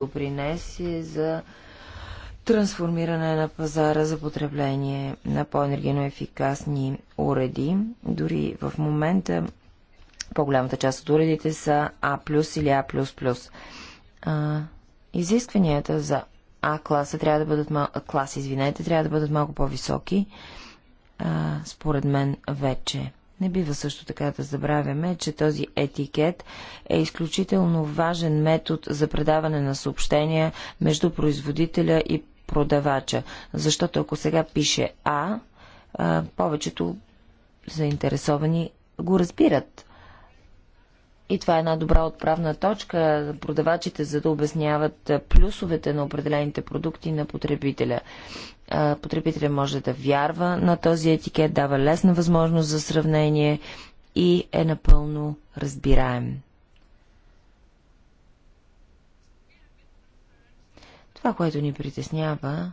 допринесе за трансформиране на пазара за потребление на по-енергийно ефикасни уреди. Дори в момента по-голямата част от уредите са А+, или А++. А, изискванията за А класа трябва да бъдат мал... клас, извинете, трябва да бъдат малко по-високи. според мен вече. Не бива също така да забравяме, че този етикет е изключително важен метод за предаване на съобщения между производителя и продавача. Защото ако сега пише А, повечето заинтересовани го разбират. И това е една добра отправна точка продавачите, за да обясняват плюсовете на определените продукти на потребителя. Потребителя може да вярва на този етикет, дава лесна възможност за сравнение и е напълно разбираем. Това, което ни притеснява,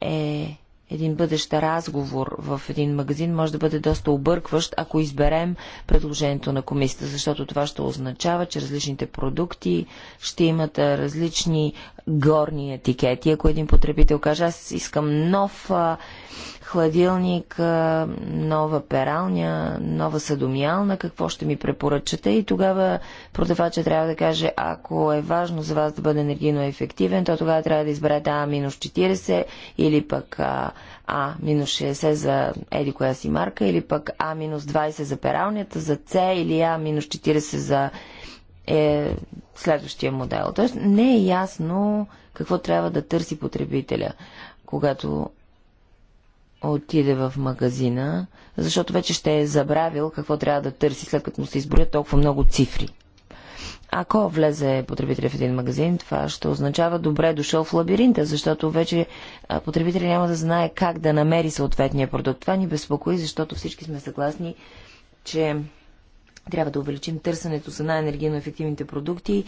е един бъдещ разговор в един магазин може да бъде доста объркващ, ако изберем предложението на комисията, защото това ще означава, че различните продукти ще имат различни горни етикети. Ако един потребител каже, аз искам нов хладилник, нова пералня, нова съдомиялна, какво ще ми препоръчате и тогава продавача трябва да каже, ако е важно за вас да бъде енергийно ефективен, то тогава трябва да изберете А-40 или пък А-60 за еди коя си марка, или пък А-20 за пералнята, за С или А-40 за е следващия модел. Тоест не е ясно какво трябва да търси потребителя, когато отиде в магазина, защото вече ще е забравил какво трябва да търси, след като му се изборят толкова много цифри. Ако влезе потребителя в един магазин, това ще означава добре дошъл в лабиринта, защото вече потребителя няма да знае как да намери съответния продукт. Това ни безпокои, защото всички сме съгласни, че трябва да увеличим търсенето за най-енергийно ефективните продукти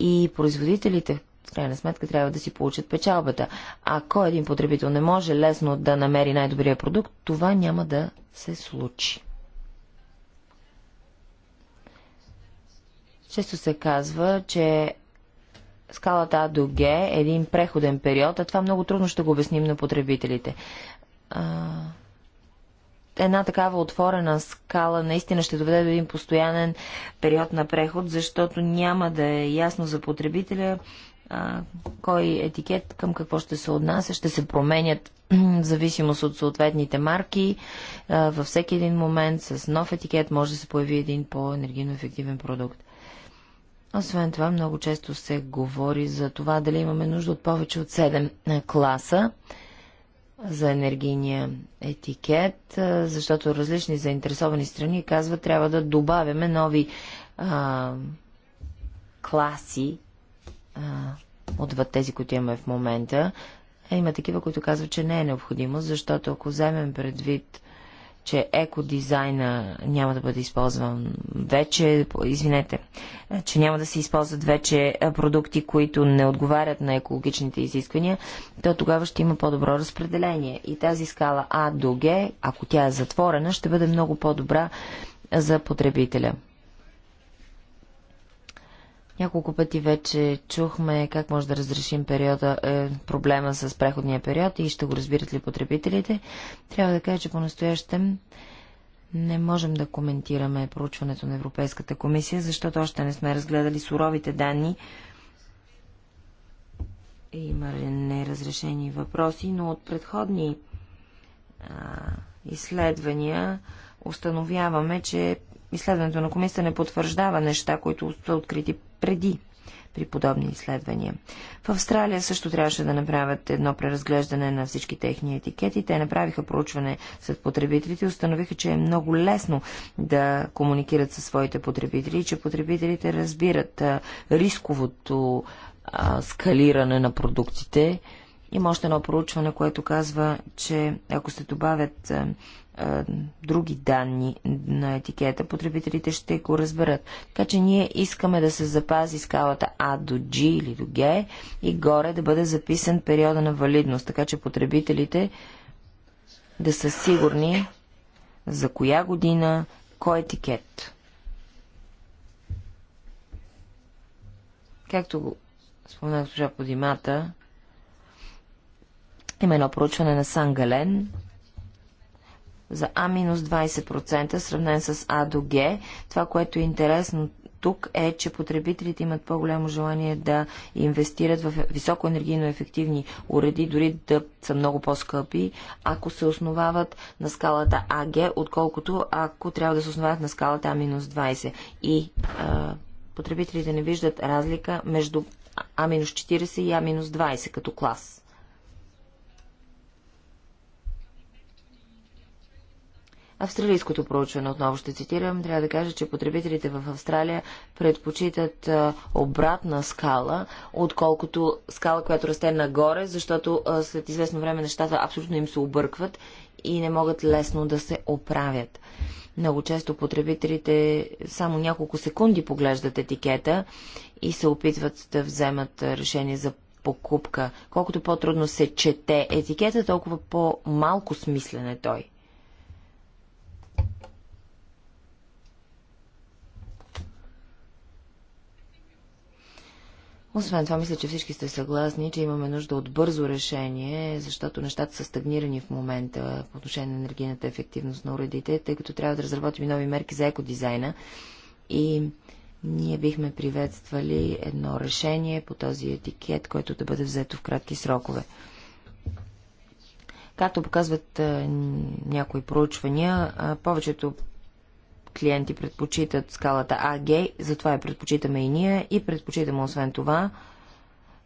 и производителите в крайна сметка трябва да си получат печалбата. Ако един потребител не може лесно да намери най-добрия продукт, това няма да се случи. Често се казва, че скалата А до Г е един преходен период, а това много трудно ще го обясним на потребителите. Една такава отворена скала наистина ще доведе до един постоянен период на преход, защото няма да е ясно за потребителя а, кой етикет към какво ще се отнася, ще се променят в зависимост от съответните марки. А, във всеки един момент с нов етикет може да се появи един по-енергийно ефективен продукт. Освен това, много често се говори за това дали имаме нужда от повече от 7 класа за енергийния етикет, защото различни заинтересовани страни казват, трябва да добавяме нови а, класи а, отвъд тези, които имаме в момента. А има такива, които казват, че не е необходимо, защото ако вземем предвид че екодизайна няма да бъде използван вече, извинете, че няма да се използват вече продукти, които не отговарят на екологичните изисквания, то тогава ще има по-добро разпределение. И тази скала А до Г, ако тя е затворена, ще бъде много по-добра за потребителя. Няколко пъти вече чухме как може да разрешим периода, е, проблема с преходния период и ще го разбират ли потребителите. Трябва да кажа, че по-настоящем не можем да коментираме проучването на Европейската комисия, защото още не сме разгледали суровите данни. Има неразрешени въпроси, но от предходни а, изследвания установяваме, че изследването на комисията не потвърждава неща, които са открити преди при подобни изследвания. В Австралия също трябваше да направят едно преразглеждане на всички техни етикети. Те направиха проучване сред потребителите и установиха, че е много лесно да комуникират със своите потребители и че потребителите разбират рисковото скалиране на продуктите. Има още едно проучване, което казва, че ако се добавят други данни на етикета, потребителите ще го разберат. Така че ние искаме да се запази скалата А до G или до G и горе да бъде записан периода на валидност, така че потребителите да са сигурни за коя година, кой етикет. Както го спомена по димата, има едно проучване на Сан Гален, за А-20%, сравнен с А до Г. Това, което е интересно тук е, че потребителите имат по-голямо желание да инвестират в високо енергийно ефективни уреди, дори да са много по-скъпи, ако се основават на скалата АГ, отколкото ако трябва да се основават на скалата А-20. И а, потребителите не виждат разлика между А-40 и А-20 като клас. Австралийското проучване, отново ще цитирам, трябва да кажа, че потребителите в Австралия предпочитат обратна скала, отколкото скала, която расте нагоре, защото след известно време нещата абсолютно им се объркват и не могат лесно да се оправят. Много често потребителите само няколко секунди поглеждат етикета и се опитват да вземат решение за покупка. Колкото по-трудно се чете етикета, толкова по-малко смислен е той. Освен това, мисля, че всички сте съгласни, че имаме нужда от бързо решение, защото нещата са стагнирани в момента по отношение на енергийната ефективност на уредите, тъй като трябва да разработим нови мерки за екодизайна. И ние бихме приветствали едно решение по този етикет, който да бъде взето в кратки срокове. Както показват някои проучвания, повечето клиенти предпочитат скалата АГ, затова я предпочитаме и ние и предпочитаме освен това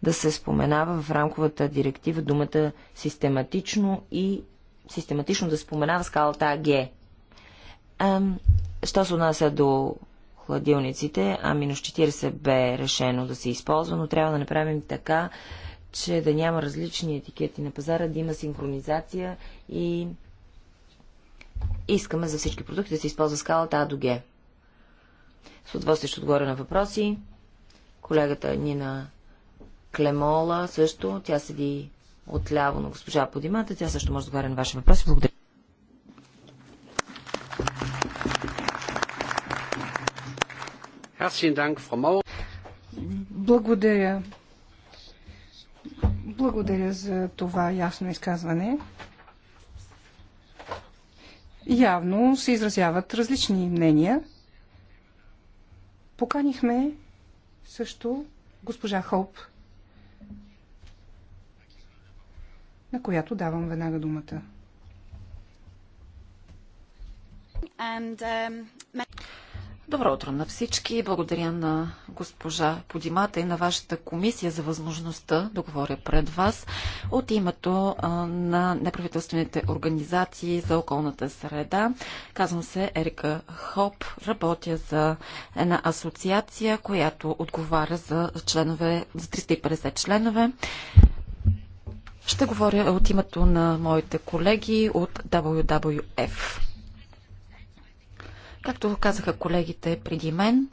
да се споменава в рамковата директива думата систематично и систематично да споменава скалата АГ. Ам, що се отнася до хладилниците, а минус 40 бе решено да се използва, но трябва да направим така, че да няма различни етикети на пазара, да има синхронизация и Искаме за всички продукти да се използва скалата А до Г. С удоволствие ще отговоря на въпроси. Колегата Нина Клемола също, тя седи отляво на госпожа Подимата, тя също може да отговаря на ваши въпроси. Благодаря. Благодаря. Благодаря за това ясно изказване явно се изразяват различни мнения. Поканихме също госпожа Хоп. на която давам веднага думата. And, um... Добро утро на всички. Благодаря на госпожа Подимата и на вашата комисия за възможността да говоря пред вас от името на неправителствените организации за околната среда. Казвам се Ерика Хоп. Работя за една асоциация, която отговаря за, членове, за 350 членове. Ще говоря от името на моите колеги от WWF. Както казаха колегите преди мен,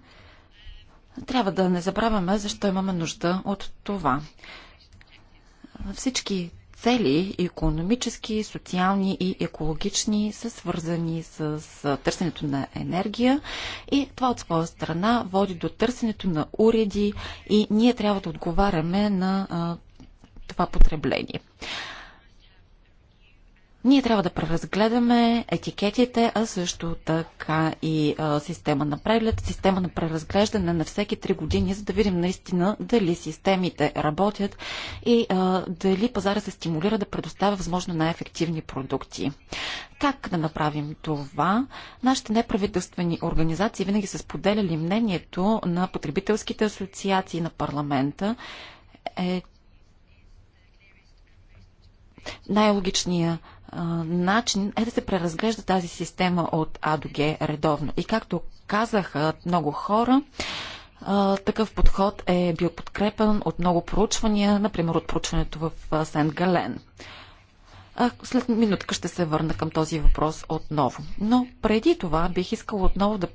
трябва да не забравяме защо имаме нужда от това. Всички цели, економически, социални и екологични, са свързани с търсенето на енергия и това от своя страна води до търсенето на уреди и ние трябва да отговаряме на а, това потребление. Ние трябва да преразгледаме етикетите, а също така и а, система на преглед, система на преразглеждане на всеки 3 години, за да видим наистина дали системите работят и а, дали пазара се стимулира да предоставя възможно най-ефективни продукти. Как да направим това? Нашите неправителствени организации винаги са споделяли мнението на потребителските асоциации на парламента, е най-логичният начин е да се преразглежда тази система от А до Г редовно. И както казаха много хора, такъв подход е бил подкрепен от много проучвания, например от проучването в Сент Гален. След минутка ще се върна към този въпрос отново. Но преди това бих искал отново да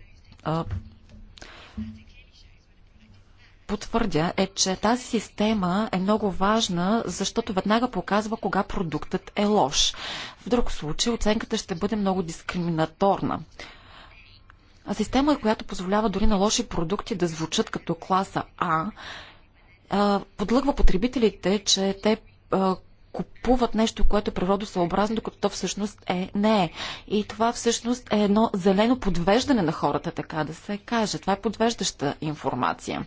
потвърдя е, че тази система е много важна, защото веднага показва кога продуктът е лош. В друг случай оценката ще бъде много дискриминаторна. А система, която позволява дори на лоши продукти да звучат като класа А, подлъгва потребителите, че те купуват нещо, което е природосъобразно, докато то всъщност е не е. И това всъщност е едно зелено подвеждане на хората, така да се каже. Това е подвеждаща информация.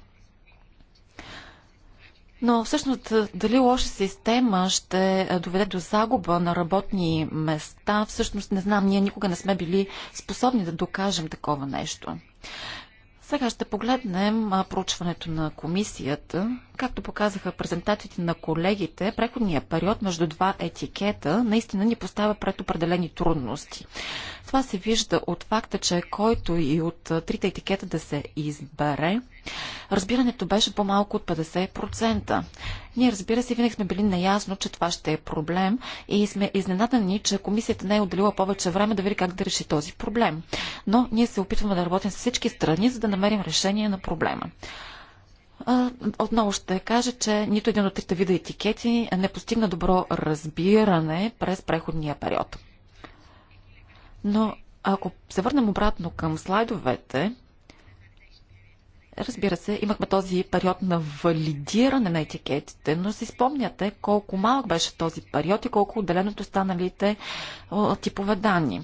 Но всъщност дали лоша система ще доведе до загуба на работни места, всъщност не знам, ние никога не сме били способни да докажем такова нещо. Сега ще погледнем проучването на комисията. Както показаха презентациите на колегите, преходният период между два етикета наистина ни поставя пред определени трудности. Това се вижда от факта, че който и от трите етикета да се избере, Разбирането беше по-малко от 50%. Ние, разбира се, винаги сме били наясно, че това ще е проблем и сме изненадани, че комисията не е отделила повече време да види как да реши този проблем. Но ние се опитваме да работим с всички страни, за да намерим решение на проблема. Отново ще кажа, че нито един от трите вида етикети не постигна добро разбиране през преходния период. Но ако се върнем обратно към слайдовете, Разбира се, имахме този период на валидиране на етикетите, но си спомняте колко малък беше този период и колко отделен от останалите типове данни.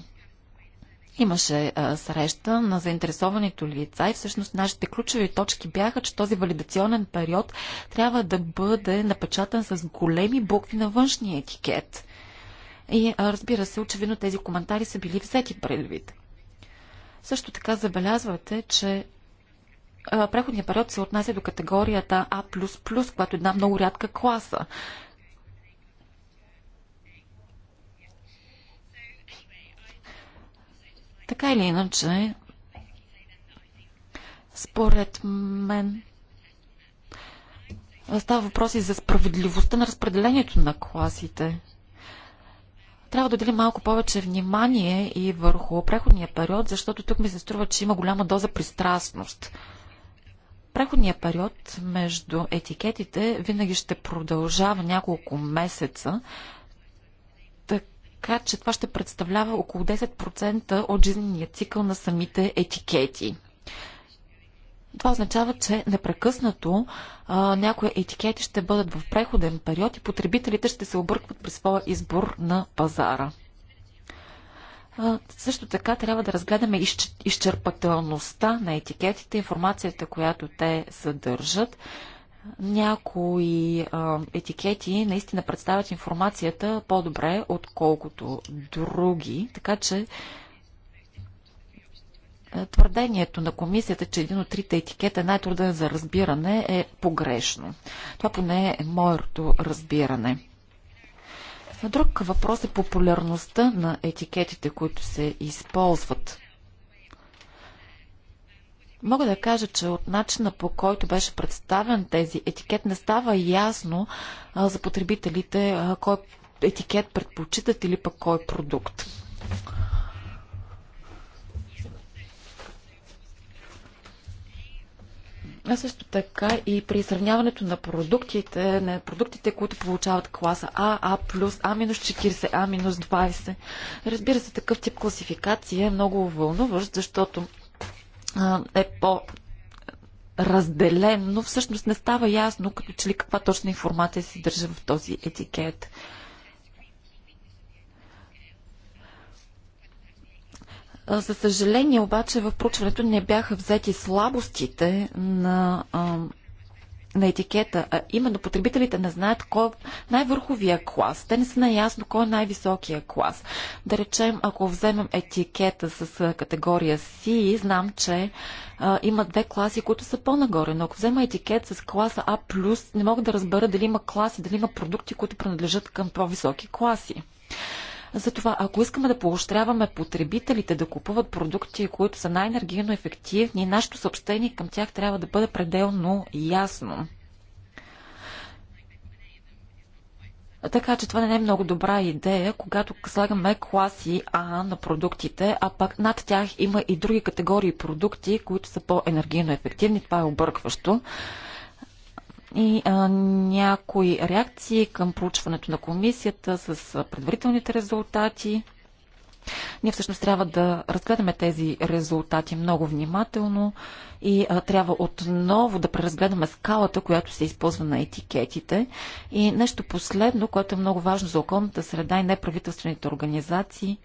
Имаше а, среща на заинтересованите лица и всъщност нашите ключови точки бяха, че този валидационен период трябва да бъде напечатан с големи букви на външния етикет. И а, разбира се, очевидно тези коментари са били взети предвид. Също така забелязвате, че преходният период се отнася до категорията А++, която е една много рядка класа. Така или иначе, според мен, става въпрос и за справедливостта на разпределението на класите. Трябва да отделим малко повече внимание и върху преходния период, защото тук ми се струва, че има голяма доза пристрастност. Преходният период между етикетите винаги ще продължава няколко месеца, така че това ще представлява около 10% от жизнения цикъл на самите етикети. Това означава, че непрекъснато а, някои етикети ще бъдат в преходен период и потребителите ще се объркват при своя избор на пазара. Също така трябва да разгледаме изчерпателността на етикетите, информацията, която те съдържат. Някои етикети наистина представят информацията по-добре, отколкото други, така че твърдението на комисията, че един от трите етикета е най-труден за разбиране, е погрешно. Това поне е моето разбиране. Друг въпрос е популярността на етикетите, които се използват. Мога да кажа, че от начина по който беше представен тези етикет не става ясно а, за потребителите а, кой етикет предпочитат или пък кой продукт. А също така и при сравняването на продуктите, на продуктите, които получават класа А, А+, А-40, А-20. Разбира се, такъв тип класификация е много вълнуващ, защото е по разделен, но всъщност не става ясно, като че ли каква точна информация се държа в този етикет. За съжаление обаче в проучването не бяха взети слабостите на, на етикета, а именно потребителите не знаят кой е най-върховия клас. Те не са наясно кой е най-високия клас. Да речем, ако вземем етикета с категория C, знам, че а, има две класи, които са по-нагоре. Но ако взема етикет с класа А+, не мога да разбера дали има класи, дали има продукти, които принадлежат към по-високи класи. Затова, ако искаме да поощряваме потребителите да купуват продукти, които са най-енергийно ефективни, нашето съобщение към тях трябва да бъде пределно ясно. Така че това не е много добра идея, когато слагаме класи А на продуктите, а пак над тях има и други категории продукти, които са по-енергийно ефективни. Това е объркващо и а, някои реакции към проучването на комисията с предварителните резултати. Ние всъщност трябва да разгледаме тези резултати много внимателно и а, трябва отново да преразгледаме скалата, която се използва на етикетите. И нещо последно, което е много важно за околната среда и неправителствените организации,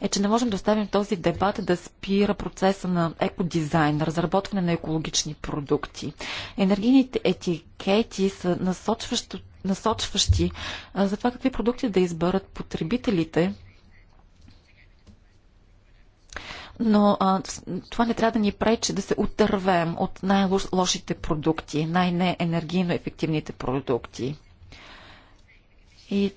е, че не можем да оставим този дебат да спира процеса на екодизайн, на разработване на екологични продукти. Енергийните етикети са насочващи, насочващи а, за това какви продукти да изберат потребителите, но а, това не трябва да ни пречи да се отървем от най-лошите продукти, най-неенергийно ефективните продукти. И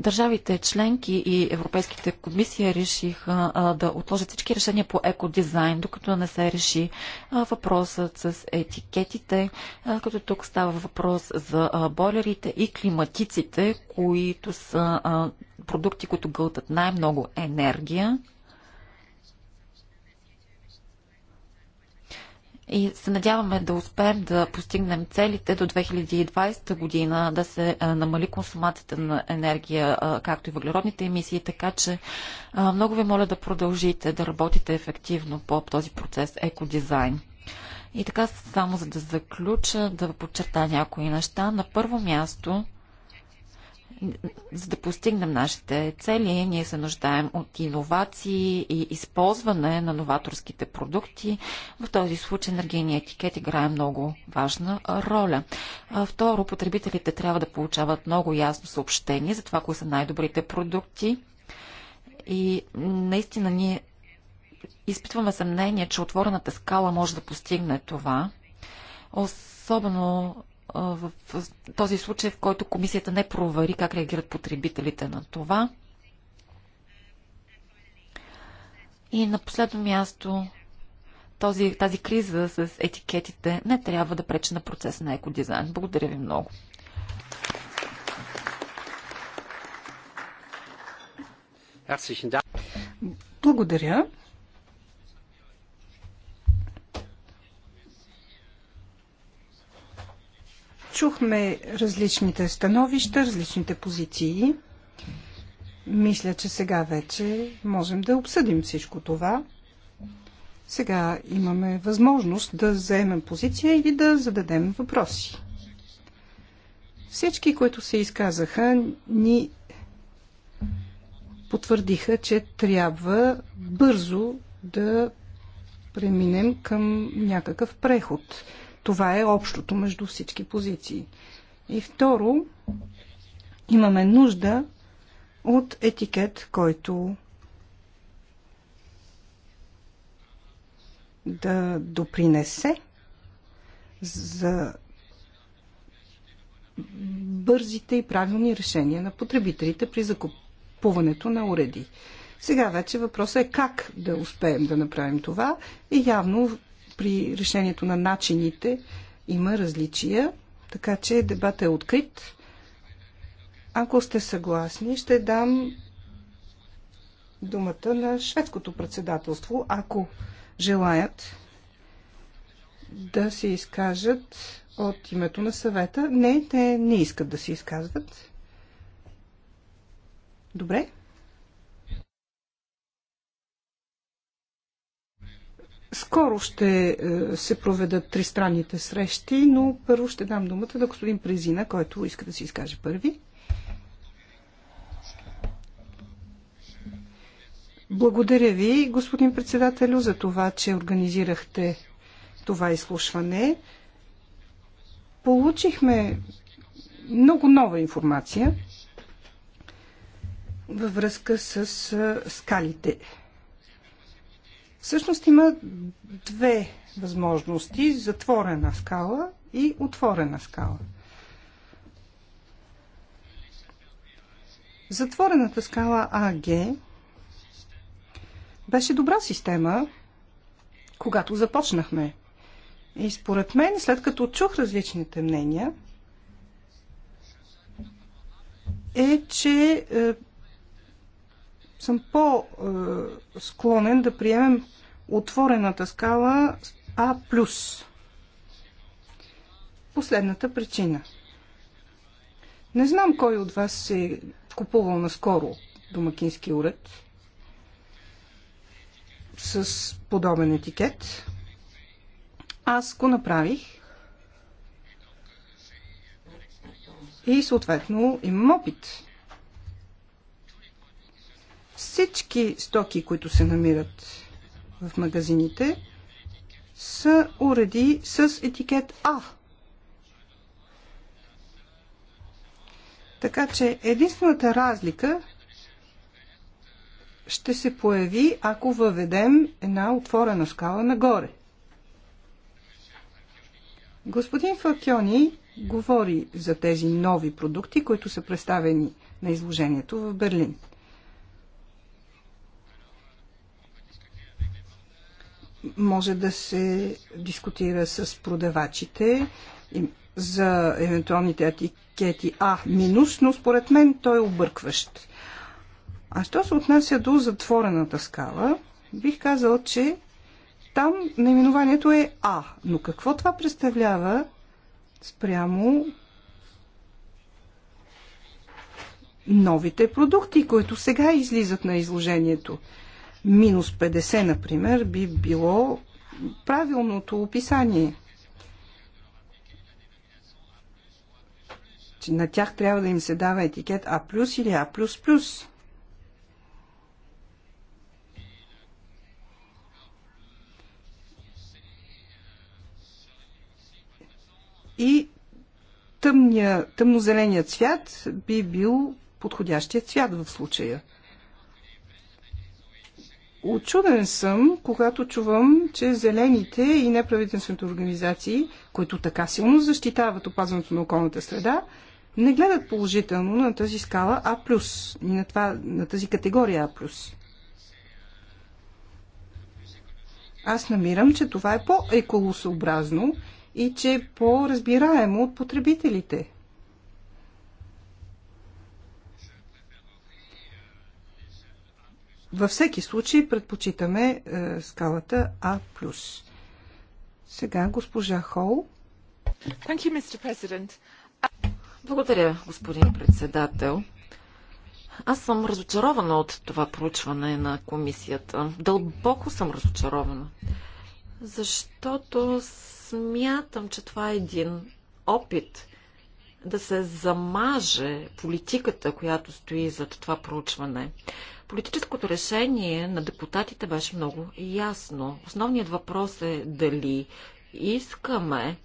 Държавите членки и Европейските комисия решиха а, да отложат всички решения по екодизайн, докато не се реши а, въпросът с етикетите, а, като тук става въпрос за а, бойлерите и климатиците, които са а, продукти, които гълтат най-много енергия. и се надяваме да успеем да постигнем целите до 2020 година, да се намали консумацията на енергия, както и въглеродните емисии, така че много ви моля да продължите да работите ефективно по този процес екодизайн. И така, само за да заключа, да подчертая някои неща. На първо място, за да постигнем нашите цели, ние се нуждаем от иновации и използване на новаторските продукти. В този случай енергийният етикет играе много важна роля. Второ, потребителите трябва да получават много ясно съобщение за това, кои са най-добрите продукти. И наистина ние изпитваме съмнение, че отворената скала може да постигне това. Особено в този случай, в който комисията не провери как реагират потребителите на това. И на последно място, този, тази криза с етикетите не трябва да пречи на процеса на екодизайн. Благодаря ви много. Благодаря. Чухме различните становища, различните позиции. Мисля, че сега вече можем да обсъдим всичко това. Сега имаме възможност да заемем позиция или да зададем въпроси. Всички, които се изказаха, ни потвърдиха, че трябва бързо да преминем към някакъв преход. Това е общото между всички позиции. И второ, имаме нужда от етикет, който да допринесе за бързите и правилни решения на потребителите при закупуването на уреди. Сега вече въпросът е как да успеем да направим това и явно при решението на начините има различия, така че дебатът е открит. Ако сте съгласни, ще дам думата на шведското председателство, ако желаят да се изкажат от името на съвета. Не, те не искат да се изказват. Добре. Скоро ще е, се проведат тристранните срещи, но първо ще дам думата на господин Презина, който иска да се изкаже първи. Благодаря ви, господин председателю, за това, че организирахте това изслушване. Получихме много нова информация във връзка с е, скалите Всъщност има две възможности затворена скала и отворена скала. Затворената скала АГ беше добра система, когато започнахме. И според мен, след като чух различните мнения, е, че е, съм по-склонен да приемем отворената скала А+. Последната причина. Не знам кой от вас е купувал наскоро домакински уред с подобен етикет. Аз го направих и съответно имам опит. Всички стоки, които се намират в магазините, са уреди с етикет А. Така че единствената разлика ще се появи, ако въведем една отворена скала нагоре. Господин Факьони говори за тези нови продукти, които са представени на изложението в Берлин. може да се дискутира с продавачите за евентуалните етикети А минус, но според мен той е объркващ. А що се отнася до затворената скала, бих казал, че там наименованието е А. Но какво това представлява спрямо новите продукти, които сега излизат на изложението? минус 50, например, би било правилното описание. Че на тях трябва да им се дава етикет А плюс или А плюс плюс. И тъмния, тъмнозеления цвят би бил подходящия цвят в случая – Очуден съм, когато чувам, че зелените и неправителствените организации, които така силно защитават опазването на околната среда, не гледат положително на тази скала А+, и на, това, на тази категория А+. Аз намирам, че това е по-еколосообразно и че е по-разбираемо от потребителите – Във всеки случай предпочитаме е, скалата А+. Сега госпожа Хол. Thank you, Mr. President. Благодаря, господин председател. Аз съм разочарована от това проучване на комисията. Дълбоко съм разочарована. Защото смятам, че това е един опит да се замаже политиката, която стои зад това проучване. Политическото решение на депутатите беше много ясно. Основният въпрос е дали искаме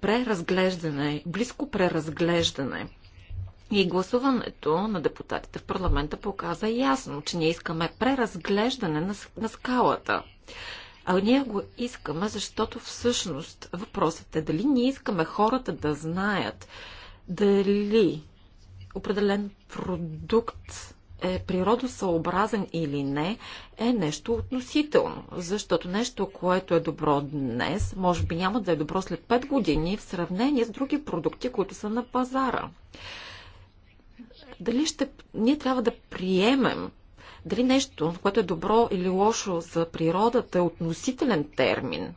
преразглеждане, близко преразглеждане. И гласуването на депутатите в парламента показа ясно, че ние искаме преразглеждане на, на скалата. А ние го искаме, защото всъщност въпросът е дали ние искаме хората да знаят дали определен продукт е природосъобразен или не, е нещо относително. Защото нещо, което е добро днес, може би няма да е добро след 5 години в сравнение с други продукти, които са на пазара. Дали ще... Ние трябва да приемем дали нещо, което е добро или лошо за природата, е относителен термин.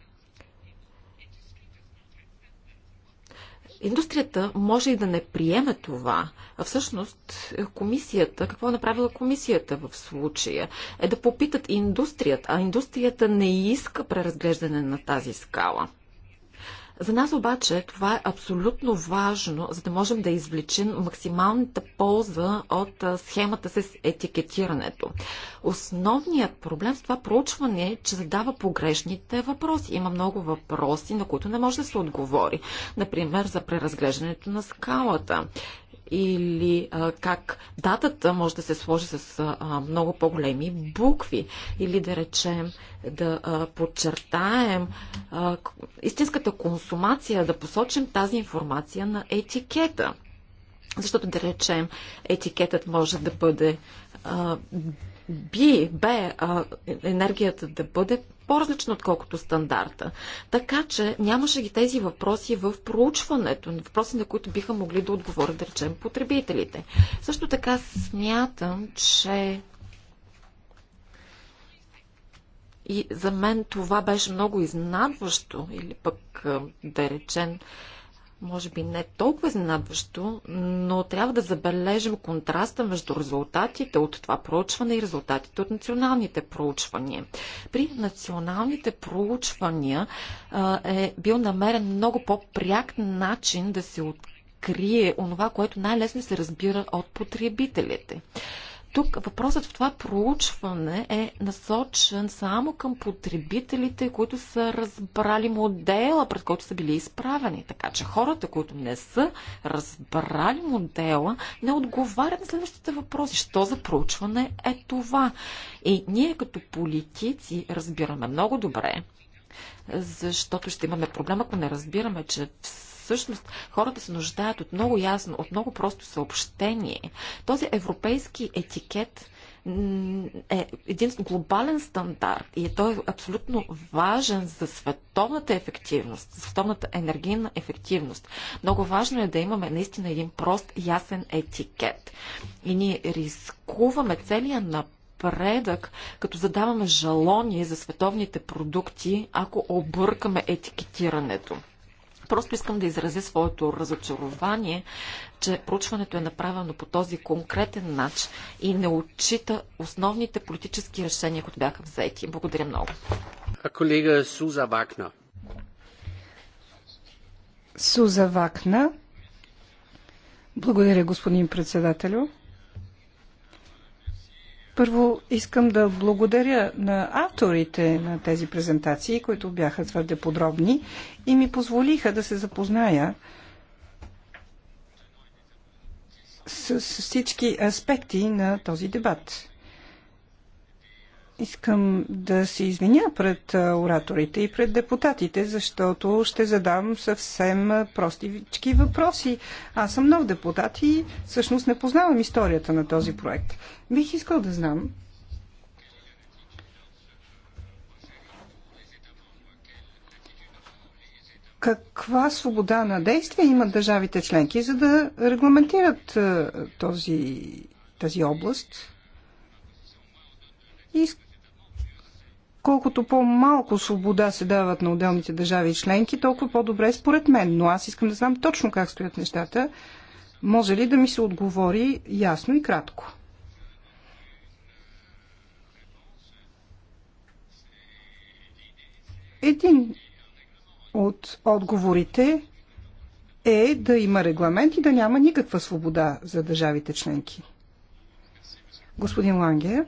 Индустрията може и да не приеме това. А всъщност е, комисията, какво е направила комисията в случая, е да попитат индустрията, а индустрията не иска преразглеждане на тази скала. За нас обаче това е абсолютно важно, за да можем да извлечем максималната полза от схемата с етикетирането. Основният проблем с това проучване е, че задава погрешните въпроси. Има много въпроси, на които не може да се отговори. Например, за преразглеждането на скалата или а, как датата може да се сложи с а, много по-големи букви, или да речем да а, подчертаем а, истинската консумация, да посочим тази информация на етикета. Защото да речем, етикетът може да бъде а, би, бе а, енергията да бъде по-различна, отколкото стандарта. Така че нямаше ги тези въпроси в проучването, въпроси, на които биха могли да отговорят, да речем, потребителите. Също така смятам, че и за мен това беше много изненадващо или пък, да речем, може би не толкова изненадващо, но трябва да забележим контраста между резултатите от това проучване и резултатите от националните проучвания. При националните проучвания а, е бил намерен много по-пряк начин да се открие онова, което най-лесно се разбира от потребителите. Тук въпросът в това проучване е насочен само към потребителите, които са разбрали модела, пред който са били изправени. Така че хората, които не са разбрали модела, не отговарят на следващите въпроси. Що за проучване е това? И ние като политици разбираме много добре, защото ще имаме проблем, ако не разбираме, че всъщност хората се нуждаят от много ясно, от много просто съобщение. Този европейски етикет е един глобален стандарт и е той е абсолютно важен за световната ефективност, за световната енергийна ефективност. Много важно е да имаме наистина един прост, ясен етикет. И ние рискуваме целия напредък, като задаваме жалони за световните продукти, ако объркаме етикетирането. Просто искам да изразя своето разочарование, че проучването е направено по този конкретен начин и не отчита основните политически решения, които бяха взети. Благодаря много. Колега Суза Вакна. Суза Вакна. Благодаря, господин председателю. Първо искам да благодаря на авторите на тези презентации, които бяха твърде подробни и ми позволиха да се запозная с всички аспекти на този дебат. Искам да се извиня пред ораторите и пред депутатите, защото ще задам съвсем простички въпроси. Аз съм нов депутат и всъщност не познавам историята на този проект. Бих искал да знам каква свобода на действие имат държавите членки, за да регламентират този, тази област. И колкото по-малко свобода се дават на отделните държави и членки, толкова по-добре е според мен. Но аз искам да знам точно как стоят нещата. Може ли да ми се отговори ясно и кратко? Един от отговорите е да има регламент и да няма никаква свобода за държавите членки. Господин Лангер.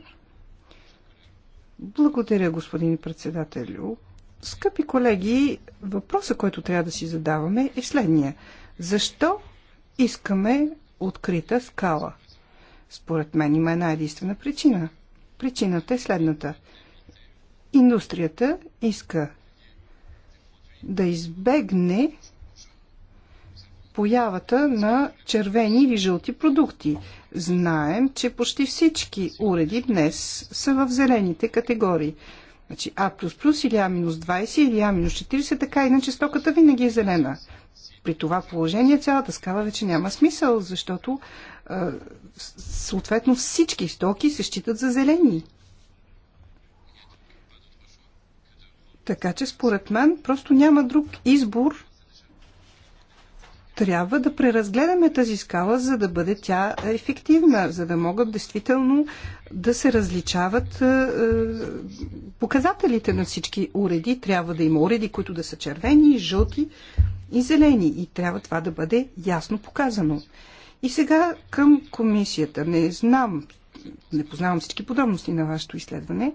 Благодаря, господин председателю. Скъпи колеги, въпроса, който трябва да си задаваме е следния. Защо искаме открита скала? Според мен има една единствена причина. Причината е следната. Индустрията иска да избегне появата на червени или жълти продукти. Знаем, че почти всички уреди днес са в зелените категории. Значи А++ плюс плюс или А-20 или А-40, така иначе стоката винаги е зелена. При това положение цялата скала вече няма смисъл, защото е, съответно всички стоки се считат за зелени. Така че според мен просто няма друг избор, трябва да преразгледаме тази скала, за да бъде тя ефективна, за да могат действително да се различават е, е, показателите на всички уреди. Трябва да има уреди, които да са червени, жълти и зелени. И трябва това да бъде ясно показано. И сега към комисията. Не знам, не познавам всички подробности на вашето изследване,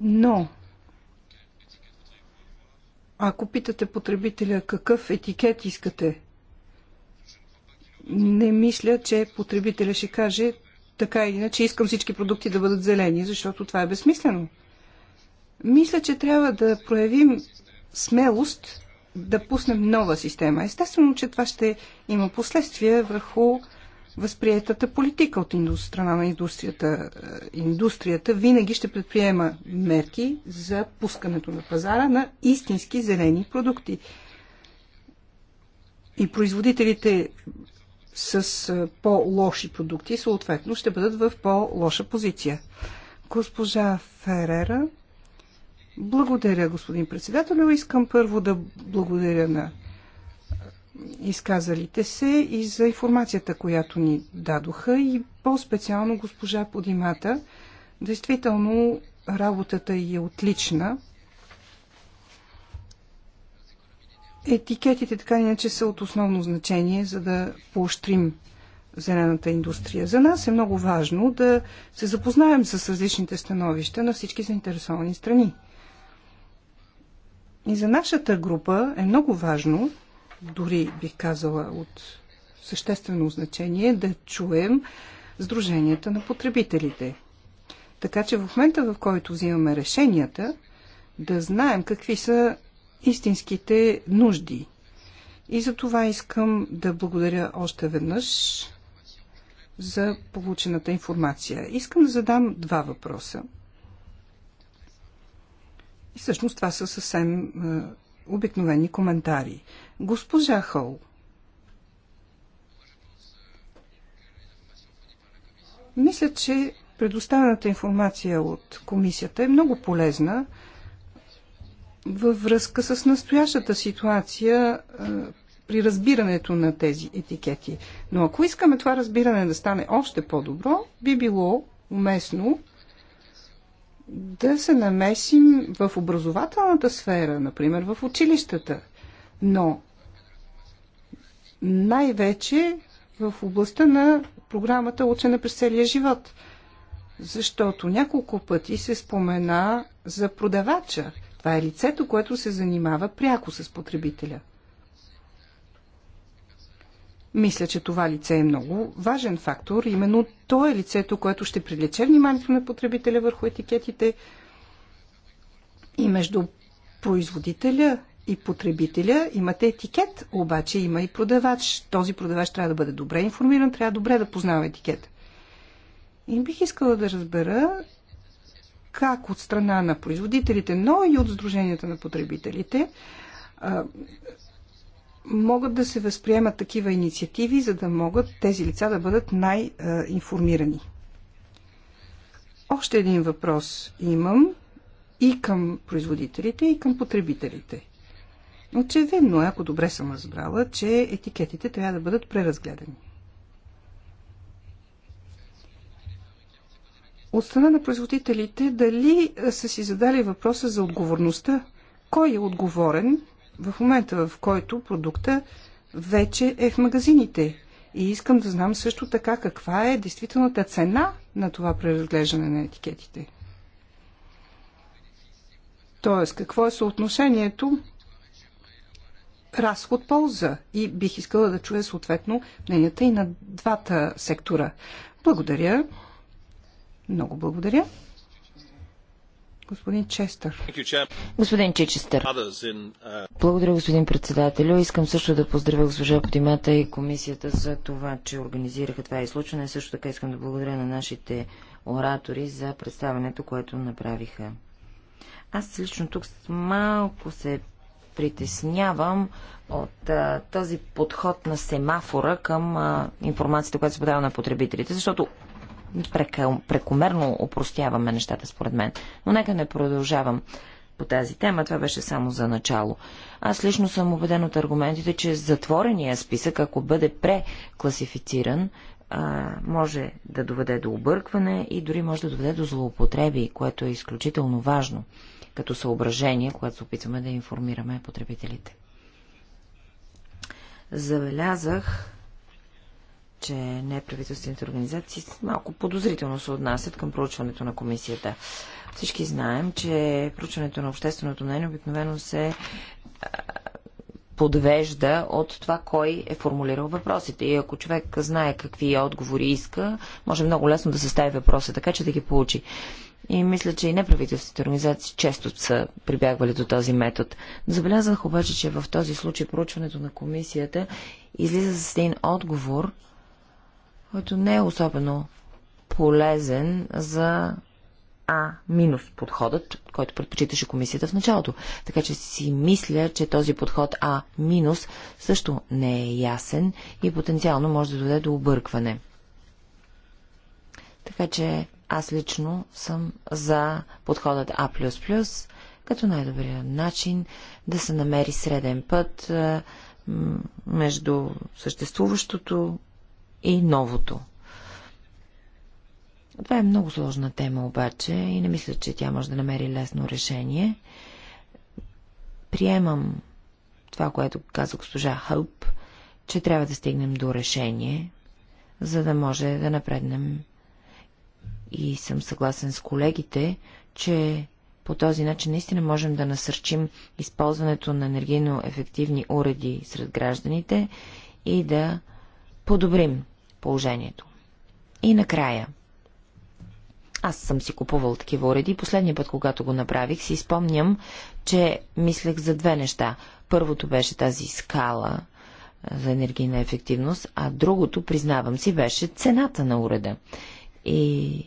но ако питате потребителя какъв етикет искате, не мисля, че потребителя ще каже така или иначе искам всички продукти да бъдат зелени, защото това е безсмислено. Мисля, че трябва да проявим смелост да пуснем нова система. Естествено, че това ще има последствия върху възприетата политика от страна на индустрията. Е, индустрията винаги ще предприема мерки за пускането на пазара на истински зелени продукти. И производителите с е, по-лоши продукти съответно ще бъдат в по-лоша позиция. Госпожа Ферера, благодаря, господин председател. Искам първо да благодаря на изказалите се и за информацията, която ни дадоха и по-специално госпожа Подимата. Действително работата й е отлична. Етикетите така иначе са от основно значение, за да поощрим зелената индустрия. За нас е много важно да се запознаем с различните становища на всички заинтересовани страни. И за нашата група е много важно дори бих казала от съществено значение, да чуем Сдруженията на потребителите. Така че в момента, в който взимаме решенията, да знаем какви са истинските нужди. И за това искам да благодаря още веднъж за получената информация. Искам да задам два въпроса. И всъщност това са съвсем е, обикновени коментари. Госпожа Хол. Мисля, че предоставената информация от комисията е много полезна във връзка с настоящата ситуация при разбирането на тези етикети. Но ако искаме това разбиране да стане още по-добро, би било уместно да се намесим в образователната сфера, например в училищата – но най-вече в областта на програмата Учена през целия живот. Защото няколко пъти се спомена за продавача. Това е лицето, което се занимава пряко с потребителя. Мисля, че това лице е много важен фактор. Именно то е лицето, което ще привлече вниманието на потребителя върху етикетите и между производителя и потребителя. Имате етикет, обаче има и продавач. Този продавач трябва да бъде добре информиран, трябва добре да познава етикет. И бих искала да разбера как от страна на производителите, но и от Сдруженията на потребителите могат да се възприемат такива инициативи, за да могат тези лица да бъдат най-информирани. Още един въпрос имам и към производителите, и към потребителите. Очевидно, е, ако добре съм разбрала, че етикетите трябва да бъдат преразгледани. От страна на производителите, дали са си задали въпроса за отговорността? Кой е отговорен в момента, в който продукта вече е в магазините? И искам да знам също така каква е действителната цена на това преразглеждане на етикетите. Тоест, какво е съотношението разход-полза и бих искала да чуя съответно мненията и на двата сектора. Благодаря. Много благодаря. Господин Честър. Господин Чичестър. Uh, благодаря, господин председателю. Искам също да поздравя госпожа Подимата и комисията за това, че организираха това изслушване. Също така искам да благодаря на нашите оратори за представането, което направиха. Аз лично тук малко се притеснявам от а, този подход на семафора към а, информацията, която се подава на потребителите, защото прекомерно упростяваме нещата, според мен. Но нека не продължавам по тази тема. Това беше само за начало. Аз лично съм убеден от аргументите, че затворения списък, ако бъде прекласифициран, а, може да доведе до объркване и дори може да доведе до злоупотреби, което е изключително важно като съображение, което се опитваме да информираме потребителите. Забелязах, че неправителствените организации малко подозрително се отнасят към проучването на комисията. Всички знаем, че проучването на общественото мнение обикновено се подвежда от това, кой е формулирал въпросите. И ако човек знае какви отговори иска, може много лесно да състави въпроса, така че да ги получи. И мисля, че и неправителствените организации често са прибягвали до този метод. Забелязах обаче, че в този случай проучването на комисията излиза с един отговор, който не е особено полезен за А минус подходът, който предпочиташе комисията в началото. Така че си мисля, че този подход А минус също не е ясен и потенциално може да доведе до объркване. Така че аз лично съм за подходът А++, като най-добрия начин да се намери среден път е, между съществуващото и новото. Това е много сложна тема обаче и не мисля, че тя може да намери лесно решение. Приемам това, което каза госпожа Хълп, че трябва да стигнем до решение, за да може да напреднем и съм съгласен с колегите, че по този начин наистина можем да насърчим използването на енергийно ефективни уреди сред гражданите и да подобрим положението. И накрая. Аз съм си купувал такива уреди. Последния път, когато го направих, си спомням, че мислех за две неща. Първото беше тази скала за енергийна ефективност, а другото, признавам си, беше цената на уреда. И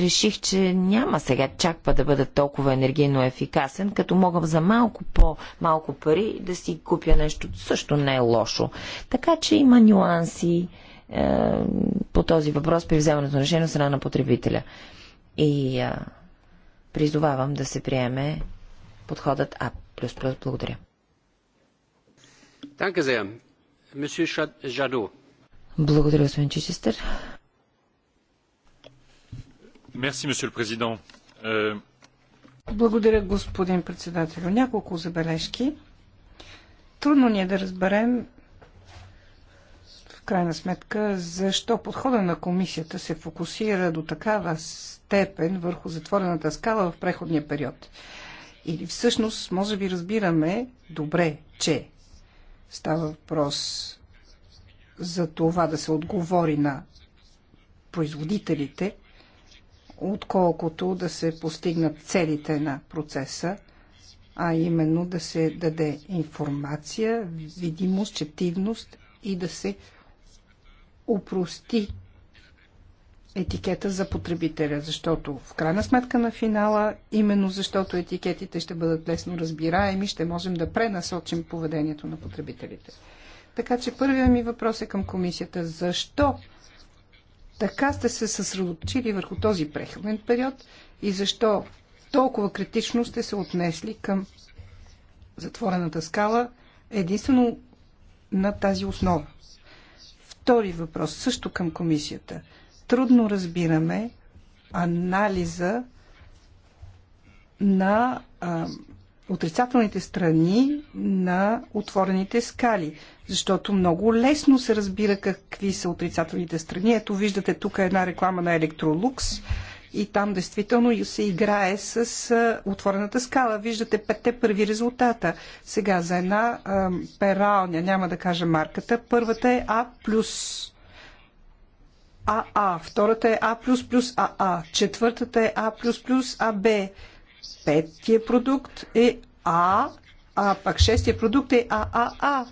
реших, че няма сега чак па да бъда толкова енергийно ефикасен, като мога за малко по-малко пари да си купя нещо. Също не е лошо. Така че има нюанси е, по този въпрос при вземането на решение от страна на потребителя. И е, призовавам да се приеме подходът А. Благодаря. Благодаря, господин Чичестър. Monsieur le Président. Euh, Благодаря, господин председател. Няколко забележки. Трудно ни е да разберем в крайна сметка защо подхода на комисията се фокусира до такава степен върху затворената скала в преходния период. Или всъщност, може би разбираме добре, че става въпрос за това да се отговори на производителите, отколкото да се постигнат целите на процеса, а именно да се даде информация, видимост, четивност и да се упрости етикета за потребителя, защото в крайна сметка на финала, именно защото етикетите ще бъдат лесно разбираеми, ще можем да пренасочим поведението на потребителите. Така че първият ми въпрос е към комисията. Защо така сте се съсредоточили върху този преходен период и защо толкова критично сте се отнесли към затворената скала единствено на тази основа. Втори въпрос, също към комисията. Трудно разбираме анализа на а, отрицателните страни на отворените скали, защото много лесно се разбира какви са отрицателните страни. Ето виждате тук е една реклама на Electrolux и там действително се играе с отворената скала. Виждате петте първи резултата. Сега за една а, пералня, няма да кажа марката, първата е А+. АА, втората е А АА, четвъртата е А АБ петия продукт е А, а пък шестия продукт е ААА.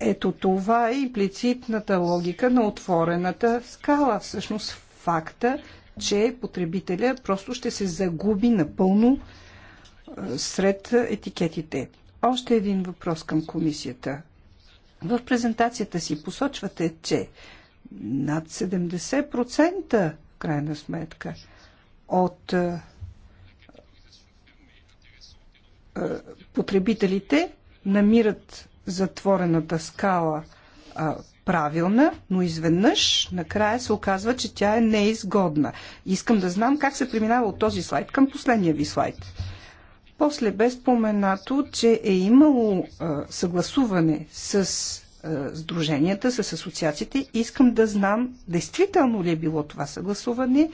Ето това е имплицитната логика на отворената скала. Всъщност факта, че потребителя просто ще се загуби напълно е, сред етикетите. Още един въпрос към комисията. В презентацията си посочвате, че над 70% в крайна сметка от е, е, потребителите намират затворената скала а, е, правилна, но изведнъж накрая се оказва, че тя е неизгодна. Искам да знам как се преминава от този слайд към последния ви слайд. После бе споменато, че е имало а, е, съгласуване с а, сдруженията, с асоциациите. Искам да знам действително ли е било това съгласуване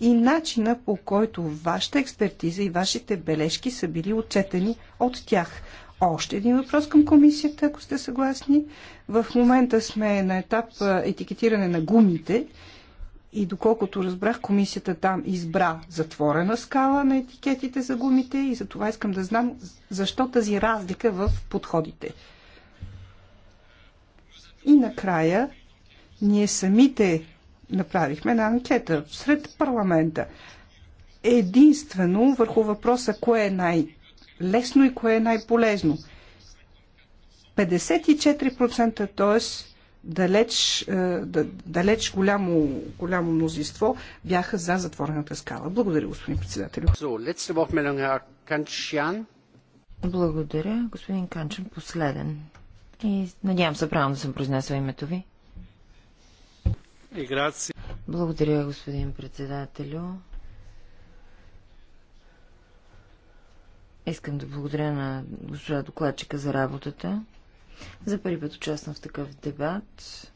и начина по който вашата експертиза и вашите бележки са били отчетени от тях. Още един въпрос към комисията, ако сте съгласни. В момента сме на етап етикетиране на гумите и доколкото разбрах, комисията там избра затворена скала на етикетите за гумите и за това искам да знам защо тази разлика в подходите. И накрая, ние самите направихме една анкета сред парламента. Единствено върху въпроса кое е най-лесно и кое е най-полезно. 54%, т.е. Далеч, е, далеч голямо, голямо мнозинство бяха за затворената скала. Благодаря, господин председател. Благодаря, господин Канчен. Последен. И надявам се правилно да съм произнесла името ви. Благодаря, господин председателю. Искам да благодаря на госпожа докладчика за работата. За първи път участвам в такъв дебат.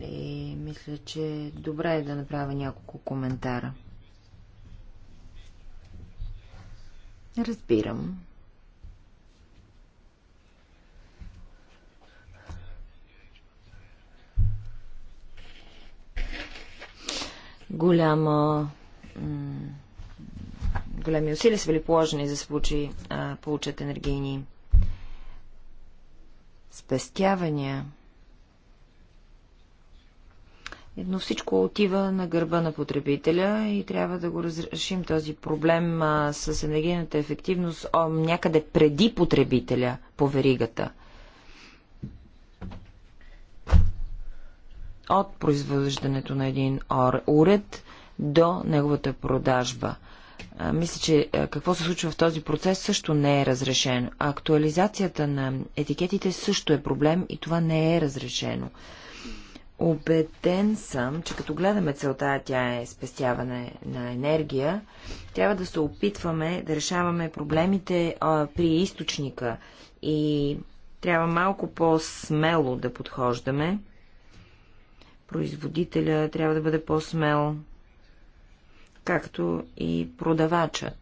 И мисля, че добре е да направя няколко коментара. Разбирам, голяма големи усилия са били положени за да се а, получат енергийни спестявания. Едно всичко отива на гърба на потребителя и трябва да го разрешим този проблем а, с енергийната ефективност о, някъде преди потребителя по веригата – от произвеждането на един уред до неговата продажба. А, мисля, че а, какво се случва в този процес също не е разрешено. актуализацията на етикетите също е проблем и това не е разрешено. Обеден съм, че като гледаме целта, тя е спестяване на енергия, трябва да се опитваме да решаваме проблемите а, при източника и трябва малко по-смело да подхождаме производителя трябва да бъде по-смел, както и продавачът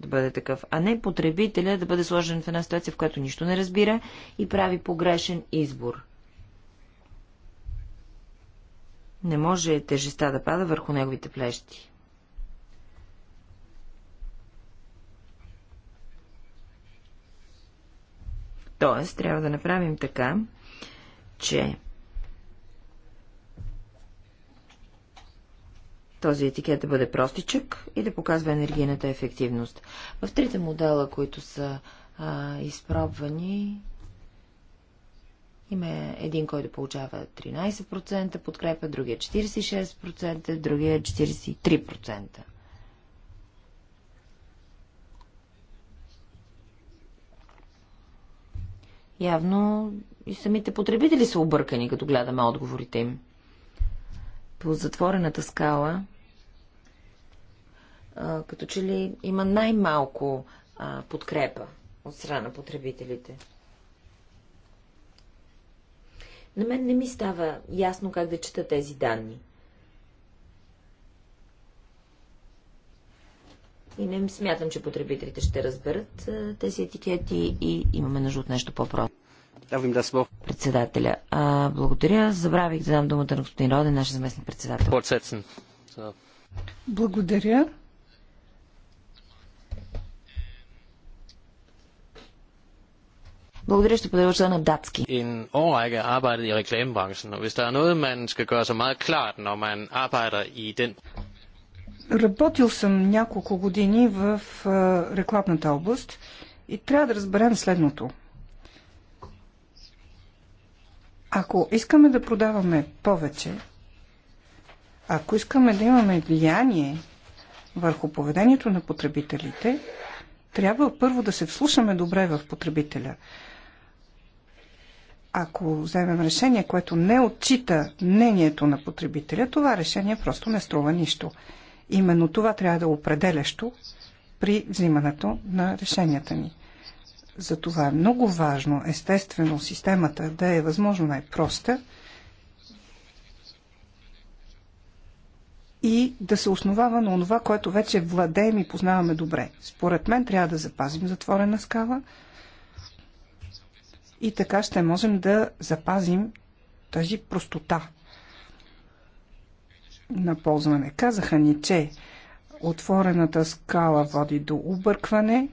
да бъде такъв, а не потребителя да бъде сложен в една ситуация, в която нищо не разбира и прави погрешен избор. Не може тежеста да пада върху неговите плещи. Тоест, трябва да направим така, че този етикет да бъде простичък и да показва енергийната ефективност. В трите модела, които са а, изпробвани, има един, който получава 13% подкрепа, другия 46%, другия 43%. Явно и самите потребители са объркани, като гледаме отговорите им по затворената скала, като че ли има най-малко подкрепа от страна на потребителите. На мен не ми става ясно как да чета тези данни. И не смятам, че потребителите ще разберат тези етикети и имаме нужда от нещо по-просто. Председателя. А, благодаря. Забравих да дам думата на господин Роден, нашия заместник председател. Благодаря. Благодаря, ще продължа на датски. En årrække arbejdet i reklamebranchen, og hvis der er noget, man skal gøre sig meget klart, når man arbejder i den... Работил съм няколко години в рекламната област и трябва да разберем следното – ако искаме да продаваме повече, ако искаме да имаме влияние върху поведението на потребителите, трябва първо да се вслушаме добре в потребителя. Ако вземем решение, което не отчита мнението на потребителя, това решение просто не струва нищо. Именно това трябва да е определящо при взимането на решенията ни. Затова е много важно, естествено, системата да е възможно най-проста и да се основава на това, което вече владеем и познаваме добре. Според мен трябва да запазим затворена скала и така ще можем да запазим тази простота на ползване. Казаха ни, че отворената скала води до объркване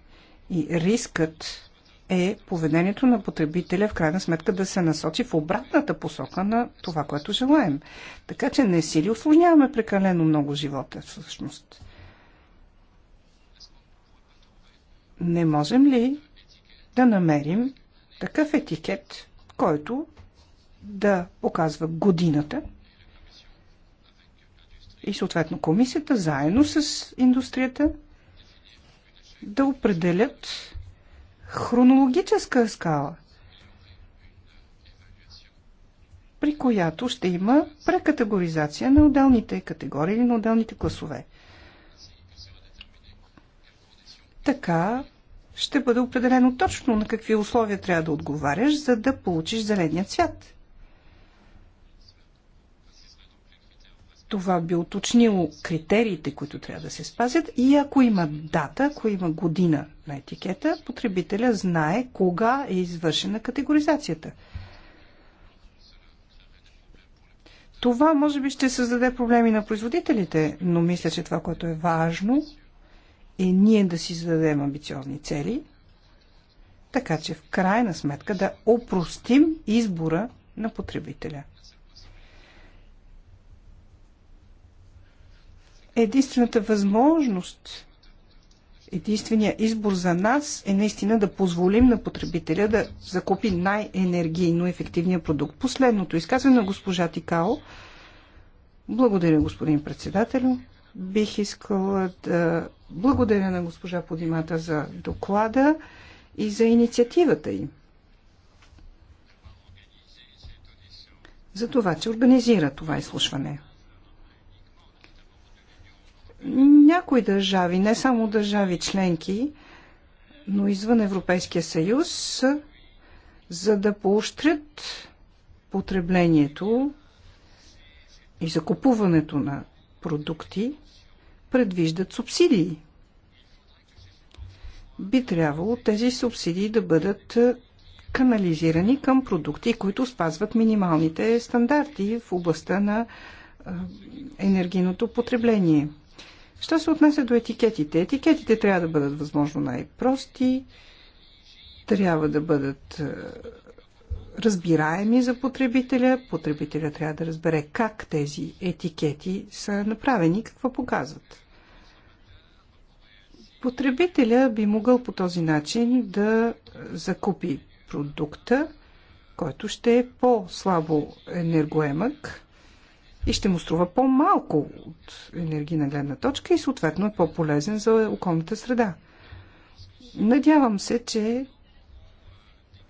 и рискът е поведението на потребителя в крайна сметка да се насочи в обратната посока на това, което желаем. Така че не си ли осложняваме прекалено много живота всъщност? Не можем ли да намерим такъв етикет, който да показва годината и съответно комисията заедно с индустрията да определят хронологическа скала, при която ще има прекатегоризация на отделните категории или на отделните класове. Така ще бъде определено точно на какви условия трябва да отговаряш, за да получиш зеления цвят. това би уточнило критериите, които трябва да се спазят и ако има дата, ако има година на етикета, потребителя знае кога е извършена категоризацията. Това може би ще създаде проблеми на производителите, но мисля, че това, което е важно, е ние да си зададем амбициозни цели, така че в крайна сметка да опростим избора на потребителя. единствената възможност, единствения избор за нас е наистина да позволим на потребителя да закупи най-енергийно ефективния продукт. Последното изказване на госпожа Тикао. Благодаря, господин председател. Бих искала да благодаря на госпожа Подимата за доклада и за инициативата им. За това, че организира това изслушване. Някои държави, не само държави членки, но извън Европейския съюз, за да поощрят потреблението и закупуването на продукти, предвиждат субсидии. Би трябвало тези субсидии да бъдат е, канализирани към продукти, които спазват минималните стандарти в областта на е, енергийното потребление – Що се отнася до етикетите? Етикетите трябва да бъдат възможно най-прости, трябва да бъдат е, разбираеми за потребителя. Потребителя трябва да разбере как тези етикети са направени, какво показват. Потребителя би могъл по този начин да закупи продукта, който ще е по-слабо енергоемък и ще му струва по-малко от енергийна гледна точка и съответно е по-полезен за околната среда. Надявам се, че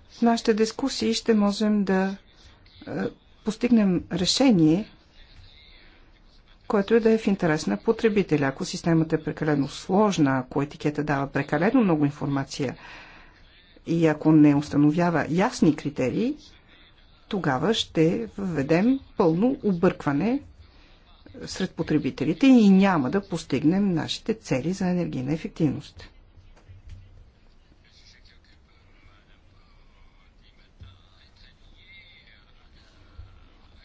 в нашите дискусии ще можем да е, постигнем решение, което е да е в интерес на потребителя. Ако системата е прекалено сложна, ако етикета дава прекалено много информация и ако не установява ясни критерии, тогава ще въведем пълно объркване сред потребителите и няма да постигнем нашите цели за енергийна ефективност.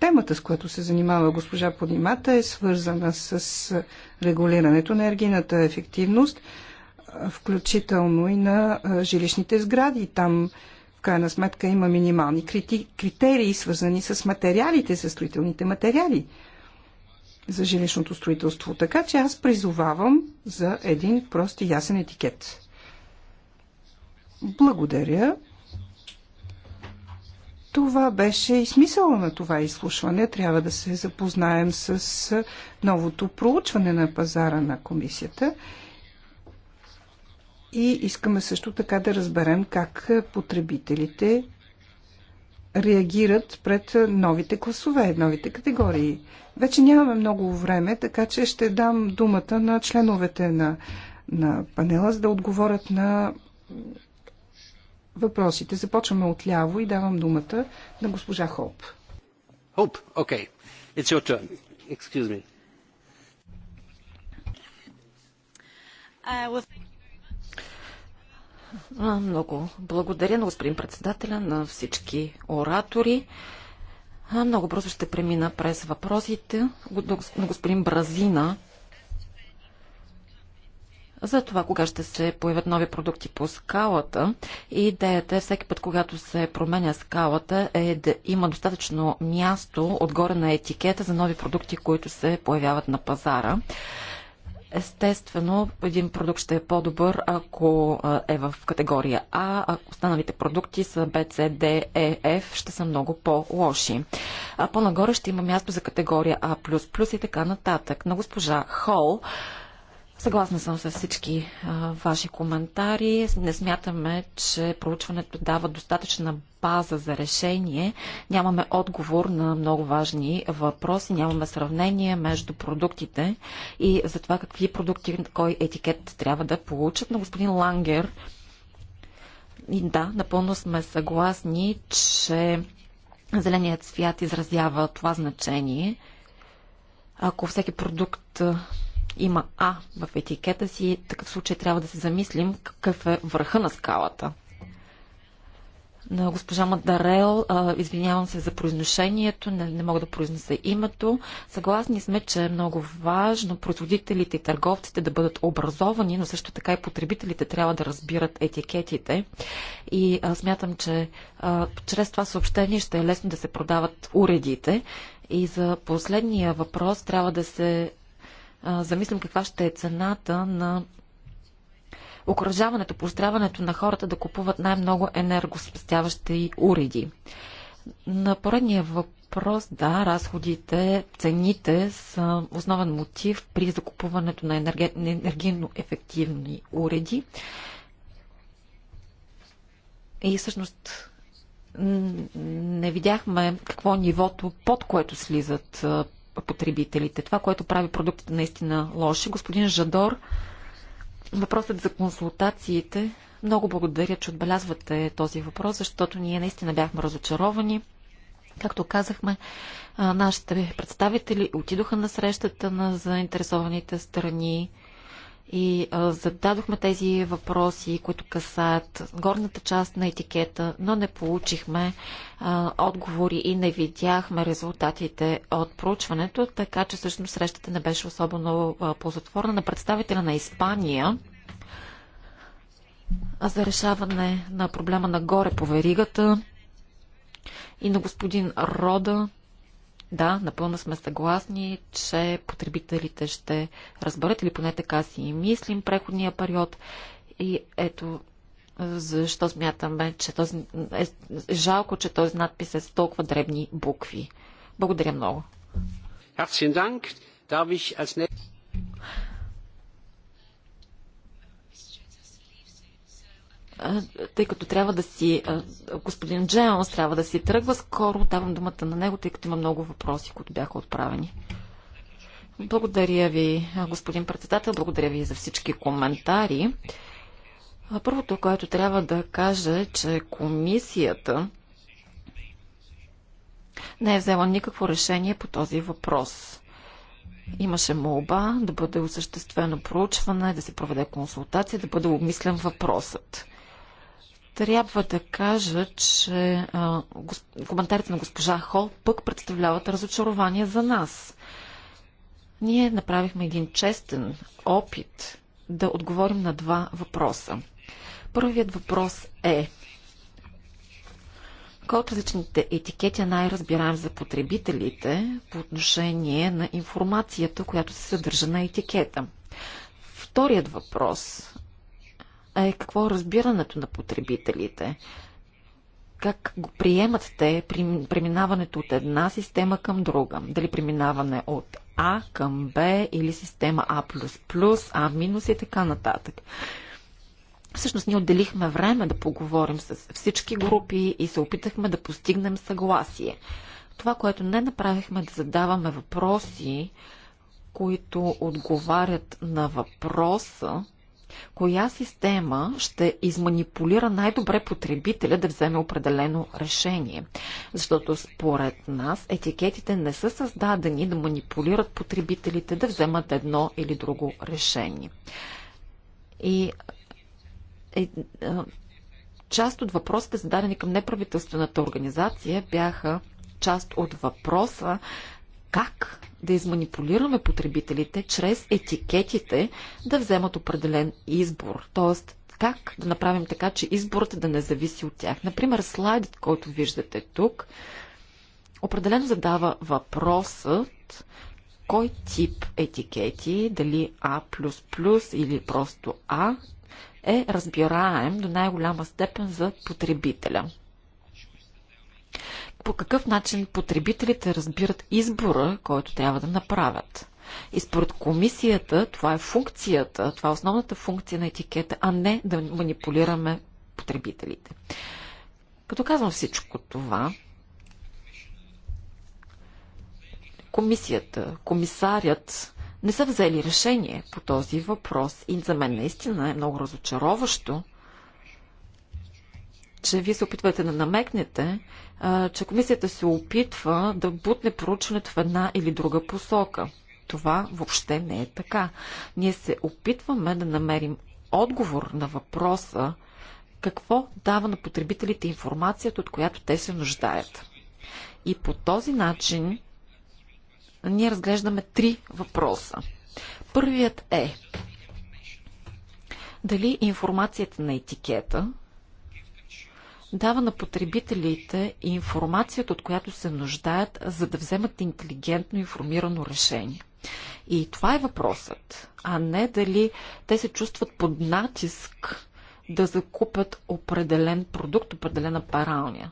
Темата, с която се занимава госпожа Подимата, е свързана с регулирането на енергийната ефективност, включително и на жилищните сгради. Там в крайна сметка има минимални критерии, свързани с материалите, с строителните материали за жилищното строителство. Така че аз призовавам за един прост и ясен етикет. Благодаря. Това беше и смисъла на това изслушване. Трябва да се запознаем с новото проучване на пазара на комисията и искаме също така да разберем как потребителите реагират пред новите класове, новите категории. Вече нямаме много време, така че ще дам думата на членовете на, на панела, за да отговорят на въпросите. Започваме от ляво и давам думата на госпожа Хоп. Хоп, окей. Okay. It's your turn. Excuse me. Uh, много благодаря на господин председателя, на всички оратори. Много бързо ще премина през въпросите на господин Бразина за това кога ще се появят нови продукти по скалата. И идеята е всеки път, когато се променя скалата, е да има достатъчно място отгоре на етикета за нови продукти, които се появяват на пазара. Естествено, един продукт ще е по-добър, ако е в категория А, а останалите продукти са B, C, D, E, F, ще са много по-лоши. А по-нагоре ще има място за категория А++ и така нататък. На госпожа Хол Съгласна съм с всички а, ваши коментари. Не смятаме, че проучването дава достатъчна база за решение. Нямаме отговор на много важни въпроси, нямаме сравнение между продуктите и за това какви продукти, кой етикет трябва да получат. но господин Лангер, и да, напълно сме съгласни, че зеленият свят изразява това значение. Ако всеки продукт има А в етикета си, в такъв случай трябва да се замислим какъв е върха на скалата. На госпожа Мадарел, извинявам се за произношението, не, не мога да произнеса името. Съгласни сме, че е много важно производителите и търговците да бъдат образовани, но също така и потребителите трябва да разбират етикетите. И а, смятам, че а, чрез това съобщение ще е лесно да се продават уредите. И за последния въпрос трябва да се замислим каква ще е цената на окоръжаването, поздравянето на хората да купуват най-много енергоспестяващи уреди. На поредния въпрос, да, разходите, цените са основен мотив при закупуването на енергийно ефективни уреди. И всъщност не видяхме какво е нивото, под което слизат потребителите. Това, което прави продуктите наистина лоши. Господин Жадор, въпросът за консултациите. Много благодаря, че отбелязвате този въпрос, защото ние наистина бяхме разочаровани. Както казахме, нашите представители отидоха на срещата на заинтересованите страни и а, зададохме тези въпроси, които касаят горната част на етикета, но не получихме а, отговори и не видяхме резултатите от проучването, така че всъщност срещата не беше особено ползотворна на представителя на Испания за решаване на проблема нагоре по веригата и на господин Рода да, напълно сме съгласни, че потребителите ще разберат или поне така си и мислим преходния период. И ето защо смятаме, че този... Е, е, жалко, че този надпис е с толкова дребни букви. Благодаря много. тъй като трябва да си... Господин Джеонс трябва да си тръгва. Скоро давам думата на него, тъй като има много въпроси, които бяха отправени. Благодаря ви, господин председател. Благодаря ви за всички коментари. Първото, което трябва да кажа е, че комисията не е взела никакво решение по този въпрос. Имаше молба да бъде осъществено проучване, да се проведе консултация, да бъде обмислен въпросът трябва да кажа, че а, коментарите на госпожа Хол пък представляват разочарование за нас. Ние направихме един честен опит да отговорим на два въпроса. Първият въпрос е кой от различните етикети е най-разбираем за потребителите по отношение на информацията, която се съдържа на етикета? Вторият въпрос е какво е разбирането на потребителите. Как го приемат те при преминаването от една система към друга? Дали преминаване от А към Б или система А++, А- и така нататък. Всъщност ние отделихме време да поговорим с всички групи и се опитахме да постигнем съгласие. Това, което не направихме е да задаваме въпроси, които отговарят на въпроса, Коя система ще изманипулира най-добре потребителя да вземе определено решение? Защото според нас етикетите не са създадени да манипулират потребителите да вземат едно или друго решение. И е, е, част от въпросите, зададени към неправителствената организация, бяха част от въпроса как да изманипулираме потребителите чрез етикетите да вземат определен избор. Тоест, как да направим така, че изборът да не зависи от тях. Например, слайдът, който виждате тук, определено задава въпросът кой тип етикети, дали А++ или просто А, е разбираем до най-голяма степен за потребителя по какъв начин потребителите разбират избора, който трябва да направят. И според комисията това е функцията, това е основната функция на етикета, а не да манипулираме потребителите. Като казвам всичко това, комисията, комисарят не са взели решение по този въпрос и за мен наистина е много разочароващо, че вие се опитвате да намекнете, че комисията се опитва да бутне проучването в една или друга посока. Това въобще не е така. Ние се опитваме да намерим отговор на въпроса какво дава на потребителите информацията, от която те се нуждаят. И по този начин ние разглеждаме три въпроса. Първият е дали информацията на етикета дава на потребителите информацията, от която се нуждаят, за да вземат интелигентно информирано решение. И това е въпросът, а не дали те се чувстват под натиск да закупят определен продукт, определена паралния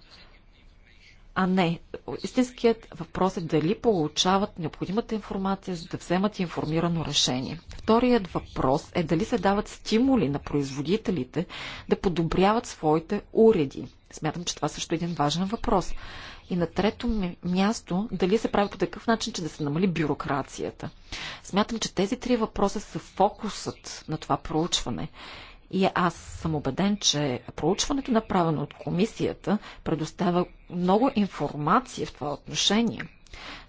а не. Истинският въпрос е дали получават необходимата информация, за да вземат информирано решение. Вторият въпрос е дали се дават стимули на производителите да подобряват своите уреди. Смятам, че това също е един важен въпрос. И на трето място, дали се прави по такъв начин, че да се намали бюрокрацията. Смятам, че тези три въпроса са фокусът на това проучване. И аз съм убеден, че проучването, направено от комисията, предоставя много информация в това отношение.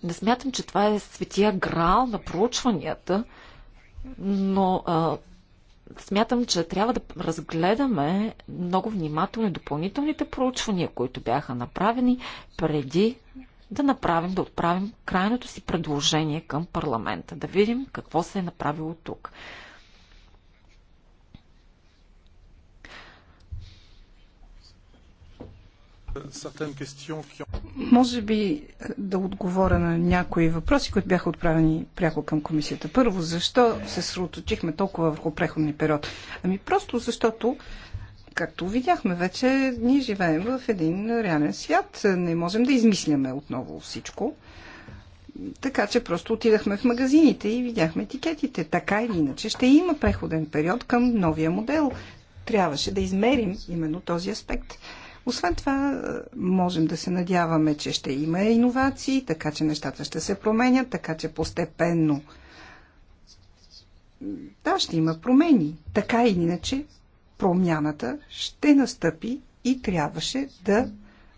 Не смятам, че това е светия грал на проучванията, но а, смятам, че трябва да разгледаме много внимателно допълнителните проучвания, които бяха направени преди да направим, да отправим крайното си предложение към парламента, да видим какво се е направило тук. Може би е, да отговоря на някои въпроси, които бяха отправени пряко към комисията. Първо, защо се сроточихме толкова върху преходни период? Ами просто защото както видяхме вече, ние живеем в един реален свят. Не можем да измисляме отново всичко. Така че просто отидахме в магазините и видяхме етикетите. Така или иначе ще има преходен период към новия модел. Трябваше да измерим именно този аспект. Освен това, е, можем да се надяваме, че ще има иновации, така че нещата ще се променят, така че постепенно. Да, ще има промени. Така или иначе, промяната ще настъпи и трябваше да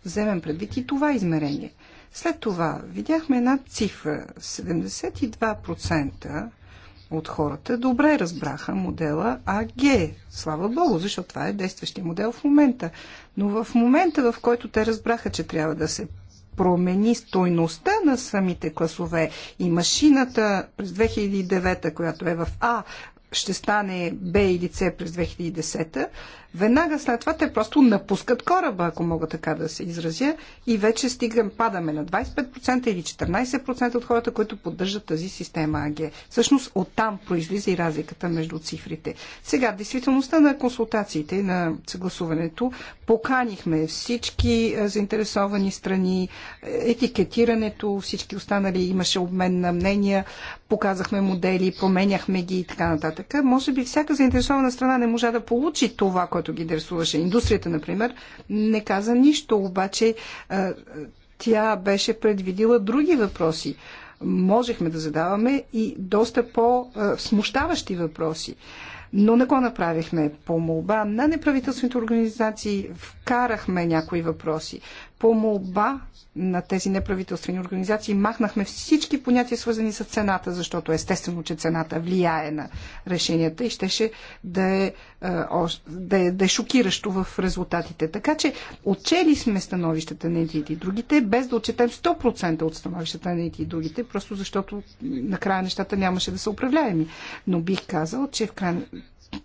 вземем предвид и това измерение. След това видяхме една цифра 72% от хората добре разбраха модела АГ. Слава Богу, защото това е действащия модел в момента. Но в момента, в който те разбраха, че трябва да се промени стойността на самите класове и машината през 2009, която е в А ще стане Б или С през 2010, веднага след това те просто напускат кораба, ако мога така да се изразя, и вече стигам, падаме на 25% или 14% от хората, които поддържат тази система АГ. Всъщност оттам произлиза и разликата между цифрите. Сега, действителността на консултациите и на съгласуването, поканихме всички заинтересовани страни, е, етикетирането, всички останали имаше обмен на мнения, показахме модели, променяхме ги и така нататък. Може би всяка заинтересована страна не можа да получи това, което ги интересуваше. Индустрията, например, не каза нищо, обаче тя беше предвидила други въпроси. Можехме да задаваме и доста по-смущаващи въпроси. Но не кого направихме по молба на неправителствените организации, вкарахме някои въпроси по молба на тези неправителствени организации махнахме всички понятия, свързани с цената, защото естествено, че цената влияе на решенията и щеше да е, е да е, да е шокиращо в резултатите. Така че отчели сме становищата на едните и другите, без да отчетем 100% от становищата на едните и другите, просто защото накрая нещата нямаше да са управляеми. Но бих казал, че в край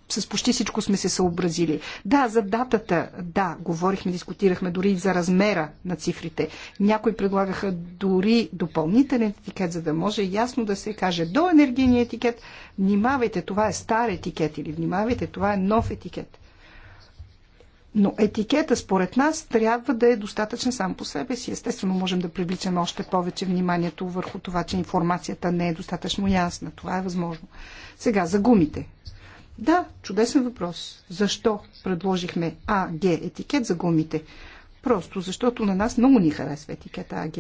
с почти всичко сме се съобразили. Да, за датата, да, говорихме, дискутирахме дори и за размера на цифрите. Някои предлагаха дори допълнителен етикет, за да може ясно да се каже до енергийния етикет, внимавайте, това е стар етикет или внимавайте, това е нов етикет. Но етикета, според нас, трябва да е достатъчен сам по себе си. Естествено, можем да привличаме още повече вниманието върху това, че информацията не е достатъчно ясна. Това е възможно. Сега, за гумите. Да, чудесен въпрос. Защо предложихме АГ етикет за гумите? Просто защото на нас много ни харесва етикета АГ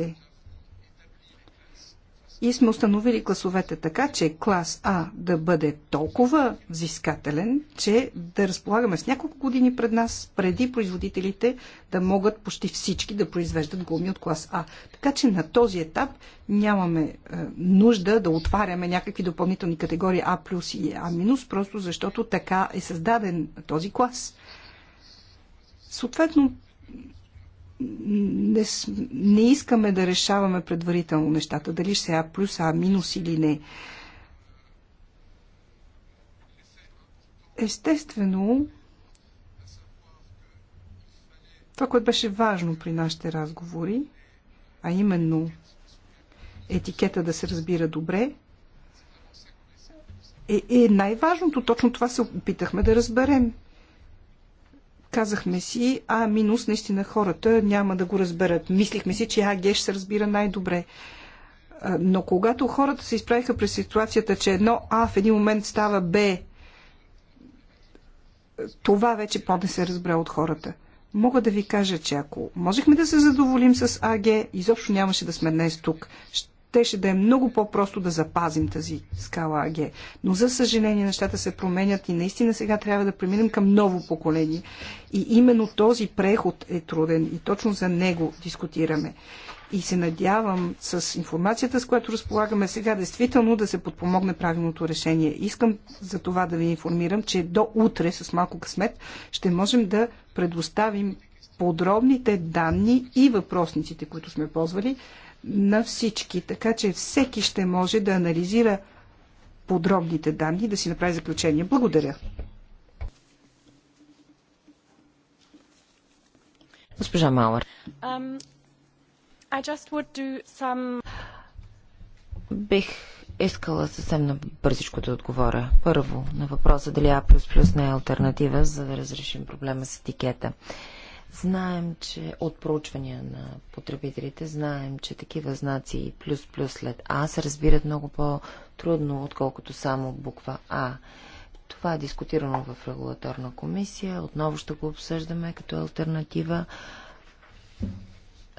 и сме установили класовете така, че клас А да бъде толкова взискателен, че да разполагаме с няколко години пред нас, преди производителите да могат почти всички да произвеждат гуми от клас А. Така че на този етап нямаме е, нужда да отваряме някакви допълнителни категории А плюс и А минус, просто защото така е създаден този клас. Съответно, не, не искаме да решаваме предварително нещата, дали ще е А плюс, А минус или не. Естествено, това, което беше важно при нашите разговори, а именно етикета да се разбира добре, е, е най-важното. Точно това се опитахме да разберем. Казахме си, а минус, наистина хората няма да го разберат. Мислихме си, че АГ ще се разбира най-добре. Но когато хората се изправиха през ситуацията, че едно А в един момент става Б, това вече по-не се разбра от хората. Мога да ви кажа, че ако можехме да се задоволим с АГ, изобщо нямаше да сме днес тук щеше да е много по-просто да запазим тази скала АГ. Но за съжаление нещата се променят и наистина сега трябва да преминем към ново поколение. И именно този преход е труден и точно за него дискутираме. И се надявам с информацията, с която разполагаме сега, действително да се подпомогне правилното решение. Искам за това да ви информирам, че до утре, с малко късмет, ще можем да предоставим подробните данни и въпросниците, които сме ползвали, на всички, така че всеки ще може да анализира подробните данни и да си направи заключение. Благодаря. Госпожа Мауър. Um, Бих искала съвсем на бързичко да отговоря. Първо, на въпроса дали А++ не е альтернатива, за да разрешим проблема с етикета. Uh, Знаем, че от проучвания на потребителите, знаем, че такива знаци плюс-плюс след А се разбират много по-трудно, отколкото само буква А. Това е дискутирано в регулаторна комисия. Отново ще го обсъждаме като альтернатива.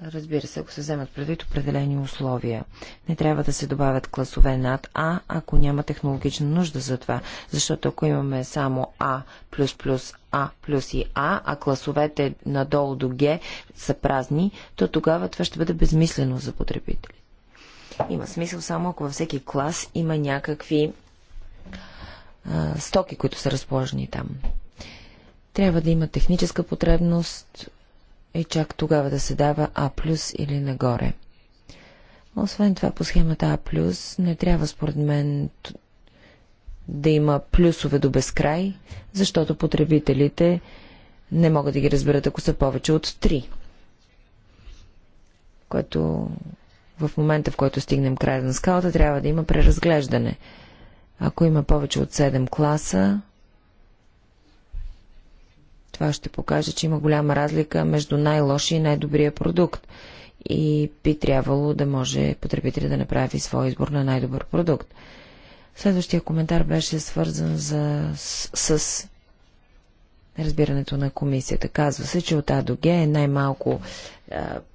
Разбира се, ако се вземат предвид определени условия. Не трябва да се добавят класове над А, ако няма технологична нужда за това. Защото ако имаме само А плюс плюс А плюс и А, а класовете надолу до Г са празни, то тогава това ще бъде безмислено за потребители. Има смисъл само ако във всеки клас има някакви а, стоки, които са разположени там. Трябва да има техническа потребност, и е чак тогава да се дава А плюс или нагоре. Освен това, по схемата А плюс не трябва според мен да има плюсове до безкрай, защото потребителите не могат да ги разберат, ако са повече от 3. Което в момента, в който стигнем края на скалата, трябва да има преразглеждане. Ако има повече от 7 класа, това ще покаже, че има голяма разлика между най-лошия и най-добрия продукт. И би трябвало да може потребителя да направи своя избор на най-добър продукт. Следващия коментар беше свързан за, с, с разбирането на комисията. Казва се, че от А до Г е най-малко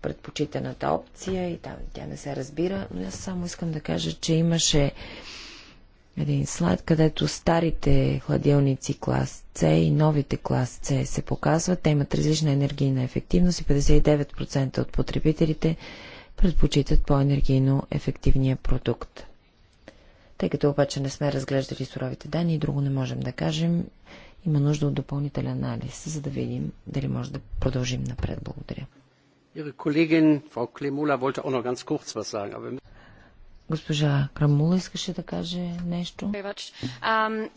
предпочитаната опция и там тя не се разбира, но аз само искам да кажа, че имаше един слайд, където старите хладилници клас С и новите клас С се показват. Те имат различна енергийна ефективност и 59% от потребителите предпочитат по-енергийно ефективния продукт. Тъй като обаче не сме разглеждали суровите данни и друго не можем да кажем, има нужда от допълнителен анализ, за да видим дали може да продължим напред. Благодаря. Госпожа Крамула искаше да каже нещо. Um,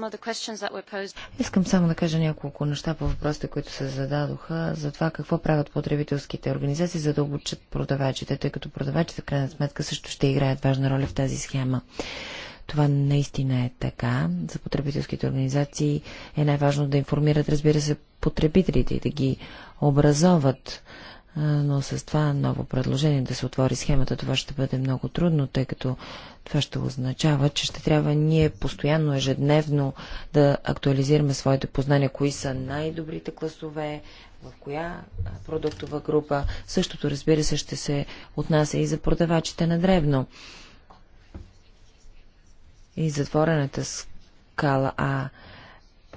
uh, Искам само да кажа няколко неща по въпросите, които се зададоха за това какво правят потребителските организации, за да обучат продавачите, тъй като продавачите в крайна сметка също ще играят важна роля в тази схема. Това наистина е така. За потребителските организации е най-важно да информират, разбира се, потребителите и да ги образоват но с това ново предложение да се отвори схемата, това ще бъде много трудно, тъй като това ще означава, че ще трябва ние постоянно, ежедневно да актуализираме своите познания, кои са най-добрите класове, в коя продуктова група. Същото, разбира се, ще се отнася и за продавачите на древно. И затворената скала А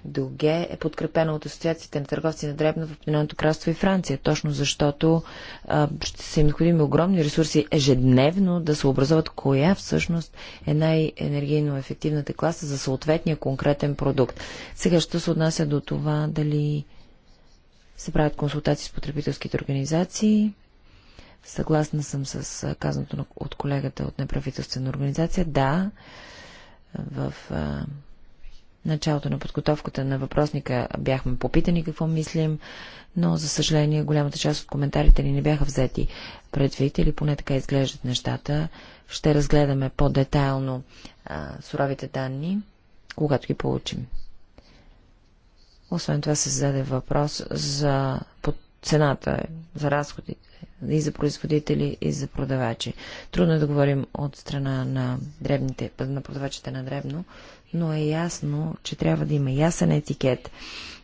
Дуге е подкрепена от Асоциациите на търговци на Дребно в Обединеното кралство и Франция, точно защото а, ще са им необходими огромни ресурси ежедневно да се образуват коя всъщност е най-енергийно ефективната класа за съответния конкретен продукт. Сега ще се отнася до това дали се правят консултации с потребителските организации. Съгласна съм с казаното от колегата от неправителствена организация. Да, в началото на подготовката на въпросника бяхме попитани какво мислим, но за съжаление голямата част от коментарите ни не бяха взети предвид или поне така изглеждат нещата. Ще разгледаме по-детайлно суровите данни, когато ги получим. Освен това се зададе въпрос за цената, за разходите и за производители, и за продавачи. Трудно е да говорим от страна на, дребните, на продавачите на дребно, но е ясно, че трябва да има ясен етикет.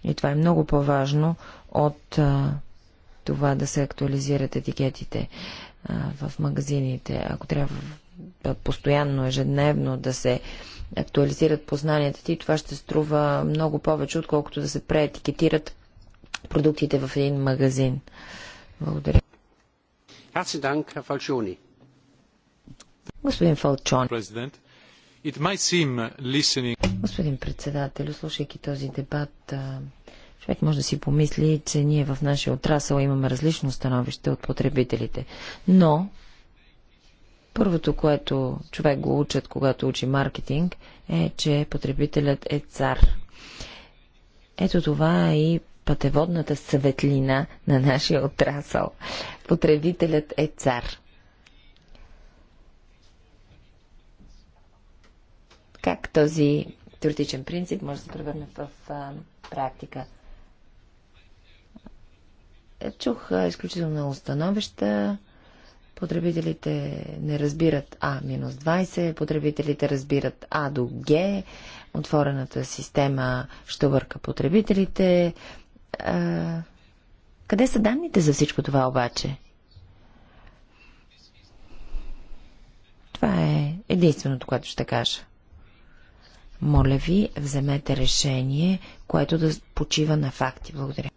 И това е много по-важно от а, това да се актуализират етикетите а, в магазините. Ако трябва постоянно, ежедневно да се актуализират познанията ти, това ще струва много повече, отколкото да се преетикетират продуктите в един магазин. Благодаря. Господин Фалчон. Господин председател, слушайки този дебат, човек може да си помисли, че ние в нашия отрасъл имаме различно становище от потребителите. Но първото, което човек го учат, когато учи маркетинг, е, че потребителят е цар. Ето това е и пътеводната съветлина на нашия отрасъл. Потребителят е цар. как този теоретичен принцип може да се превърне в а, практика. Е, чух а, изключително много становища. Потребителите не разбират А-20, потребителите разбират А до Г, отворената система ще върка потребителите. А, къде са данните за всичко това обаче? Това е единственото, което ще кажа. Моля ви, вземете решение, което да почива на факти. Благодаря.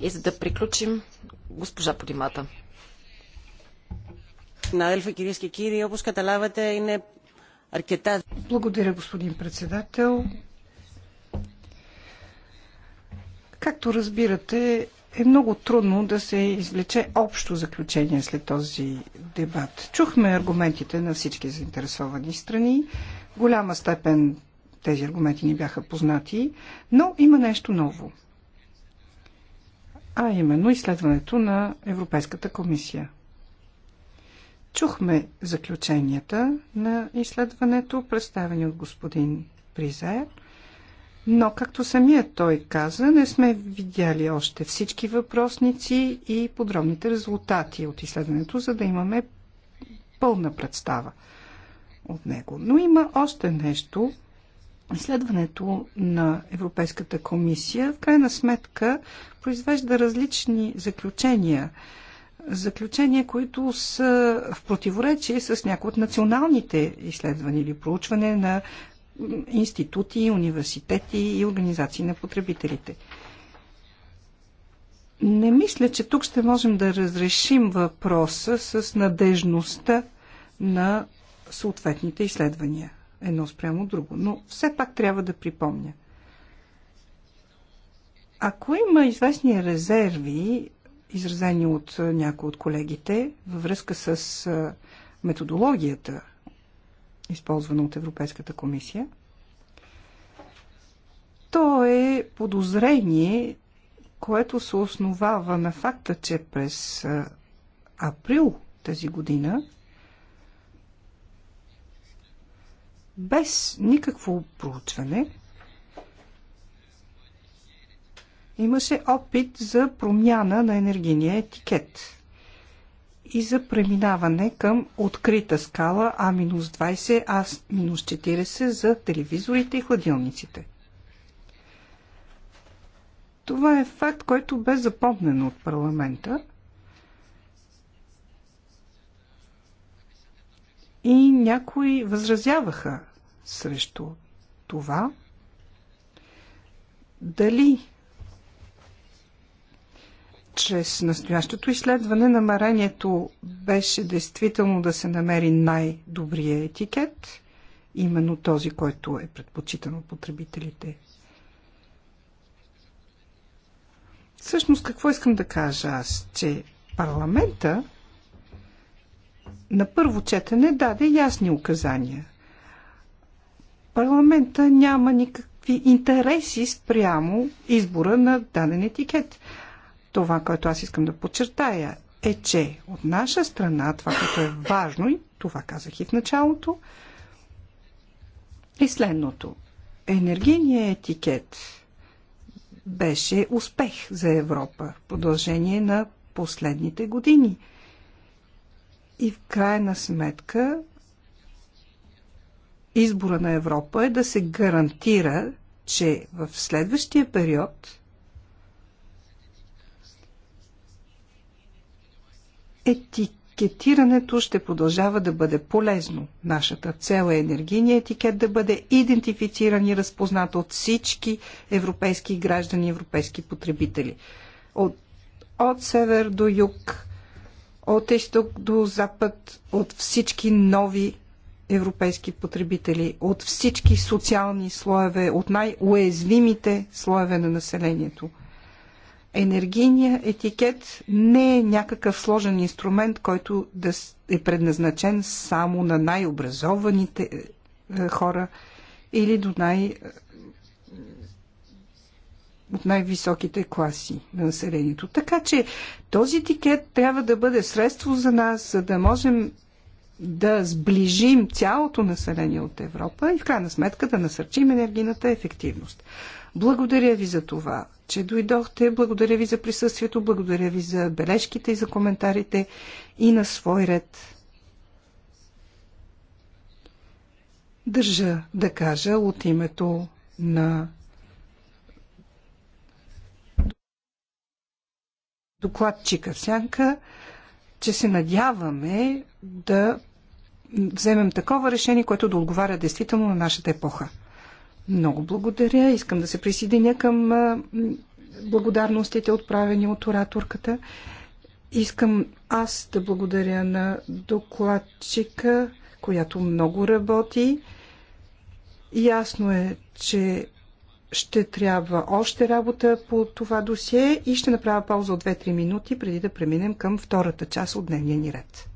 И за да приключим, госпожа Подимата. Благодаря, господин председател. Както разбирате, е много трудно да се извлече общо заключение след този дебат. Чухме аргументите на всички заинтересовани страни. В голяма степен тези аргументи ни бяха познати, но има нещо ново. А именно изследването на Европейската комисия. Чухме заключенията на изследването, представени от господин Призер – но, както самият той каза, не сме видяли още всички въпросници и подробните резултати от изследването, за да имаме пълна представа от него. Но има още нещо. Изследването на Европейската комисия в крайна сметка произвежда различни заключения. Заключения, които са в противоречие с някои от националните изследвания или проучване на институти, университети и организации на потребителите. Не мисля, че тук ще можем да разрешим въпроса с надежността на съответните изследвания. Едно спрямо друго. Но все пак трябва да припомня. Ако има известни резерви, изразени от някои от колегите, във връзка с методологията използвано от Европейската комисия. То е подозрение, което се основава на факта, че през април тази година без никакво проучване имаше опит за промяна на енергийния етикет и за преминаване към открита скала А-20, А-40 за телевизорите и хладилниците. Това е факт, който бе запомнен от парламента и някои възразяваха срещу това. Дали чрез настоящото изследване намерението беше действително да се намери най-добрия етикет, именно този, който е предпочитан от потребителите. Всъщност, какво искам да кажа аз? Че парламента на първо четене даде ясни указания. Парламента няма никакви интереси спрямо избора на даден етикет – това, което аз искам да подчертая е, че от наша страна това, което е важно, и това казах и в началото, и е следното. Енергийният етикет беше успех за Европа в продължение на последните години. И в крайна сметка избора на Европа е да се гарантира, че в следващия период етикетирането ще продължава да бъде полезно. Нашата цел е енергийния етикет да бъде идентифициран и разпознат от всички европейски граждани, европейски потребители. От, от север до юг, от изток до запад, от всички нови европейски потребители, от всички социални слоеве, от най-уязвимите слоеве на населението – енергийният етикет не е някакъв сложен инструмент, който да е предназначен само на най-образованите е, е, хора или до най- е, от най-високите класи на населението. Така че този етикет трябва да бъде средство за нас, за да можем да сближим цялото население от Европа и в крайна сметка да насърчим енергийната ефективност. Благодаря ви за това, че дойдохте. Благодаря ви за присъствието. Благодаря ви за бележките и за коментарите и на свой ред. Държа да кажа от името на докладчика сянка, че се надяваме да вземем такова решение, което да отговаря действително на нашата епоха. Много благодаря. Искам да се присъединя към благодарностите, отправени от ораторката. Искам аз да благодаря на докладчика, която много работи. Ясно е, че ще трябва още работа по това досие и ще направя пауза от 2-3 минути, преди да преминем към втората част от дневния ни ред.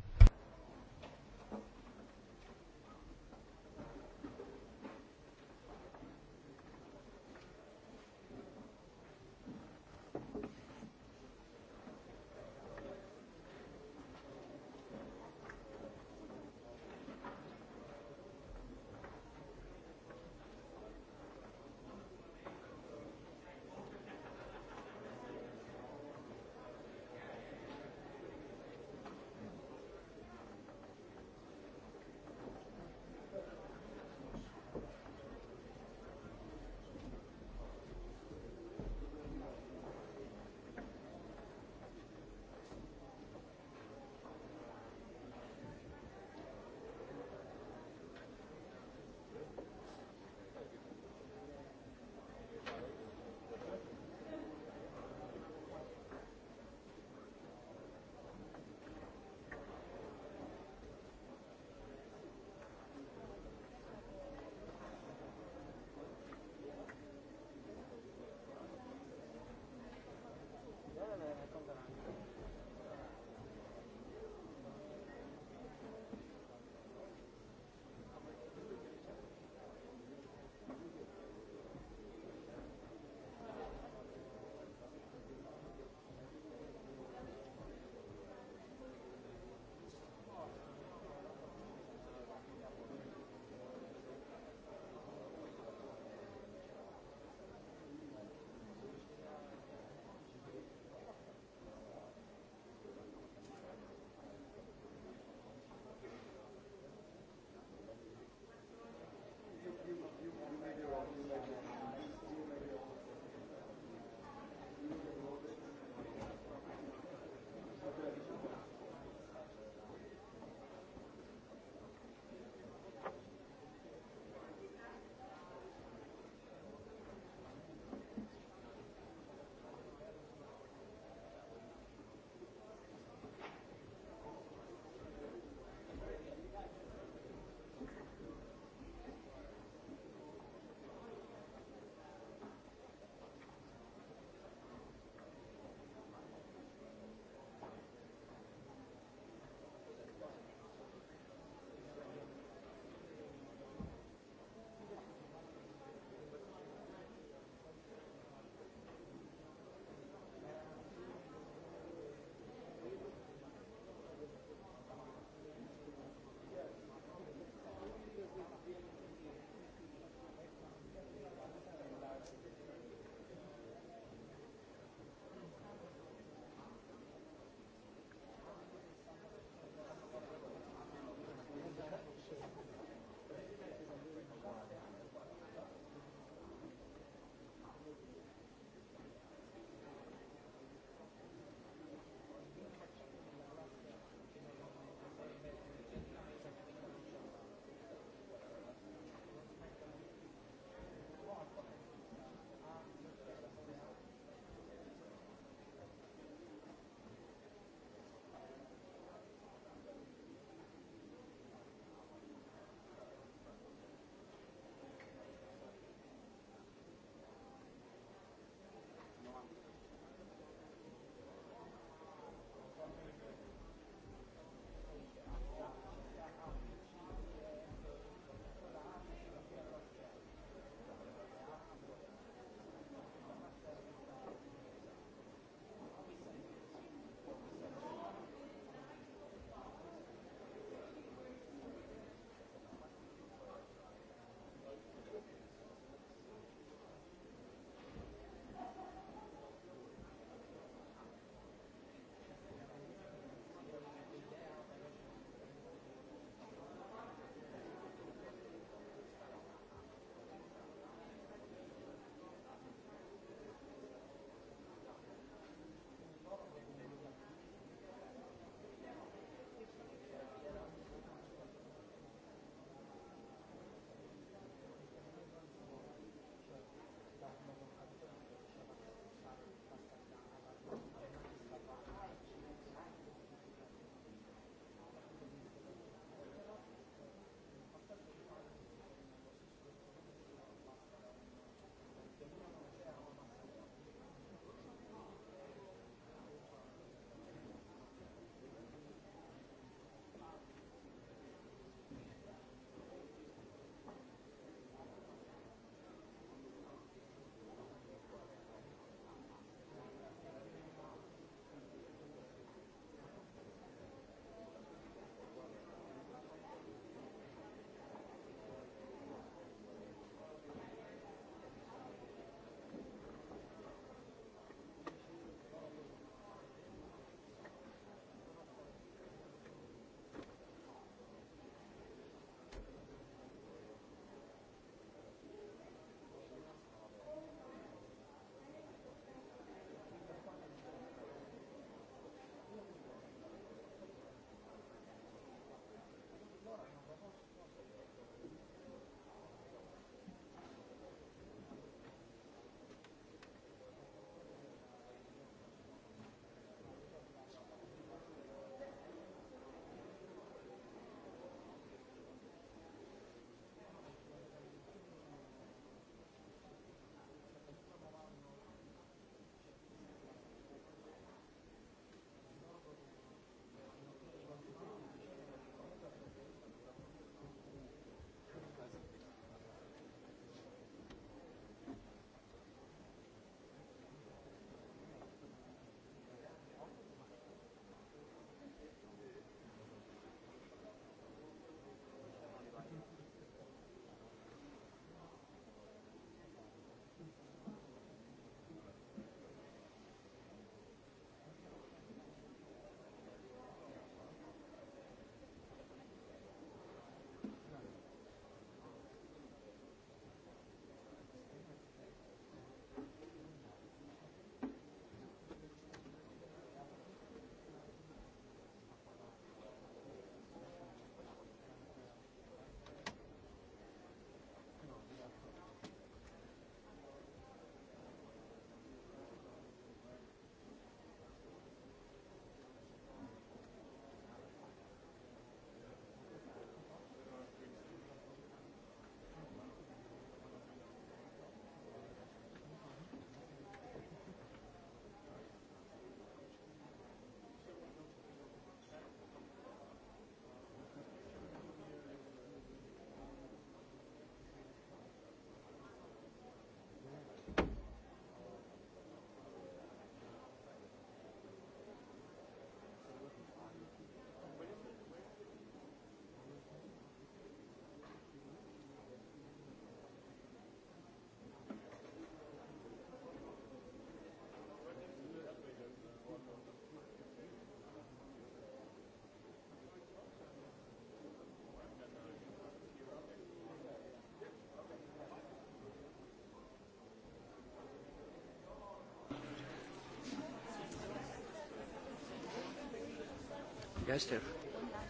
wie heißt der?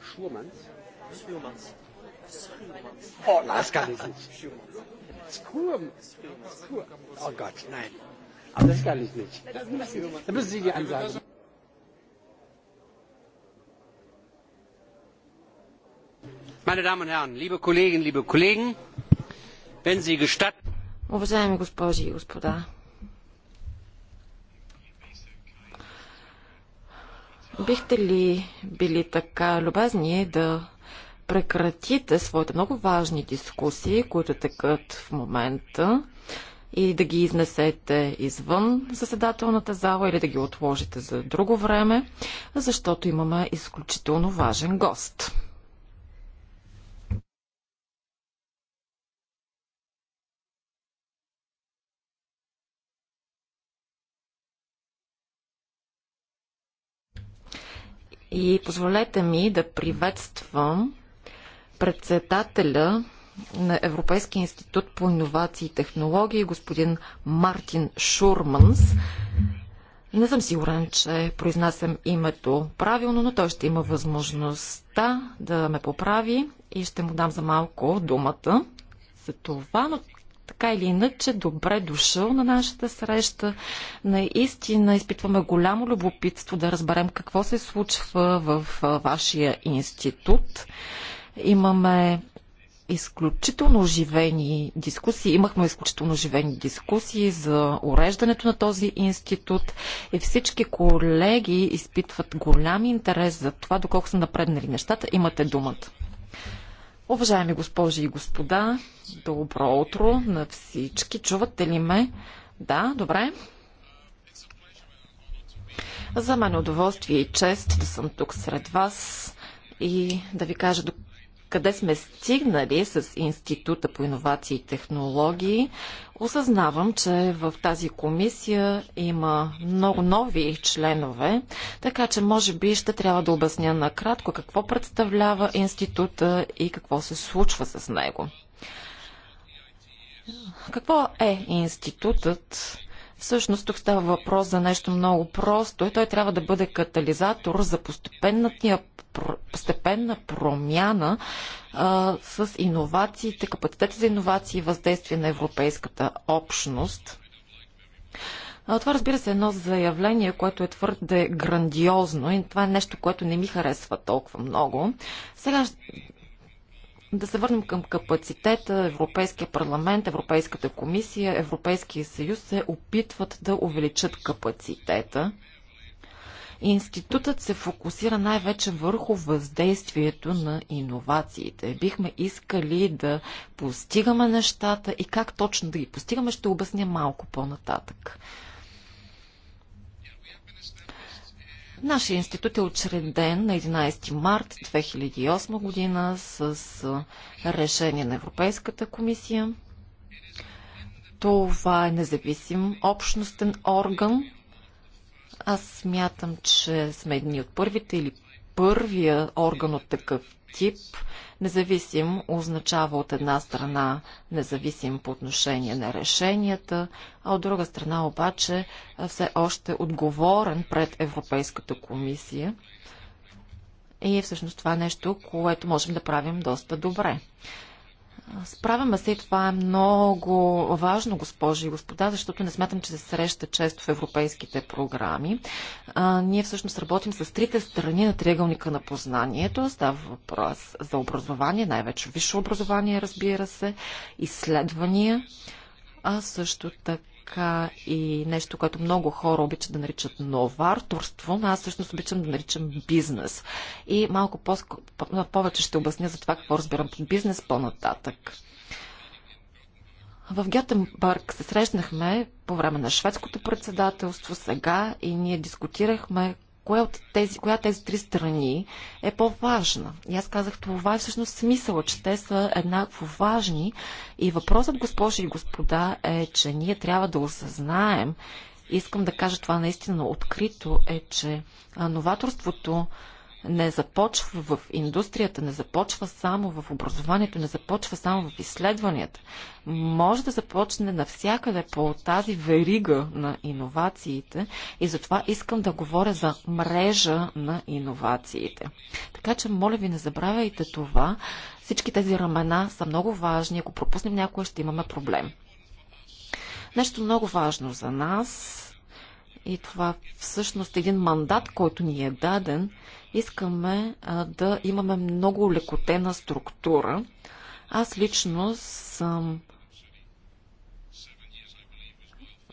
Schurmanns? Schurmanns. Oh, das kann ich nicht. Skurm. Oh Gott, nein. Aber das kann ich nicht. da müssen Sie die Ansage. Meine Damen und Herren, liebe Kolleginnen, liebe Kollegen, wenn Sie gestatten. Уважаеми госпожи и господа, бихте ли били така любезни да прекратите своите много важни дискусии, които текат в момента и да ги изнесете извън заседателната зала или да ги отложите за друго време, защото имаме изключително важен гост. И позволете ми да приветствам председателя на Европейския институт по иновации и технологии, господин Мартин Шурманс. Не съм сигурен, че произнасям името правилно, но той ще има възможността да ме поправи и ще му дам за малко думата за това, но така или иначе, добре дошъл на нашата среща. Наистина изпитваме голямо любопитство да разберем какво се случва в вашия институт. Имаме изключително оживени дискусии. Имахме изключително оживени дискусии за уреждането на този институт и всички колеги изпитват голям интерес за това, доколко са напреднали нещата. Имате думата. Уважаеми госпожи и господа, добро утро на всички. Чувате ли ме? Да, добре. За мен е удоволствие и чест да съм тук сред вас и да ви кажа къде сме стигнали с Института по иновации и технологии, осъзнавам, че в тази комисия има много нови членове, така че може би ще трябва да обясня накратко какво представлява Института и какво се случва с него. Какво е Институтът Всъщност тук става въпрос за нещо много просто и той трябва да бъде катализатор за постепенна промяна а, с иновациите, капацитета за иновации и въздействие на европейската общност. А, това разбира се е едно заявление, което е твърде грандиозно и това е нещо, което не ми харесва толкова много. Сега да се върнем към капацитета. Европейския парламент, Европейската комисия, Европейския съюз се опитват да увеличат капацитета. Институтът се фокусира най-вече върху въздействието на иновациите. Бихме искали да постигаме нещата и как точно да ги постигаме, ще обясня малко по-нататък. Нашия институт е учреден на 11 март 2008 година с решение на Европейската комисия. Това е независим общностен орган. Аз смятам, че сме едни от първите или първия орган от такъв тип. Независим означава от една страна независим по отношение на решенията, а от друга страна обаче все още отговорен пред Европейската комисия. И всъщност това е нещо, което можем да правим доста добре. Справяме се и това е много важно, госпожи и господа, защото не смятам, че се среща често в европейските програми. А, ние всъщност работим с трите страни на триъгълника на познанието. Става въпрос за образование, най-вече висше образование, разбира се, изследвания, а също така така и нещо, което много хора обичат да наричат новаторство, но аз всъщност обичам да наричам бизнес. И малко по повече ще обясня за това какво разбирам под бизнес по-нататък. В Гетенбърг се срещнахме по време на шведското председателство сега и ние дискутирахме кое от тези, коя от тези три страни е по-важна. И аз казах, това е всъщност смисъла, че те са еднакво важни. И въпросът, госпожи и господа, е, че ние трябва да осъзнаем, искам да кажа това наистина открито, е, че новаторството не започва в индустрията, не започва само в образованието, не започва само в изследванията. Може да започне навсякъде по тази верига на иновациите и затова искам да говоря за мрежа на иновациите. Така че, моля ви, не забравяйте това. Всички тези рамена са много важни. Ако пропуснем някоя, ще имаме проблем. Нещо много важно за нас и това всъщност е един мандат, който ни е даден, Искаме а, да имаме много лекотена структура. Аз лично съм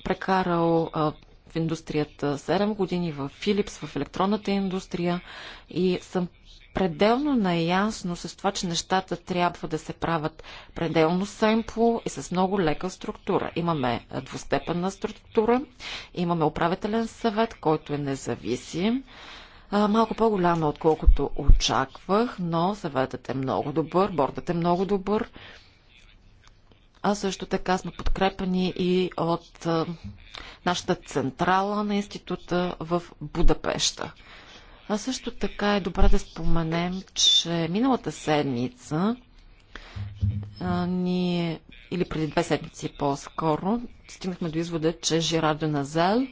прекарал а, в индустрията 7 години, в Philips, в електронната индустрия и съм пределно наясно с това, че нещата трябва да се правят пределно семпло и с много лека структура. Имаме двустепенна структура, имаме управителен съвет, който е независим малко по-голяма, отколкото очаквах, но съветът е много добър, бордът е много добър. А също така сме подкрепени и от нашата централа на института в Будапешта. А също така е добре да споменем, че миналата седмица а, ние, или преди две седмици по-скоро, стигнахме до извода, че Жерар Назел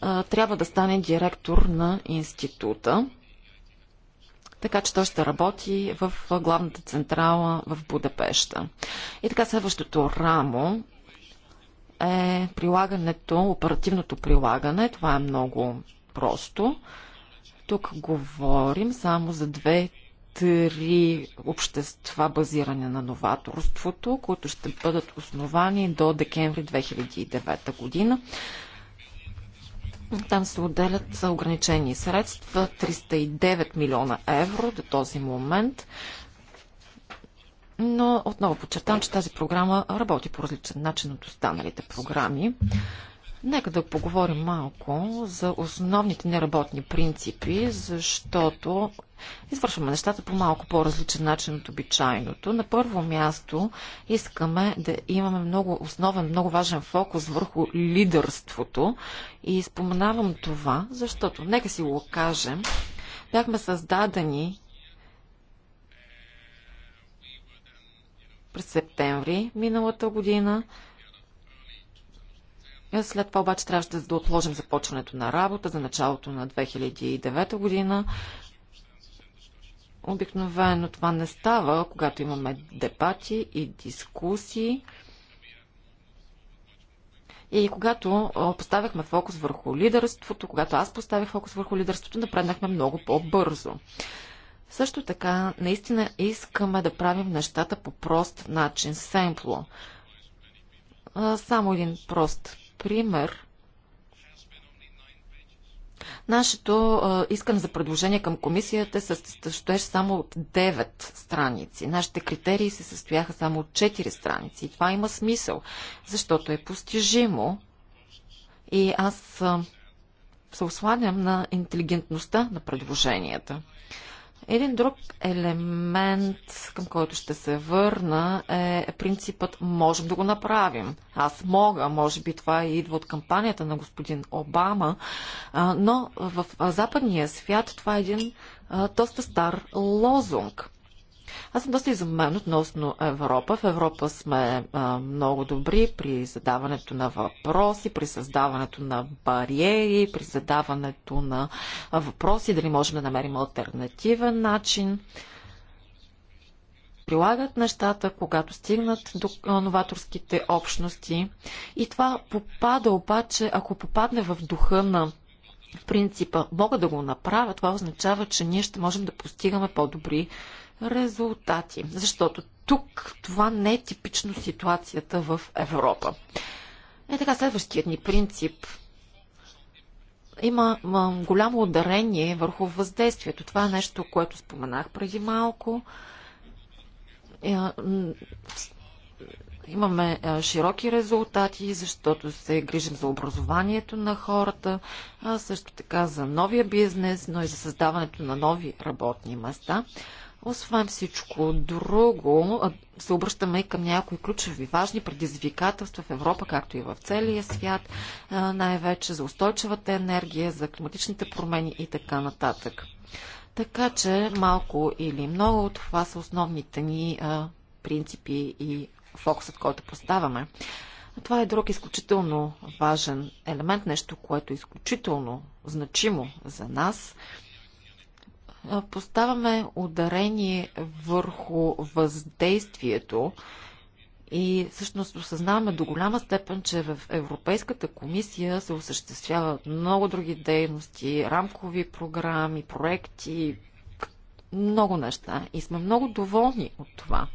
трябва да стане директор на института, така че той ще работи в главната централа в Будапешта. И така следващото рамо е прилагането, оперативното прилагане. Това е много просто. Тук говорим само за две три общества, базиране на новаторството, които ще бъдат основани до декември 2009 година. Там се отделят ограничени средства 309 милиона евро до този момент. Но отново подчертавам, че тази програма работи по различен начин от останалите програми. Нека да поговорим малко за основните неработни принципи, защото извършваме нещата по малко по-различен начин от обичайното. На първо място искаме да имаме много основен, много важен фокус върху лидерството и споменавам това, защото, нека си го кажем, бяхме създадени през септември миналата година – след това обаче трябваше да отложим започването на работа за началото на 2009 година. Обикновено това не става, когато имаме дебати и дискусии. И когато поставяхме фокус върху лидерството, когато аз поставих фокус върху лидерството, напреднахме много по-бързо. Също така, наистина искаме да правим нещата по прост начин, семпло. Само един прост пример, Нашето искане за предложение към комисията се състоеше само от 9 страници. Нашите критерии се състояха само от 4 страници. И това има смисъл, защото е постижимо. И аз се осланям на интелигентността на предложенията. Един друг елемент, към който ще се върна, е принципът можем да го направим. Аз мога, може би това идва от кампанията на господин Обама, но в западния свят това е един доста стар лозунг. Аз съм доста изумен относно Европа. В Европа сме а, много добри при задаването на въпроси, при създаването на бариери, при задаването на въпроси, дали можем да намерим альтернативен начин прилагат нещата, когато стигнат до новаторските общности. И това попада обаче, ако попадне в духа на принципа, мога да го направя, това означава, че ние ще можем да постигаме по-добри резултати. Защото тук това не е типично ситуацията в Европа. Е така, следващият ни принцип има голямо ударение върху въздействието. Това е нещо, което споменах преди малко. Е, имаме е, широки резултати, защото се грижим за образованието на хората, а също така за новия бизнес, но и за създаването на нови работни места. Освен всичко друго, се обръщаме и към някои ключови важни предизвикателства в Европа, както и в целия свят, най-вече за устойчивата енергия, за климатичните промени и така нататък. Така че малко или много от това са основните ни принципи и фокусът, който поставяме. Това е друг изключително важен елемент, нещо, което е изключително значимо за нас – поставяме ударение върху въздействието и всъщност осъзнаваме до голяма степен, че в Европейската комисия се осъществяват много други дейности, рамкови програми, проекти, много неща и сме много доволни от това.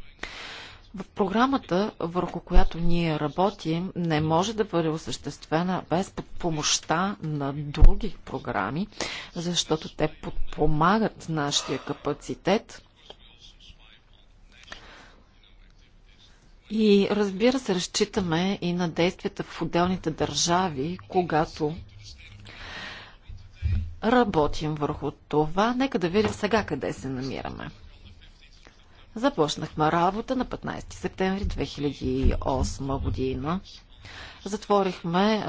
В програмата, върху която ние работим, не може да бъде осъществена без помощта на други програми, защото те подпомагат нашия капацитет. И разбира се, разчитаме и на действията в отделните държави, когато работим върху това. Нека да видим сега къде се намираме. Започнахме работа на 15 септември 2008 година. Затворихме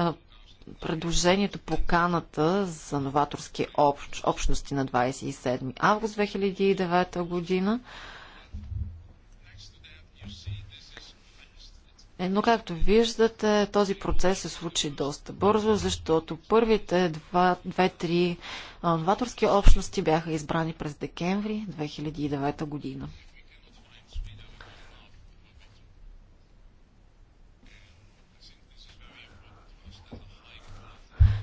предложението по каната за новаторски общ, общности на 27 август 2009 година. Е, но както виждате, този процес се случи доста бързо, защото първите две-три новаторски общности бяха избрани през декември 2009 година.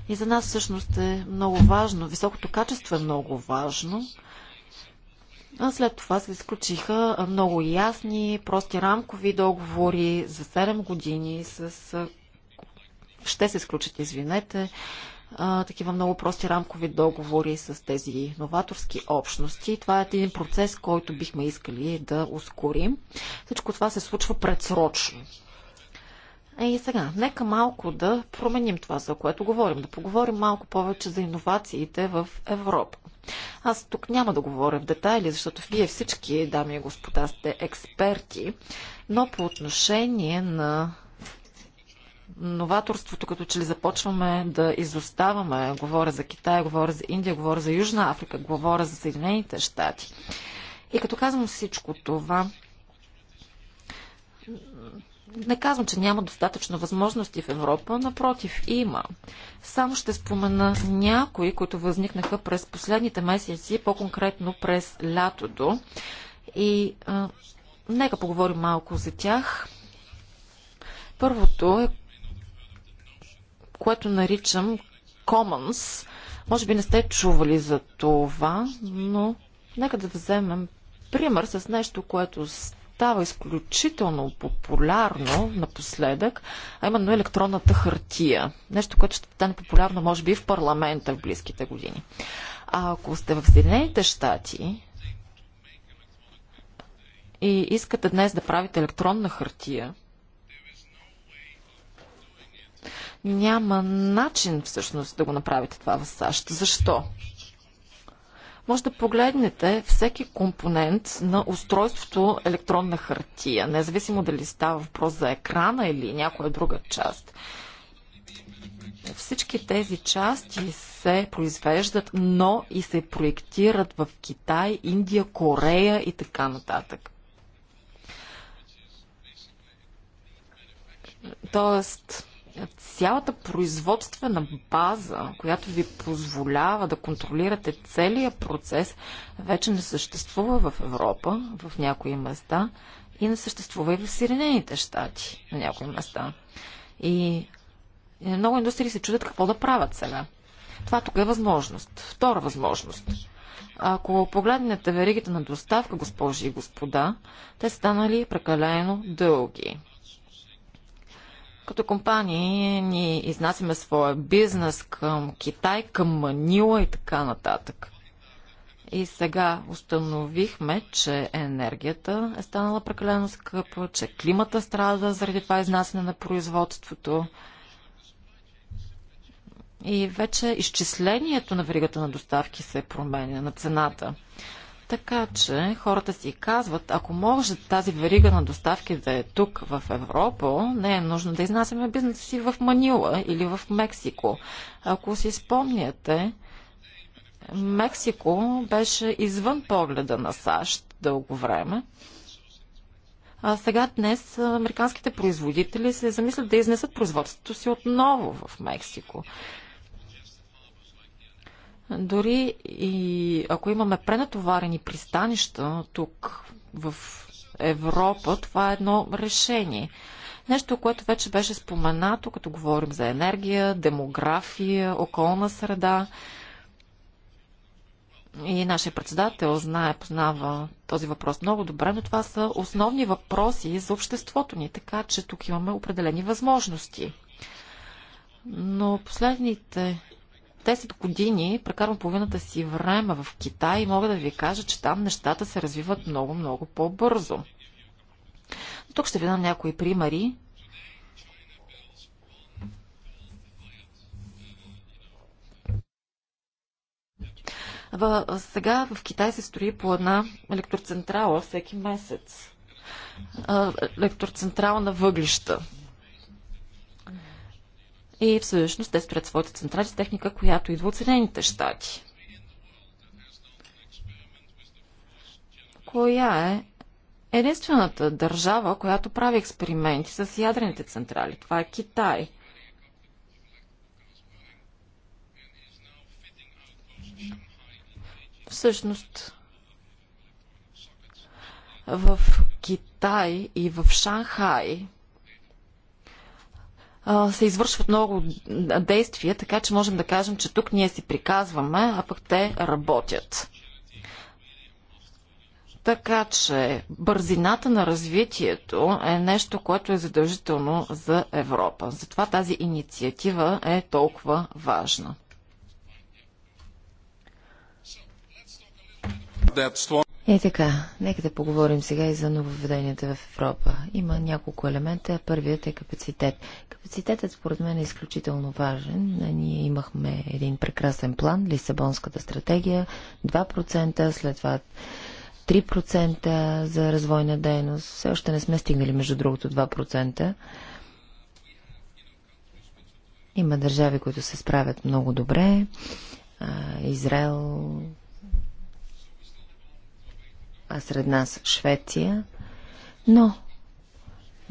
И за нас всъщност е много важно. Високото качество е много важно. А след това се изключиха много ясни, прости рамкови договори за 7 години с... Ще се изключат, извинете, а, такива много прости рамкови договори с тези новаторски общности. Това е един процес, който бихме искали да ускорим. Всичко това се случва предсрочно. Е, и сега, нека малко да променим това, за което говорим, да поговорим малко повече за иновациите в Европа. Аз тук няма да говоря в детайли, защото вие всички, дами и господа, сте експерти, но по отношение на новаторството, като че ли започваме да изоставаме, говоря за Китай, говоря за Индия, говоря за Южна Африка, говоря за Съединените щати. И като казвам всичко това, не казвам, че няма достатъчно възможности в Европа, напротив, има. Само ще спомена някои, които възникнаха през последните месеци, по-конкретно през лятото. И а, нека поговорим малко за тях. Първото е, което наричам Commons. Може би не сте чували за това, но нека да вземем пример с нещо, което става изключително популярно напоследък, а именно електронната хартия. Нещо, което ще стане популярно, може би, в парламента в близките години. А ако сте в Съединените щати и искате днес да правите електронна хартия, няма начин всъщност да го направите това в САЩ. Защо? може да погледнете всеки компонент на устройството електронна хартия, независимо дали става въпрос за екрана или някоя друга част. Всички тези части се произвеждат, но и се проектират в Китай, Индия, Корея и така нататък. Тоест, цялата производствена база, която ви позволява да контролирате целия процес, вече не съществува в Европа, в някои места, и не съществува и в Съединените щати, на някои места. И, и много индустрии се чудят какво да правят сега. Това тук е възможност. Втора възможност. Ако погледнете веригите на доставка, госпожи и господа, те станали прекалено дълги. Като компании ни изнасяме своя бизнес към Китай, към Манила и така нататък. И сега установихме, че енергията е станала прекалено скъпа, че климата страда заради това изнасяне на производството. И вече изчислението на веригата на доставки се променя, на цената. Така че хората си казват, ако може тази верига на доставки да е тук в Европа, не е нужно да изнасяме бизнеса си в Манила или в Мексико. Ако си спомняте, Мексико беше извън погледа на САЩ дълго време. А сега днес американските производители се замислят да изнесат производството си отново в Мексико. Дори и ако имаме пренатоварени пристанища тук в Европа, това е едно решение. Нещо, което вече беше споменато, като говорим за енергия, демография, околна среда. И нашия председател знае, познава този въпрос много добре, но това са основни въпроси за обществото ни, така че тук имаме определени възможности. Но последните 10 години прекарвам половината си време в Китай и мога да ви кажа, че там нещата се развиват много, много по-бързо. Тук ще ви дам някои примери. В, сега в Китай се строи по една електроцентрала всеки месец. Електроцентрала на въглища. И всъщност те спрят своите централи с техника, която идва от Съединените щати. Коя е единствената държава, която прави експерименти с ядрените централи? Това е Китай. Всъщност, в Китай и в Шанхай се извършват много действия, така че можем да кажем, че тук ние си приказваме, а пък те работят. Така че бързината на развитието е нещо, което е задължително за Европа. Затова тази инициатива е толкова важна. Е така, нека да поговорим сега и за нововведенията в Европа. Има няколко елемента. Първият е капацитет. Капацитетът според мен е изключително важен. Ние имахме един прекрасен план, Лисабонската стратегия, 2%, след това 3% за развойна дейност. Все още не сме стигнали, между другото, 2%. Има държави, които се справят много добре. Израел, а сред нас Швеция, но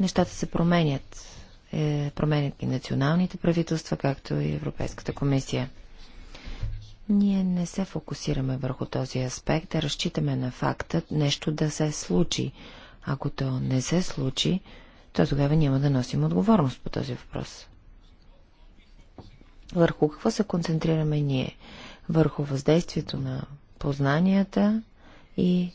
нещата се променят. Е, променят и националните правителства, както и Европейската комисия. Ние не се фокусираме върху този аспект, а разчитаме на факта нещо да се случи. Ако то не се случи, то тогава няма да носим отговорност по този въпрос. Върху какво се концентрираме ние? Върху въздействието на познанията и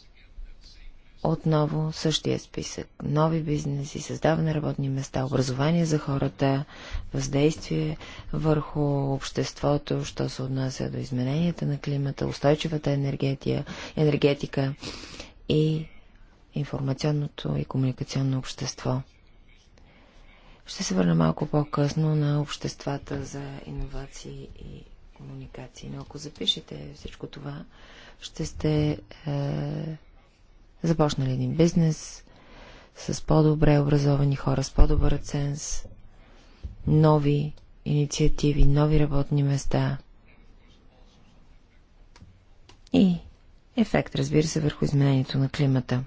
отново същия списък. Нови бизнеси, създаване работни места, образование за хората, въздействие върху обществото, що се отнася до измененията на климата, устойчивата енергетия, енергетика и информационното и комуникационно общество. Ще се върна малко по-късно на обществата за иновации и комуникации. Но ако запишете всичко това, ще сте е, започнали един бизнес с по-добре образовани хора, с по-добър ценз, нови инициативи, нови работни места и ефект, разбира се, върху изменението на климата.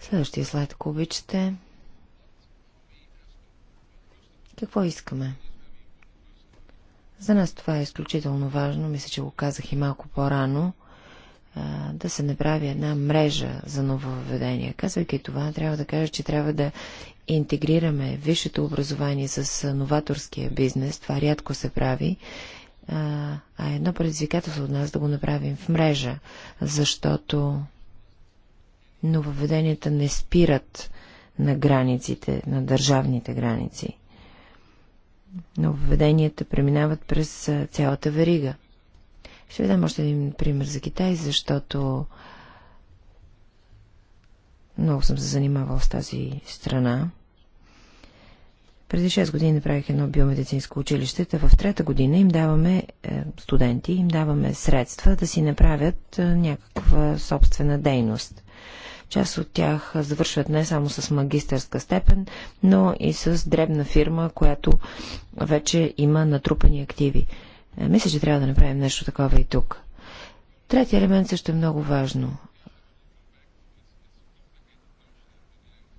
Следващия слайд, ако обичате. Какво искаме? За нас това е изключително важно, мисля, че го казах и малко по-рано – да се направи една мрежа за нововведения. Казвайки това, трябва да кажа, че трябва да интегрираме висшето образование с новаторския бизнес. Това рядко се прави. А, а едно предизвикателство от нас да го направим в мрежа, защото нововведенията не спират на границите, на държавните граници. Нововведенията преминават през цялата верига. Ще ви дам още един пример за Китай, защото много съм се занимавал с тази страна. Преди 6 години направих едно биомедицинско училище, в трета година им даваме е, студенти, им даваме средства да си направят е, някаква собствена дейност. Част от тях завършват не само с магистърска степен, но и с дребна фирма, която вече има натрупани активи. Е, мисля, че трябва да направим нещо такова и тук. Третия елемент също е много важно.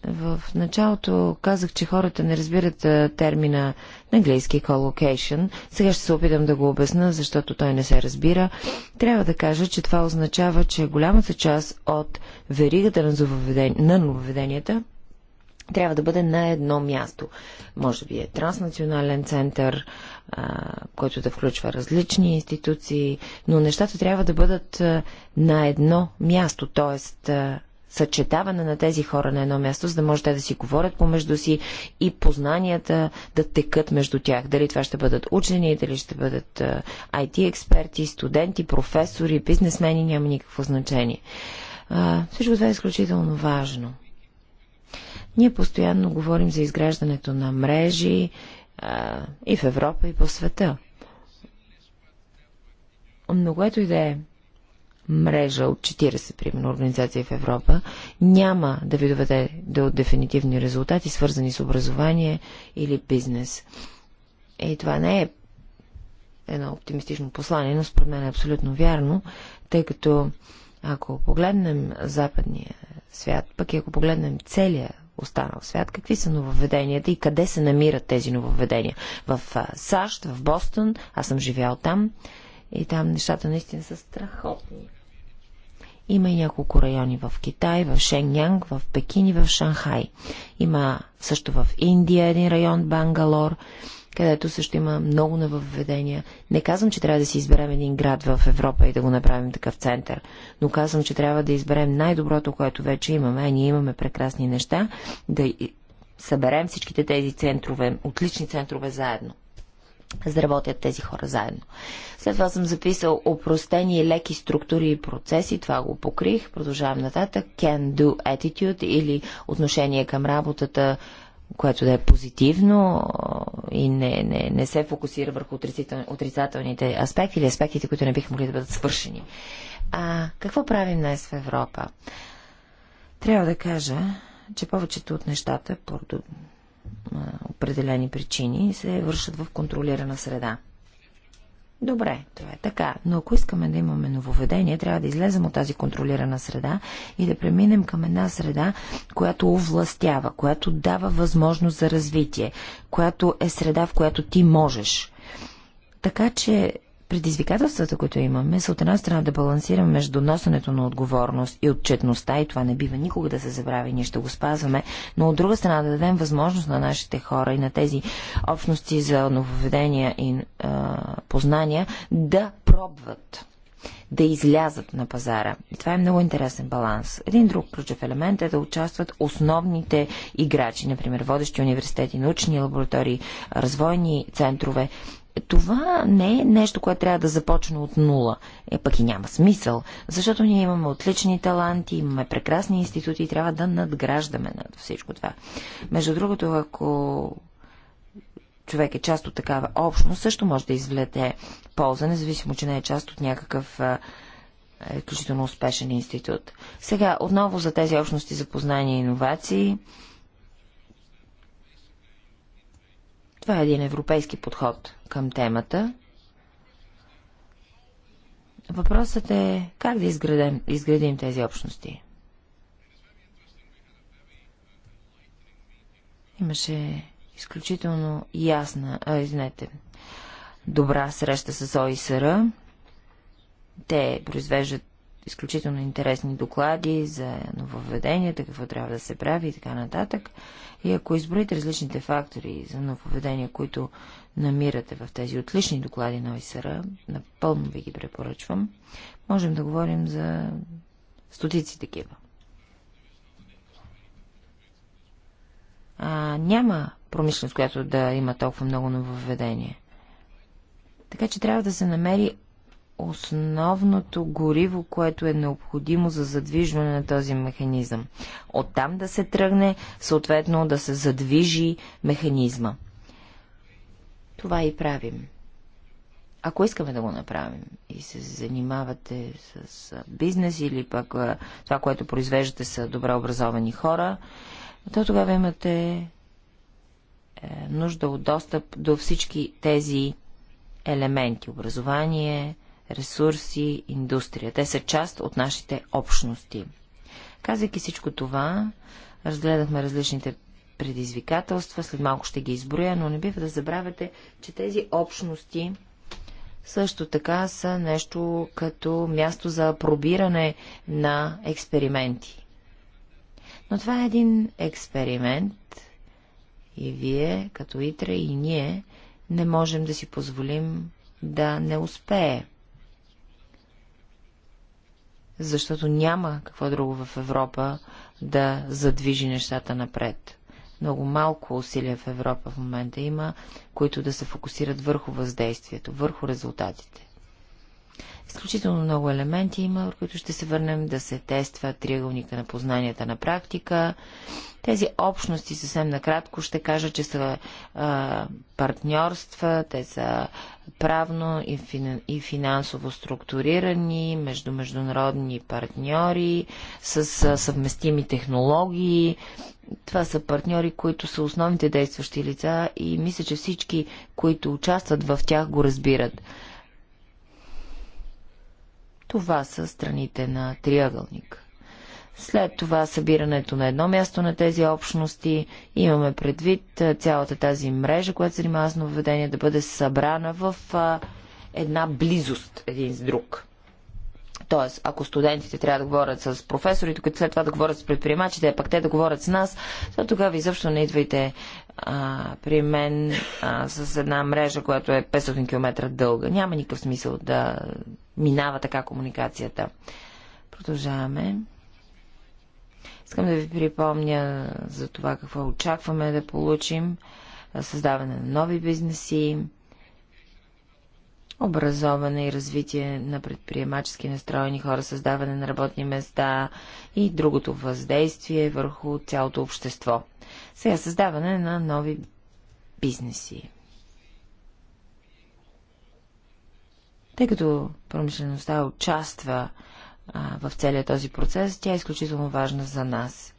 В началото казах, че хората не разбират термина на английски колокейшн. Сега ще се опитам да го обясна, защото той не се разбира. Трябва да кажа, че това означава, че голямата част от веригата на нововведенията трябва да бъде на едно място. Може би е транснационален център, който да включва различни институции, но нещата трябва да бъдат на едно място, т.е. съчетаване на тези хора на едно място, за да може те да си говорят помежду си и познанията да текат между тях. Дали това ще бъдат учени, дали ще бъдат IT експерти, студенти, професори, бизнесмени, няма никакво значение. Всичко това е изключително важно. Ние постоянно говорим за изграждането на мрежи а, и в Европа, и по света. Но което и да е мрежа от 40, примерно, организации в Европа, няма да ви доведе до дефинитивни резултати, свързани с образование или бизнес. И това не е едно оптимистично послание, но според мен е абсолютно вярно, тъй като ако погледнем западния свят, пък и ако погледнем целия останал свят. Какви са нововведенията и къде се намират тези нововведения? В САЩ, в Бостон, аз съм живял там и там нещата наистина са страхотни. Има и няколко райони в Китай, в Шенянг, в Пекин и в Шанхай. Има също в Индия един район, Бангалор където също има много нововведения. Не казвам, че трябва да си изберем един град в Европа и да го направим такъв център, но казвам, че трябва да изберем най-доброто, което вече имаме. А ние имаме прекрасни неща, да съберем всичките тези центрове, отлични центрове заедно заработят тези хора заедно. След това съм записал опростени и леки структури и процеси, това го покрих, продължавам нататък, can do attitude или отношение към работата, което да е позитивно и не, не, не се фокусира върху отрицателните аспекти или аспектите, които не биха могли да бъдат свършени. А какво правим днес в Европа? Трябва да кажа, че повечето от нещата, по определени причини, се вършат в контролирана среда. Добре, това е така. Но ако искаме да имаме нововведение, трябва да излезем от тази контролирана среда и да преминем към една среда, която овластява, която дава възможност за развитие, която е среда, в която ти можеш. Така че Предизвикателствата, които имаме, са от една страна да балансираме между носенето на отговорност и отчетността, и това не бива никога да се забрави, ние ще го спазваме, но от друга страна да дадем възможност на нашите хора и на тези общности за нововведения и а, познания да пробват да излязат на пазара. И това е много интересен баланс. Един друг ключов елемент е да участват основните играчи, например водещи университети, научни лаборатории, развойни центрове, това не е нещо, което трябва да започне от нула. Е, пък и няма смисъл, защото ние имаме отлични таланти, имаме прекрасни институти и трябва да надграждаме на всичко това. Между другото, ако човек е част от такава общност, също може да извлете полза, независимо, че не е част от някакъв изключително успешен институт. Сега отново за тези общности за познания и иновации. Това е един европейски подход към темата. Въпросът е как да изградим, изградим тези общности. Имаше изключително ясна, а, извинете, добра среща с ОИСР. Те произвеждат изключително интересни доклади за нововведенията, какво трябва да се прави и така нататък. И ако изброите различните фактори за нововведения, които намирате в тези отлични доклади на ОИСР, напълно ви ги препоръчвам, можем да говорим за стотици такива. А, няма промишленост, която да има толкова много нововведения. Така че трябва да се намери основното гориво, което е необходимо за задвижване на този механизъм. Оттам да се тръгне, съответно да се задвижи механизма. Това и правим. Ако искаме да го направим и се занимавате с бизнес или пък това, което произвеждате са добре образовани хора, то тогава имате е, нужда от достъп до всички тези елементи. Образование, ресурси, индустрия. Те са част от нашите общности. Казвайки всичко това, разгледахме различните предизвикателства, след малко ще ги изброя, но не бива да забравяте, че тези общности също така са нещо като място за пробиране на експерименти. Но това е един експеримент и вие, като Итра и ние, не можем да си позволим да не успеем защото няма какво друго в Европа да задвижи нещата напред. Много малко усилия в Европа в момента има, които да се фокусират върху въздействието, върху резултатите. Изключително много елементи има, в които ще се върнем да се тества триъгълника на познанията на практика. Тези общности, съвсем накратко, ще кажа, че са а, партньорства, те са правно и, фин, и финансово структурирани между международни партньори, с а, съвместими технологии. Това са партньори, които са основните действащи лица и мисля, че всички, които участват в тях, го разбират. Това са страните на триъгълник. След това събирането на едно място на тези общности, имаме предвид цялата тази мрежа, която се занимава с нововведение, да бъде събрана в една близост един с друг. Тоест, ако студентите трябва да говорят с професорите, които след това да говорят с предприемачите, а пък те да говорят с нас, то тогава изобщо не идвайте а, при мен а, с една мрежа, която е 500 км дълга. Няма никакъв смисъл да минава така комуникацията. Продължаваме. Искам да ви припомня за това какво очакваме да получим. Създаване на нови бизнеси, образоване и развитие на предприемачески настроени хора, създаване на работни места и другото въздействие върху цялото общество. Сега създаване на нови бизнеси. Тъй като промишлеността участва а, в целия този процес, тя е изключително важна за нас.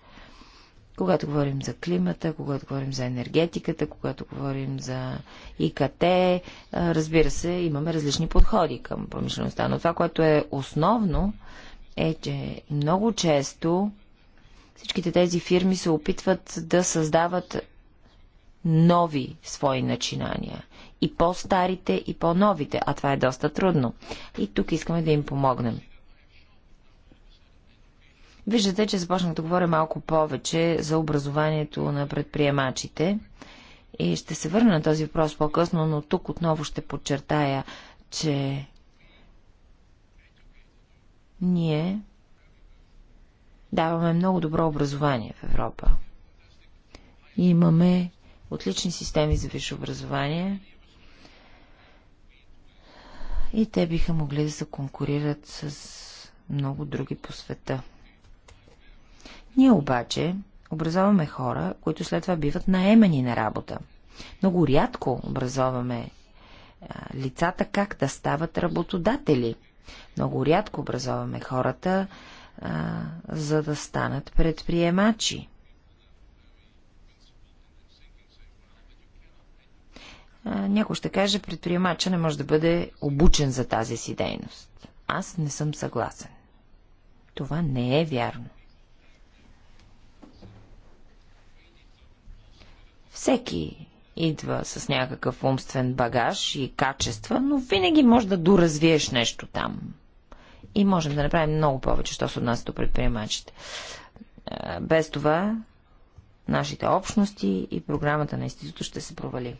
Когато говорим за климата, когато говорим за енергетиката, когато говорим за ИКТ, а, разбира се, имаме различни подходи към промишлеността. Но това, което е основно, е, че много често всичките тези фирми се опитват да създават нови свои начинания и по-старите, и по-новите, а това е доста трудно. И тук искаме да им помогнем. Виждате, че започнах да говоря малко повече за образованието на предприемачите и ще се върна на този въпрос по-късно, но тук отново ще подчертая, че ние даваме много добро образование в Европа. И имаме отлични системи за висше образование и те биха могли да се конкурират с много други по света. Ние обаче образоваме хора, които след това биват наемани на работа. Много рядко образоваме а, лицата как да стават работодатели. Много рядко образоваме хората, а, за да станат предприемачи. някой ще каже, предприемача не може да бъде обучен за тази си дейност. Аз не съм съгласен. Това не е вярно. Всеки идва с някакъв умствен багаж и качества, но винаги може да доразвиеш нещо там. И можем да направим много повече, що се отнася до предприемачите. Без това нашите общности и програмата на института ще се провали.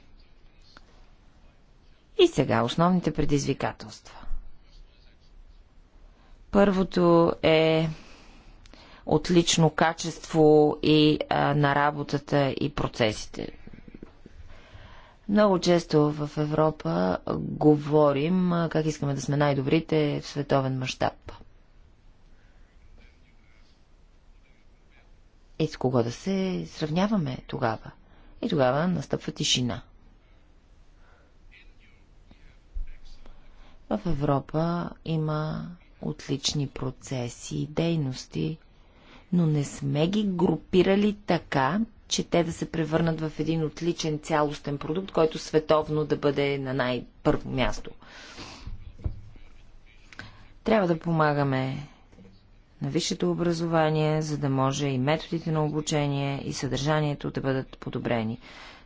И сега основните предизвикателства. Първото е отлично качество и а, на работата и процесите. Много често в Европа говорим как искаме да сме най-добрите в световен мащаб. И с кого да се сравняваме тогава? И тогава настъпва тишина – В Европа има отлични процеси и дейности, но не сме ги групирали така, че те да се превърнат в един отличен цялостен продукт, който световно да бъде на най-първо място. Трябва да помагаме на висшето образование, за да може и методите на обучение и съдържанието да бъдат подобрени.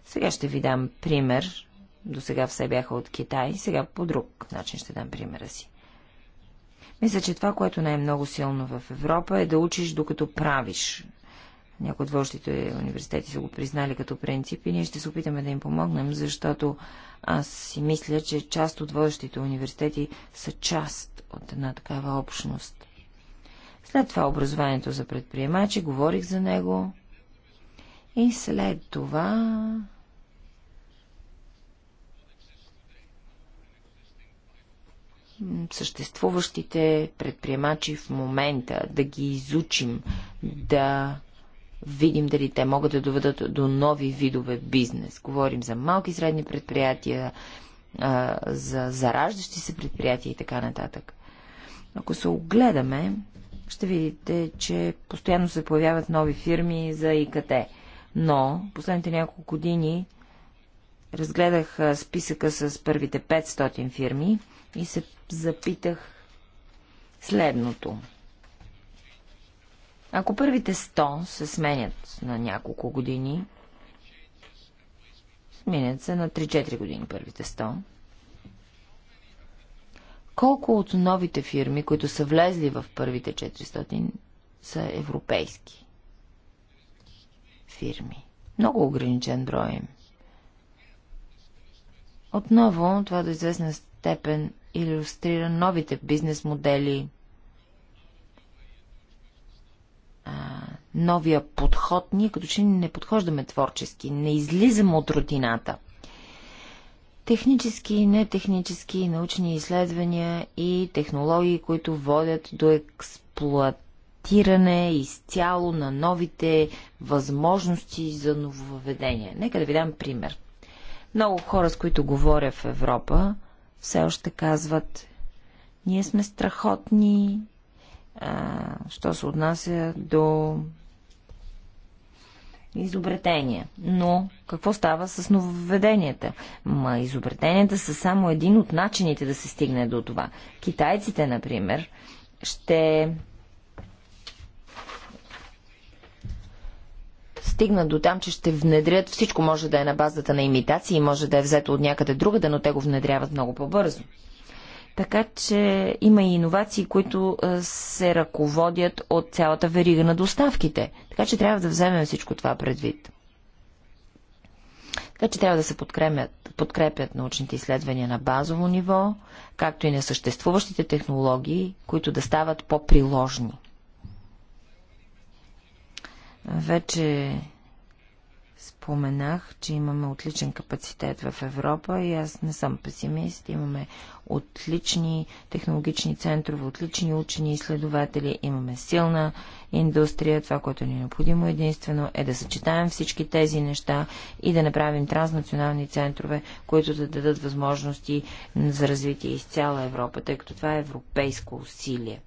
Сега ще ви дам пример до сега все бяха от Китай, сега по друг начин ще дам примера си. Мисля, че това, което не е много силно в Европа, е да учиш докато правиш. Някои от вълщите университети са го признали като принцип и ние ще се опитаме да им помогнем, защото аз си мисля, че част от водещите университети са част от една такава общност. След това образованието за предприемачи, говорих за него и след това съществуващите предприемачи в момента, да ги изучим, да видим дали те могат да доведат до нови видове бизнес. Говорим за малки и средни предприятия, за зараждащи се предприятия и така нататък. Ако се огледаме, ще видите, че постоянно се появяват нови фирми за ИКТ. Но последните няколко години разгледах списъка с първите 500 фирми и се запитах следното. Ако първите 100 се сменят на няколко години, сменят се на 3-4 години първите 100, колко от новите фирми, които са влезли в първите 400, са европейски фирми? Много ограничен брой им. Отново, това до известна степен иллюстрира новите бизнес модели, новия подход. Ние като че не подхождаме творчески, не излизаме от рутината. Технически, нетехнически, научни изследвания и технологии, които водят до експлуатиране изцяло на новите възможности за нововведение. Нека да ви дам пример. Много хора, с които говоря в Европа, все още казват, ние сме страхотни, а, що се отнася до изобретения. Но какво става с нововведенията? Ма изобретенията са само един от начините да се стигне до това. Китайците, например, ще стигнат до там, че ще внедрят всичко, може да е на базата на имитации, може да е взето от някъде другаде, но те го внедряват много по-бързо. Така че има и иновации, които се ръководят от цялата верига на доставките. Така че трябва да вземем всичко това предвид. Така че трябва да се подкрепят, подкрепят научните изследвания на базово ниво, както и на съществуващите технологии, които да стават по-приложни. Вече споменах, че имаме отличен капацитет в Европа и аз не съм песимист. Имаме отлични технологични центрове, отлични учени изследователи, имаме силна индустрия. Това, което ни е необходимо единствено е да съчетаем всички тези неща и да направим транснационални центрове, които да дадат възможности за развитие из цяла Европа, тъй като това е европейско усилие.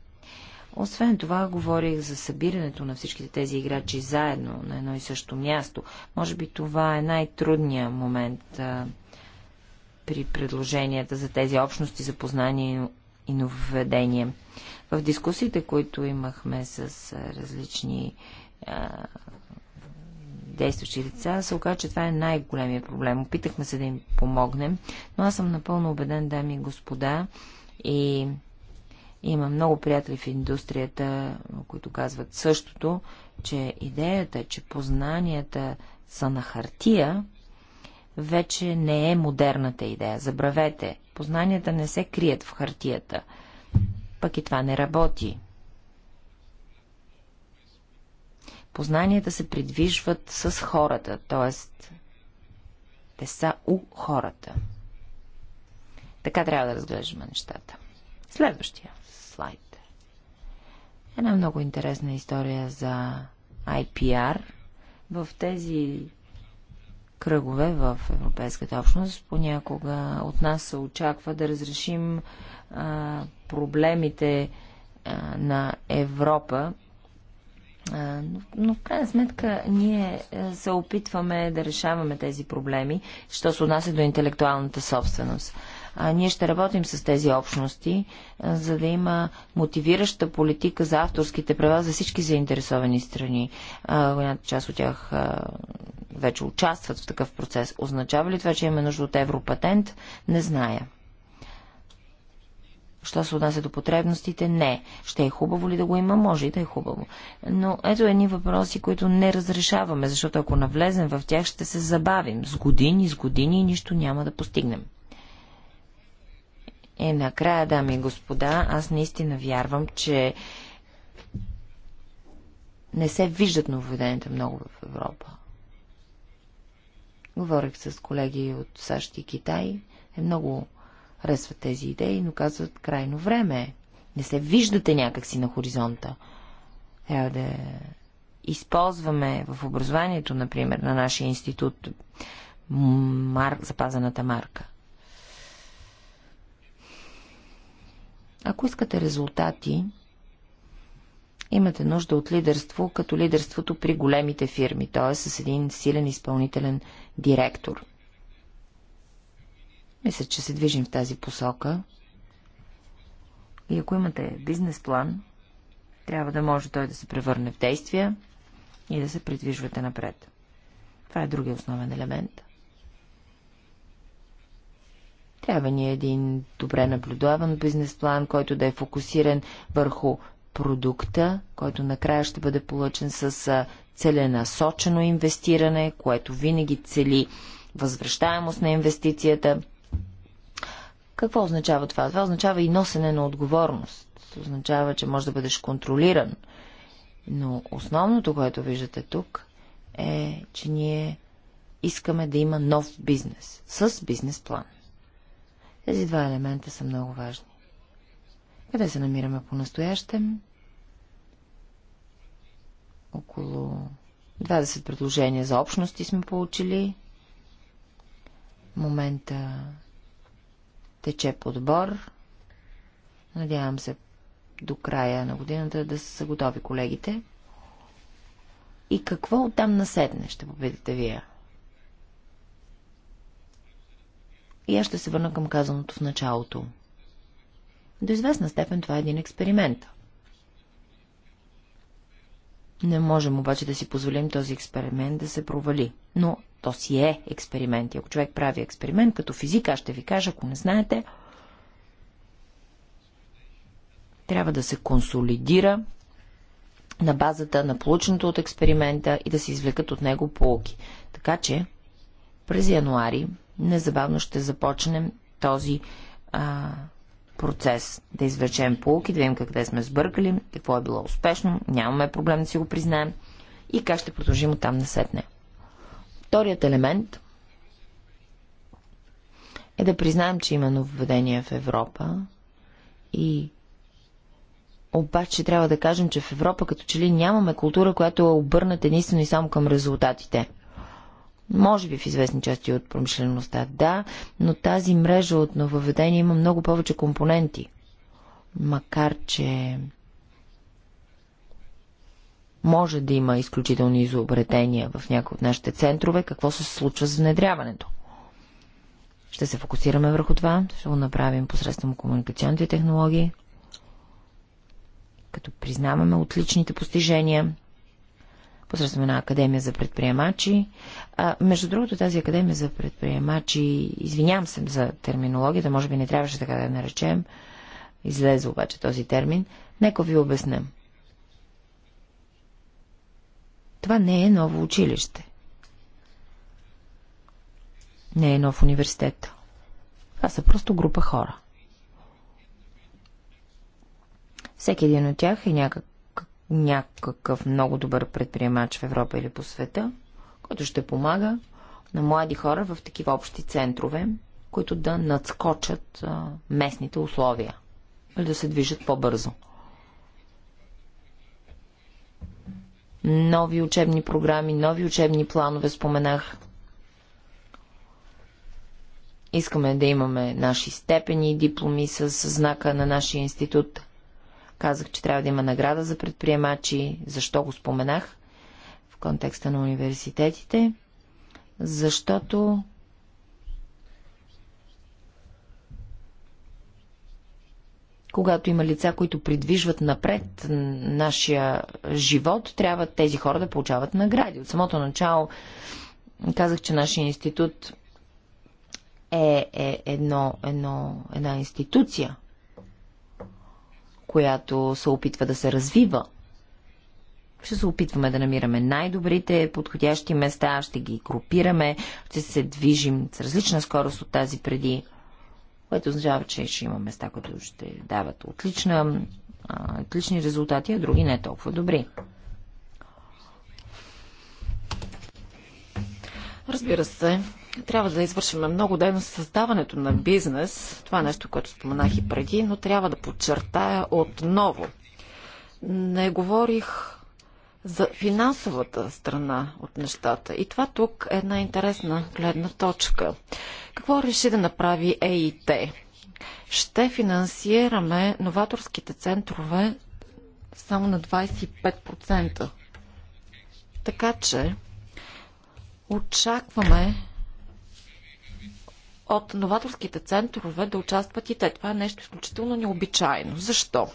Освен това, говорих за събирането на всичките тези играчи заедно на едно и също място. Може би това е най-трудният момент а, при предложенията за тези общности за познание и нововведение. В дискусиите, които имахме с различни а, действащи лица, се оказа, че това е най-големия проблем. Опитахме се да им помогнем, но аз съм напълно убеден, дами и господа, и има много приятели в индустрията, които казват същото, че идеята, че познанията са на хартия, вече не е модерната идея. Забравете, познанията не се крият в хартията. Пък и това не работи. Познанията се придвижват с хората, т.е. те са у хората. Така трябва да разглеждаме нещата. Следващия слайд. Една много интересна история за IPR. В тези кръгове в Европейската общност понякога от нас се очаква да разрешим а, проблемите а, на Европа но в крайна сметка ние е, се опитваме да решаваме тези проблеми, що се отнася до интелектуалната собственост. А, ние ще работим с тези общности, за да има мотивираща политика за авторските права за всички заинтересовани страни. Голямата част от тях вече участват в такъв процес. Означава ли това, че имаме нужда от европатент? Не зная. Що се отнася до потребностите? Не. Ще е хубаво ли да го има? Може и да е хубаво. Но ето едни въпроси, които не разрешаваме, защото ако навлезем в тях, ще се забавим с години, с години и нищо няма да постигнем. И е, накрая, дами и господа, аз наистина вярвам, че не се виждат нововведенията много в Европа. Говорих с колеги от САЩ и Китай. Е много харесват тези идеи, но казват крайно време. Е. Не се виждате някакси на хоризонта. Трябва да използваме в образованието, например, на нашия институт мар... запазената марка. Ако искате резултати, имате нужда от лидерство, като лидерството при големите фирми, т.е. с един силен изпълнителен директор. Мисля, че се движим в тази посока. И ако имате бизнес план, трябва да може той да се превърне в действия и да се придвижвате напред. Това е другия основен елемент – трябва ни един добре наблюдаван бизнес план, който да е фокусиран върху продукта, който накрая ще бъде получен с целенасочено инвестиране, което винаги цели възвръщаемост на инвестицията. Какво означава това? Това означава и носене на отговорност. Това означава, че може да бъдеш контролиран. Но основното, което виждате тук, е, че ние искаме да има нов бизнес с бизнес план. Тези два елемента са много важни. Къде се намираме по-настоящем? Около 20 предложения за общности сме получили. В момента тече подбор. Надявам се до края на годината да са готови колегите. И какво оттам наседне, ще победите вие. И аз ще се върна към казаното в началото. До известна степен това е един експеримент. Не можем обаче да си позволим този експеримент да се провали. Но то си е експеримент. И ако човек прави експеримент, като физика, аз ще ви кажа, ако не знаете, трябва да се консолидира на базата на полученото от експеримента и да се извлекат от него полки. Така че през януари незабавно ще започнем този а, процес. Да извлечем полуки, да видим къде сме сбъркали, какво е било успешно, нямаме проблем да си го признаем и как ще продължим от там насетне. Вторият елемент е да признаем, че има нововведения в Европа и обаче трябва да кажем, че в Европа като че ли нямаме култура, която е обърната единствено и само към резултатите – може би в известни части от промишлеността, да, но тази мрежа от нововведения има много повече компоненти. Макар, че може да има изключителни изобретения в някои от нашите центрове, какво се случва с внедряването. Ще се фокусираме върху това, ще го направим посредством комуникационните технологии, като признаваме отличните постижения посредством една академия за предприемачи. А, между другото, тази академия за предприемачи, извинявам се за терминологията, може би не трябваше така да я наречем, излезе обаче този термин, нека ви обясня. Това не е ново училище. Не е нов университет. Това са просто група хора. Всеки един от тях е някак някакъв много добър предприемач в Европа или по света, който ще помага на млади хора в такива общи центрове, които да надскочат а, местните условия или да се движат по-бързо. Нови учебни програми, нови учебни планове споменах. Искаме да имаме наши степени и дипломи с знака на нашия институт – Казах, че трябва да има награда за предприемачи. Защо го споменах? В контекста на университетите. Защото когато има лица, които придвижват напред нашия живот, трябва тези хора да получават награди. От самото начало казах, че нашия институт е, е едно, едно, една институция която се опитва да се развива. Ще се опитваме да намираме най-добрите подходящи места, ще ги групираме, ще се движим с различна скорост от тази преди, което означава, че ще има места, които ще дават отлична, отлични резултати, а други не толкова добри. Разбира се, трябва да извършим много дейност създаването на бизнес. Това е нещо, което споменах и преди, но трябва да подчертая отново. Не говорих за финансовата страна от нещата. И това тук е една интересна гледна точка. Какво реши да направи ЕИТ? Ще финансираме новаторските центрове само на 25%. Така че очакваме от новаторските центрове да участват и те. Това е нещо изключително необичайно. Защо?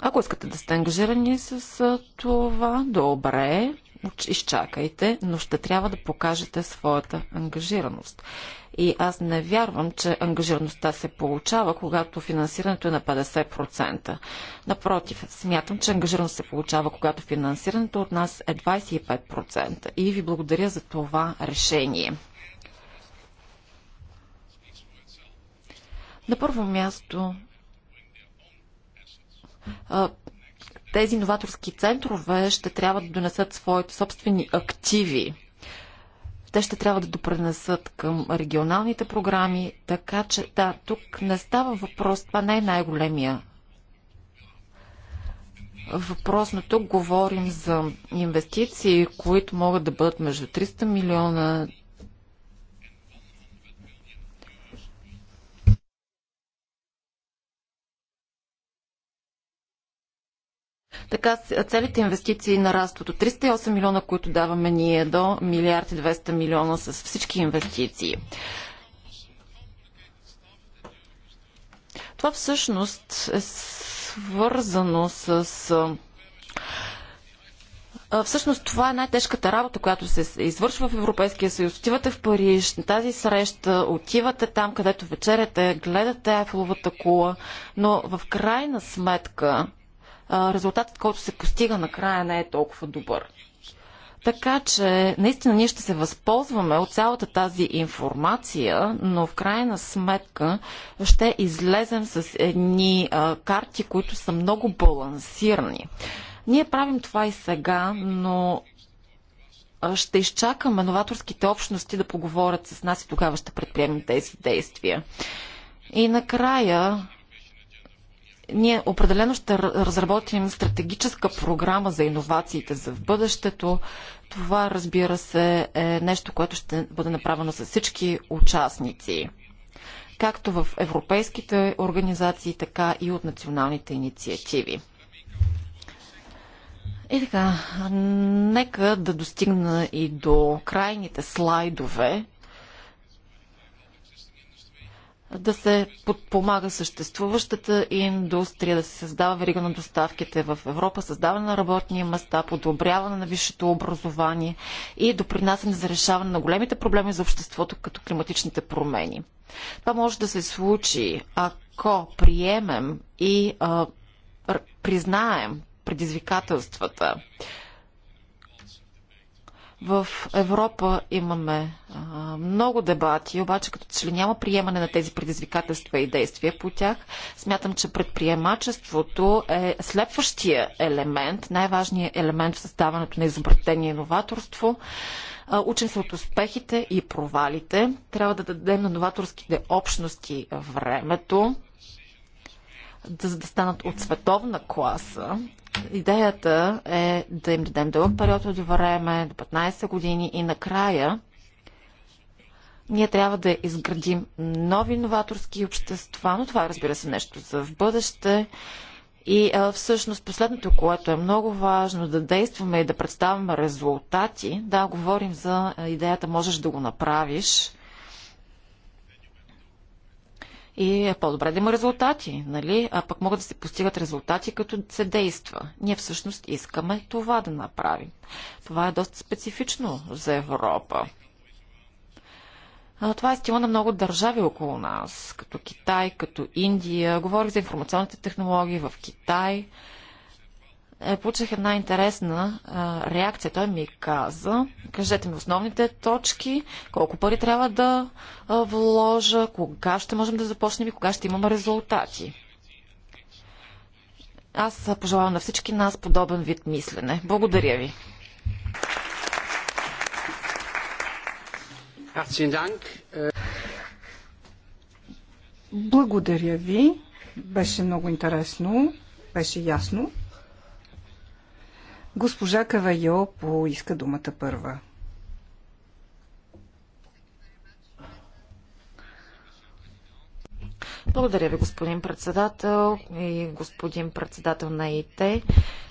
Ако искате да сте ангажирани с това, добре изчакайте, но ще трябва да покажете своята ангажираност. И аз не вярвам, че ангажираността се получава, когато финансирането е на 50%. Напротив, смятам, че ангажираност се получава, когато финансирането от нас е 25%. И ви благодаря за това решение. На първо място тези новаторски центрове ще трябва да донесат своите собствени активи. Те ще трябва да допренесат към регионалните програми, така че да, тук не става въпрос, това не е най-големия въпрос, но тук говорим за инвестиции, които могат да бъдат между 300 милиона Така целите инвестиции нарастват от 308 милиона, които даваме ние до милиард и 200 милиона с всички инвестиции. Това всъщност е свързано с Всъщност това е най-тежката работа, която се извършва в Европейския съюз. Отивате в Париж, на тази среща, отивате там, където вечеряте, гледате Айфеловата кула, но в крайна сметка резултатът, който се постига накрая, не е толкова добър. Така че, наистина, ние ще се възползваме от цялата тази информация, но в крайна сметка ще излезем с едни а, карти, които са много балансирани. Ние правим това и сега, но ще изчакаме новаторските общности да поговорят с нас и тогава ще предприемем тези действия. И накрая ние определено ще разработим стратегическа програма за иновациите за в бъдещето. Това, разбира се, е нещо, което ще бъде направено с всички участници, както в европейските организации, така и от националните инициативи. И така, нека да достигна и до крайните слайдове, да се подпомага съществуващата индустрия, да се създава верига на доставките в Европа, създаване на работни места, подобряване на висшето образование и допринасяне за решаване на големите проблеми за обществото, като климатичните промени. Това може да се случи, ако приемем и а, признаем предизвикателствата, в Европа имаме а, много дебати, обаче като че ли няма приемане на тези предизвикателства и действия по тях, смятам, че предприемачеството е слепващия елемент, най-важният елемент в създаването на изобретение и новаторство. Учим се от успехите и провалите. Трябва да дадем на новаторските общности времето, да, да станат от световна класа. Идеята е да им дадем дълъг период от време, до 15 години и накрая ние трябва да изградим нови новаторски общества, но това разбира се нещо за в бъдеще. И а, всъщност последното, което е много важно, да действаме и да представяме резултати. Да, говорим за идеята можеш да го направиш. И е по-добре да има резултати, нали? А пък могат да се постигат резултати, като се действа. Ние всъщност искаме това да направим. Това е доста специфично за Европа. А, това е стила на много държави около нас, като Китай, като Индия. Говорих за информационните технологии в Китай. Е, получих една интересна а, реакция. Той ми каза, кажете ми основните точки, колко пари трябва да а, вложа, кога ще можем да започнем и кога ще имаме резултати. Аз пожелавам на всички нас подобен вид мислене. Благодаря ви. Благодаря ви. Беше много интересно. Беше ясно. Госпожа Кавайо поиска думата първа. Благодаря ви, господин председател и господин председател на ИТ.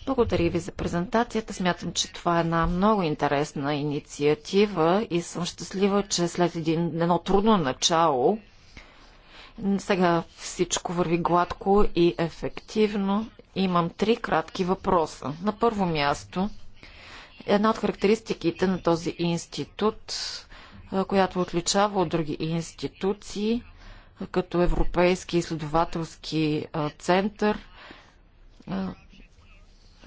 Благодаря ви за презентацията. Смятам, че това е една много интересна инициатива и съм щастлива, че след един, едно трудно начало сега всичко върви гладко и ефективно Имам три кратки въпроса. На първо място, една от характеристиките на този институт, която отличава от други институции, като Европейски изследователски център,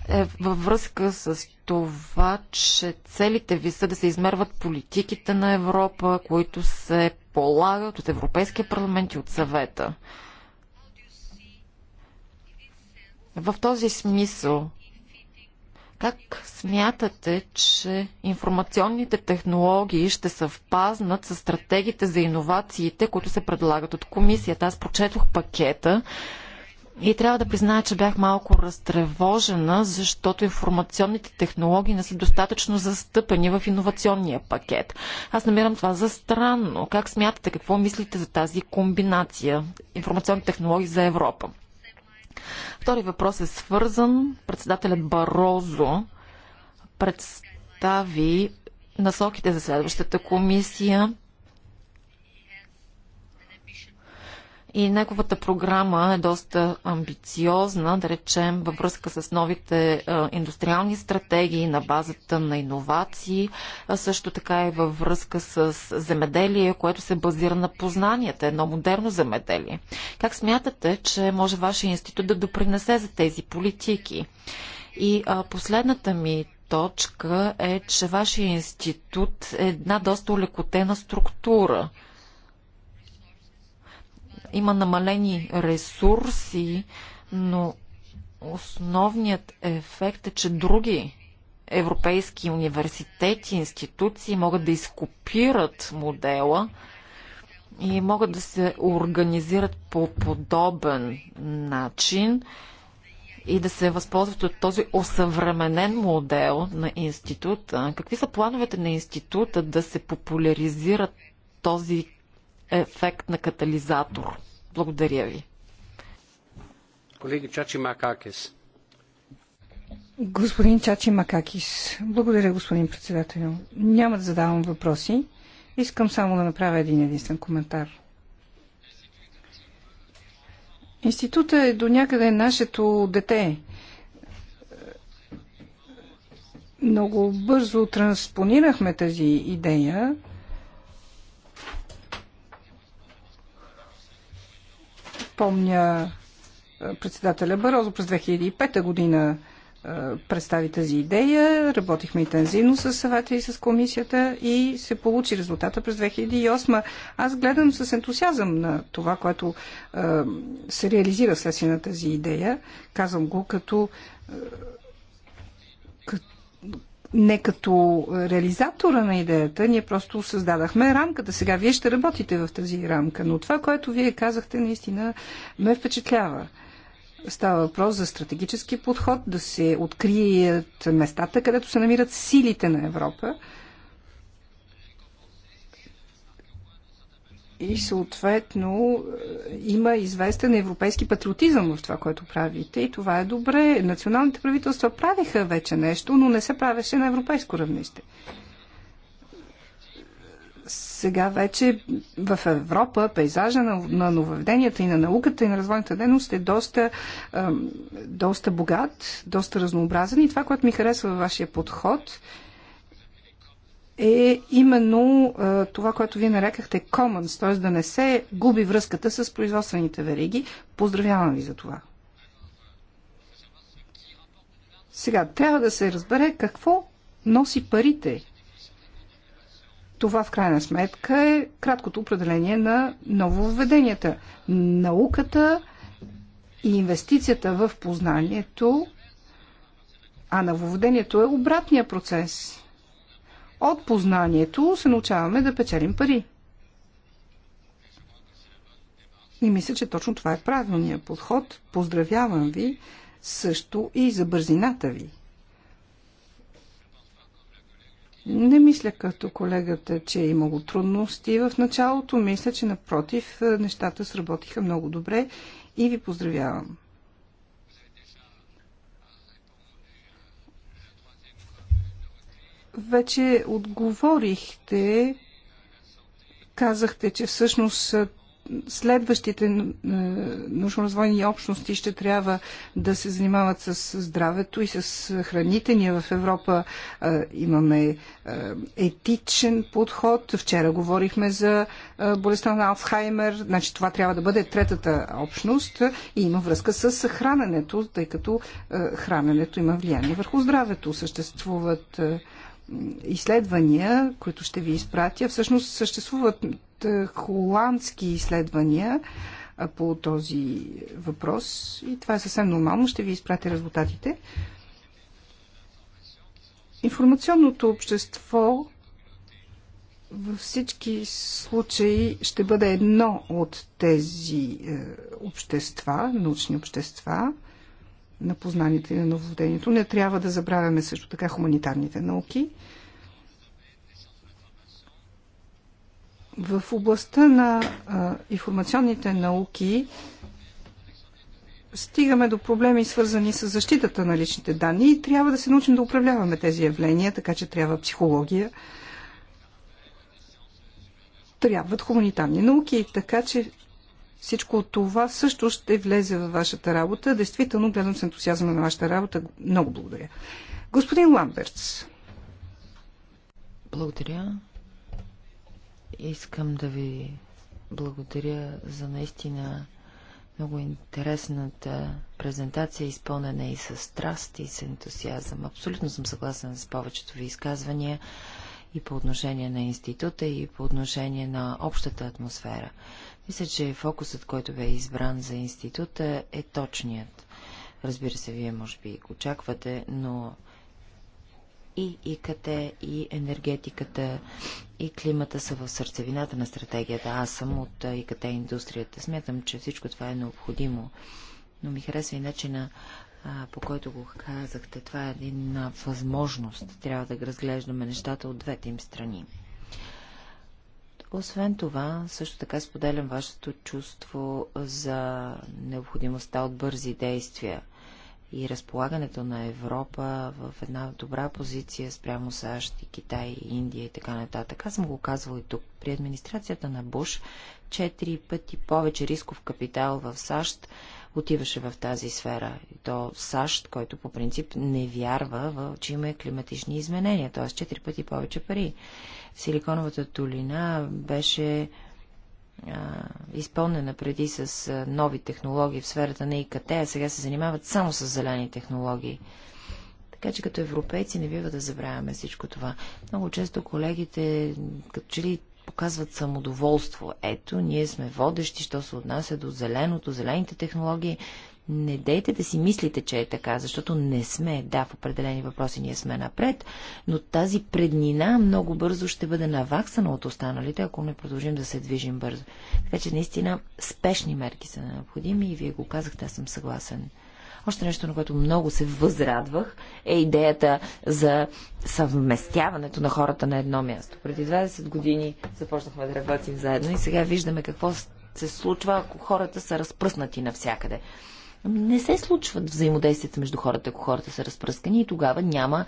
е във връзка с това, че целите ви са да се измерват политиките на Европа, които се полагат от Европейския парламент и от съвета. В този смисъл, как смятате, че информационните технологии ще съвпазнат с стратегите за иновациите, които се предлагат от комисията? Аз прочетох пакета и трябва да призная, че бях малко разтревожена, защото информационните технологии не са достатъчно застъпени в иновационния пакет. Аз намирам това за странно. Как смятате, какво мислите за тази комбинация информационни технологии за Европа? Втори въпрос е свързан. Председателят Барозо представи насоките за следващата комисия и неговата програма е доста амбициозна, да речем, във връзка с новите индустриални стратегии на базата на иновации, също така и във връзка с земеделие, което се базира на познанията, едно модерно земеделие. Как смятате, че може вашия институт да допринесе за тези политики? И а, последната ми точка е, че вашия институт е една доста улекотена структура – има намалени ресурси, но основният ефект е, че други европейски университети, институции могат да изкопират модела и могат да се организират по подобен начин и да се възползват от този осъвременен модел на института. Какви са плановете на института да се популяризира този ефект на катализатор? Благодаря ви. Колеги Чачи Макакис. Господин Чачи Макакис. Благодаря, господин председател. Няма да задавам въпроси. Искам само да направя един единствен коментар. Института е до някъде нашето дете. Много бързо транспонирахме тази идея Помня председателя Барозо през 2005 година представи тази идея, работихме интензивно с съвета и с комисията и се получи резултата през 2008. Аз гледам с ентусиазъм на това, което е, се реализира вследствие на тази идея. Казвам го като, е, като не като реализатора на идеята, ние просто създадахме рамката. Сега вие ще работите в тази рамка, но това, което вие казахте, наистина ме впечатлява. Става въпрос за стратегически подход, да се открият местата, където се намират силите на Европа, И съответно е, има известен европейски патриотизъм в това, което правите и това е добре. Националните правителства правиха вече нещо, но не се правеше на европейско равнище. Сега вече в Европа пейзажа на, на нововведенията и на науката и на развойната дейност е доста, е, доста богат, доста разнообразен и това, което ми харесва във вашия подход – е именно а, това, което вие нарекахте commons, т.е. да не се губи връзката с производствените вериги. Поздравявам ви за това. Сега, трябва да се разбере какво носи парите. Това в крайна сметка е краткото определение на нововведенията. Науката и инвестицията в познанието, а нововведението е обратния процес – от познанието се научаваме да печелим пари. И мисля, че точно това е правилният подход. Поздравявам ви също и за бързината ви. Не мисля като колегата, че е имало трудности в началото. Мисля, че напротив, нещата сработиха много добре и ви поздравявам. Вече отговорихте, казахте, че всъщност следващите научно-развойни общности ще трябва да се занимават с здравето и с храните. Ние в Европа имаме етичен подход. Вчера говорихме за болестта на Алцхаймер. Значи това трябва да бъде третата общност и има връзка с храненето, тъй като храненето има влияние върху здравето. Съществуват изследвания, които ще ви изпратя. Всъщност съществуват е, холандски изследвания е, по този въпрос и това е съвсем нормално. Ще ви изпратя резултатите. Информационното общество във всички случаи ще бъде едно от тези е, общества, научни общества на познанията и на новодението. Не трябва да забравяме също така хуманитарните науки. В областта на а, информационните науки стигаме до проблеми, свързани с защитата на личните данни и трябва да се научим да управляваме тези явления, така че трябва психология, трябват хуманитарни науки, така че всичко от това също ще влезе във вашата работа. Действително гледам с ентусиазма на вашата работа. Много благодаря. Господин Ламберц. Благодаря. Искам да ви благодаря за наистина много интересната презентация, изпълнена и с страст и с ентусиазъм. Абсолютно съм съгласен с повечето ви изказвания и по отношение на института, и по отношение на общата атмосфера. Мисля, че фокусът, който бе избран за института е точният. Разбира се, вие може би очаквате, но и ИКТ, и енергетиката, и климата са в сърцевината на стратегията. Аз съм от ИКТ индустрията. Смятам, че всичко това е необходимо. Но ми харесва и начина по който го казахте. Това е една възможност. Трябва да разглеждаме нещата от двете им страни. Освен това, също така споделям вашето чувство за необходимостта от бързи действия и разполагането на Европа в една добра позиция спрямо САЩ и Китай, и Индия и така нататък. Аз съм го казвал и тук. При администрацията на Буш четири пъти повече рисков капитал в САЩ отиваше в тази сфера. И то САЩ, който по принцип не вярва, в, че има климатични изменения, т.е. четири пъти повече пари. Силиконовата долина беше изпълнена преди с нови технологии в сферата на ИКТ, а сега се занимават само с зелени технологии. Така че като европейци не бива да забравяме всичко това. Много често колегите като че ли показват самодоволство. Ето, ние сме водещи, що се отнася до зеленото, зелените технологии, не дейте да си мислите, че е така, защото не сме. Да, в определени въпроси ние сме напред, но тази преднина много бързо ще бъде наваксана от останалите, ако не продължим да се движим бързо. Така че наистина спешни мерки са необходими и вие го казахте, аз съм съгласен. Още нещо, на което много се възрадвах, е идеята за съвместяването на хората на едно място. Преди 20 години започнахме да работим заедно и сега виждаме какво се случва, ако хората са разпръснати навсякъде. Ами не се случват взаимодействията между хората, ако хората са разпръскани и тогава няма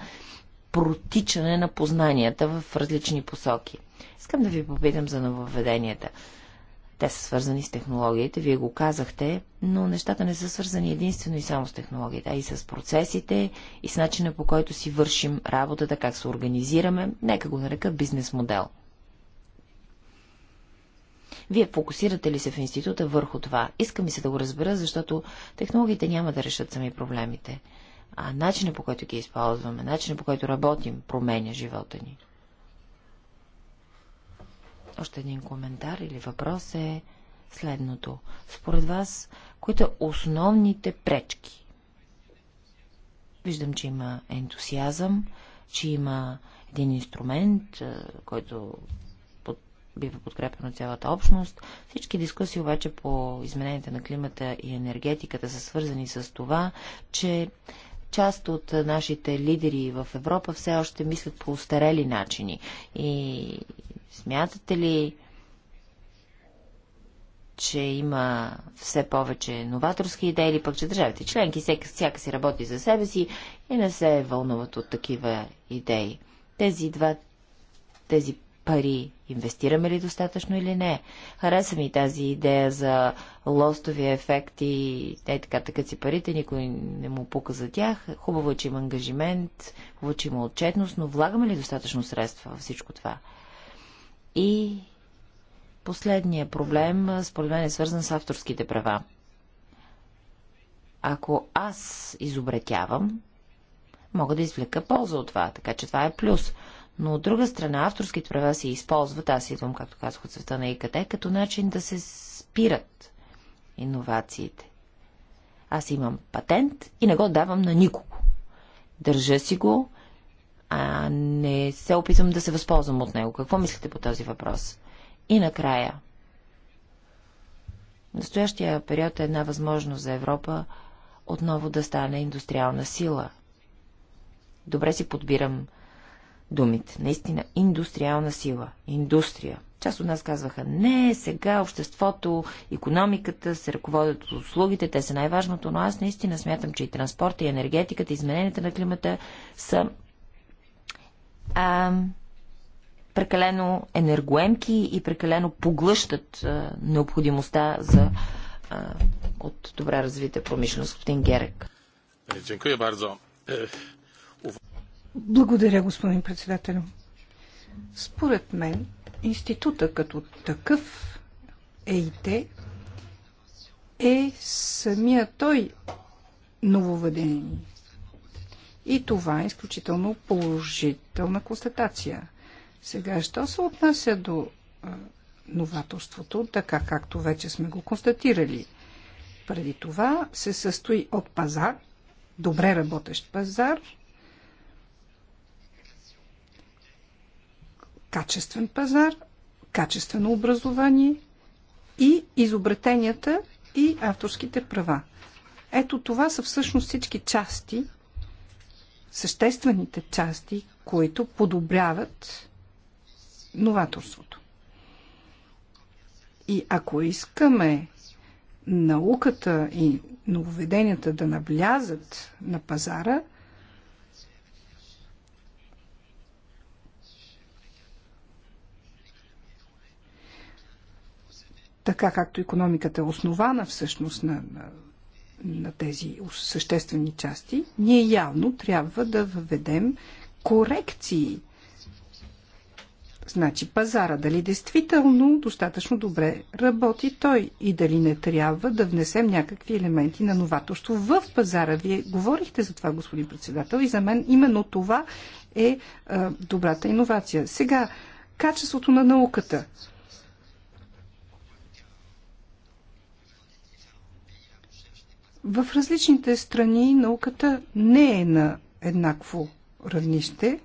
протичане на познанията в различни посоки. Искам да ви попитам за нововведенията. Те са свързани с технологиите, вие го казахте, но нещата не са свързани единствено и само с технологиите, а и с процесите, и с начина по който си вършим работата, как се организираме, нека го нарека бизнес модел – вие фокусирате ли се в института върху това? Иска ми се да го разбера, защото технологиите няма да решат сами проблемите. А начинът по който ги използваме, начинът по който работим, променя живота ни. Още един коментар или въпрос е следното. Според вас, които са основните пречки? Виждам, че има ентусиазъм, че има един инструмент, който бива подкрепен от цялата общност. Всички дискусии обаче по измененията на климата и енергетиката са свързани с това, че част от нашите лидери в Европа все още мислят по устарели начини. И смятате ли, че има все повече новаторски идеи или пък, че държавите членки всяка, всяка си работи за себе си и не се вълнуват от такива идеи. Тези два тези пари. Инвестираме ли достатъчно или не? Хареса ми тази идея за лостовия ефект и така така си парите, никой не му пука за тях. Хубаво е, че има ангажимент, хубаво, е, че има отчетност, но влагаме ли достатъчно средства във всичко това? И последния проблем, според мен, е свързан с авторските права. Ако аз изобретявам, мога да извлека полза от това, така че това е плюс. Но от друга страна, авторските права се използват, аз идвам, както казах, от света на ИКТ, като начин да се спират иновациите. Аз имам патент и не го давам на никого. Държа си го, а не се опитвам да се възползвам от него. Какво мислите по този въпрос? И накрая. Настоящия период е една възможност за Европа отново да стане индустриална сила. Добре си подбирам думите. Наистина, индустриална сила. Индустрия. Част от нас казваха, не, сега обществото, економиката се ръководят от услугите, те са най-важното, но аз наистина смятам, че и транспорта, и енергетиката, и измененията на климата са а, прекалено енергоемки и прекалено поглъщат а, необходимостта за, а, от добра развита промишленост. Господин Герек. Е, дякую благодаря, господин председател. Според мен, института като такъв ЕИТ е самия той нововъдение. И това е изключително положителна констатация. Сега, що се отнася до а, новаторството, така както вече сме го констатирали? Преди това се състои от пазар, добре работещ пазар, качествен пазар, качествено образование и изобретенията и авторските права. Ето това са всъщност всички части, съществените части, които подобряват новаторството. И ако искаме науката и нововеденията да навлязат на пазара – така както економиката е основана всъщност на, на, на тези съществени части, ние явно трябва да въведем корекции. Значи пазара дали действително достатъчно добре работи той и дали не трябва да внесем някакви елементи на новаторство в пазара. Вие говорихте за това, господин председател, и за мен именно това е, е добрата иновация. Сега, качеството на науката. В различните страни науката не е на еднакво равнище,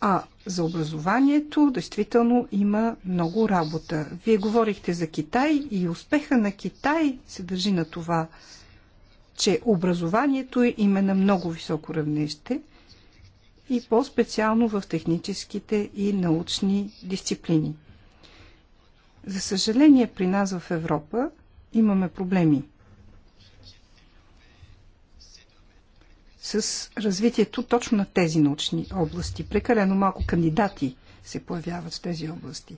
а за образованието действително има много работа. Вие говорихте за Китай и успеха на Китай се държи на това, че образованието им е на много високо равнище и по-специално в техническите и научни дисциплини. За съжаление, при нас в Европа имаме проблеми. с развитието точно на тези научни области. Прекалено малко кандидати се появяват в тези области.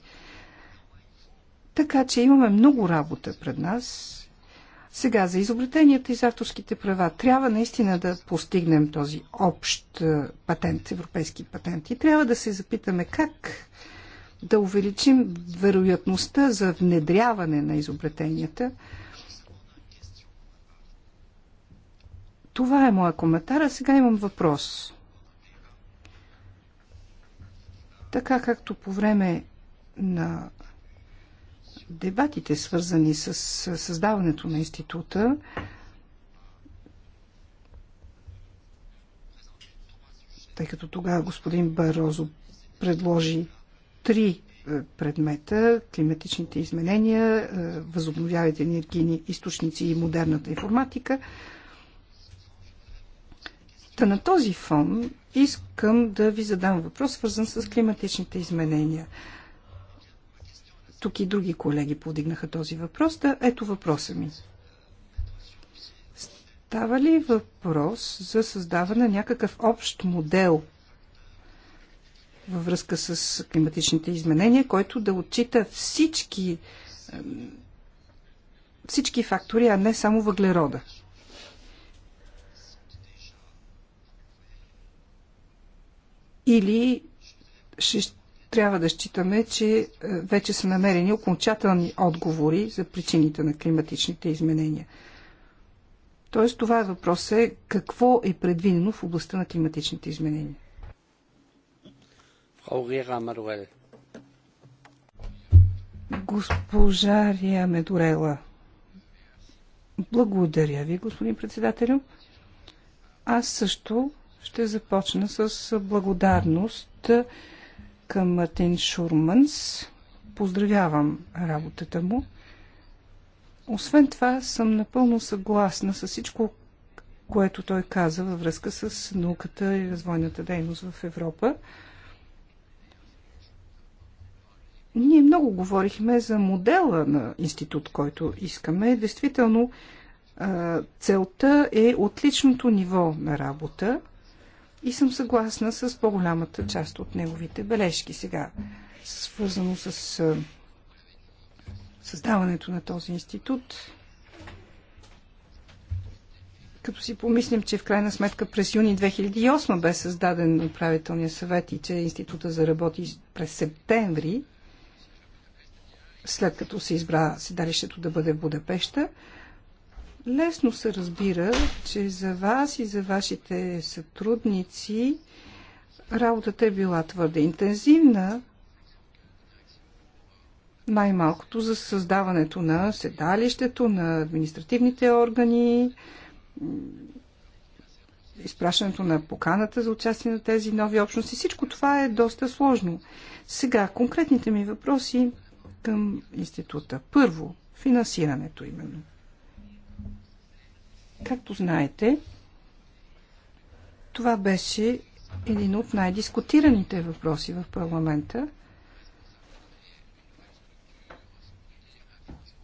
Така че имаме много работа пред нас. Сега за изобретенията и за авторските права. Трябва наистина да постигнем този общ е, патент, европейски патент. И трябва да се запитаме как да увеличим вероятността за внедряване на изобретенията – Това е моя коментар, а сега имам въпрос. Така както по време на дебатите, свързани с създаването на института, тъй като тогава господин Барозо предложи три е, предмета климатичните изменения, е, възобновявайте енергийни източници и модерната информатика – Та на този фон искам да ви задам въпрос, свързан с климатичните изменения. Тук и други колеги повдигнаха този въпрос. Да, ето въпроса ми. Става ли въпрос за създаване на някакъв общ модел във връзка с климатичните изменения, който да отчита всички, всички фактори, а не само въглерода? или ще трябва да считаме, че е, вече са намерени окончателни отговори за причините на климатичните изменения. Тоест, това е въпрос е какво е предвидено в областта на климатичните изменения. Госпожа Рия Медорела. Благодаря ви, господин председателю. Аз също ще започна с благодарност към Мартин Шурманс. Поздравявам работата му. Освен това, съм напълно съгласна с всичко, което той каза във връзка с науката и развойната дейност в Европа. Ние много говорихме за модела на институт, който искаме. Действително, целта е отличното ниво на работа, и съм съгласна с по-голямата част от неговите бележки сега, свързано с създаването на този институт. Като си помислим, че в крайна сметка през юни 2008 бе създаден управителния съвет и че института заработи през септември, след като се избра седалището да бъде в Будапеща, Лесно се разбира, че за вас и за вашите сътрудници работата е била твърде интензивна, най-малкото за създаването на седалището, на административните органи, изпращането на поканата за участие на тези нови общности. Всичко това е доста сложно. Сега, конкретните ми въпроси към института. Първо, финансирането именно. Както знаете, това беше един от най-дискутираните въпроси в парламента,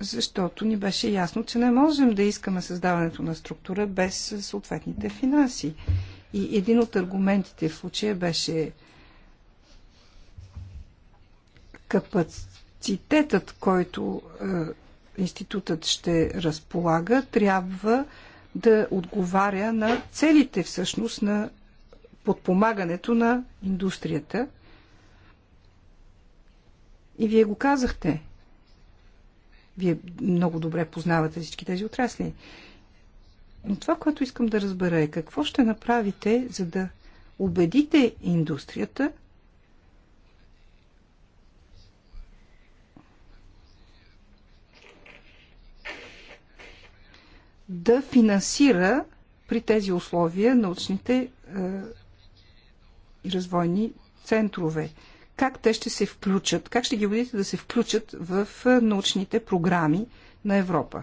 защото ни беше ясно, че не можем да искаме създаването на структура без съответните финанси. И един от аргументите в случая беше капацитетът, който е, институтът ще разполага, трябва да отговаря на целите всъщност на подпомагането на индустрията. И вие го казахте. Вие много добре познавате всички тези отрасли. Но това, което искам да разбера е какво ще направите, за да убедите индустрията, да финансира при тези условия научните е, и развойни центрове. Как те ще се включат? Как ще ги водите да се включат в е, научните програми на Европа?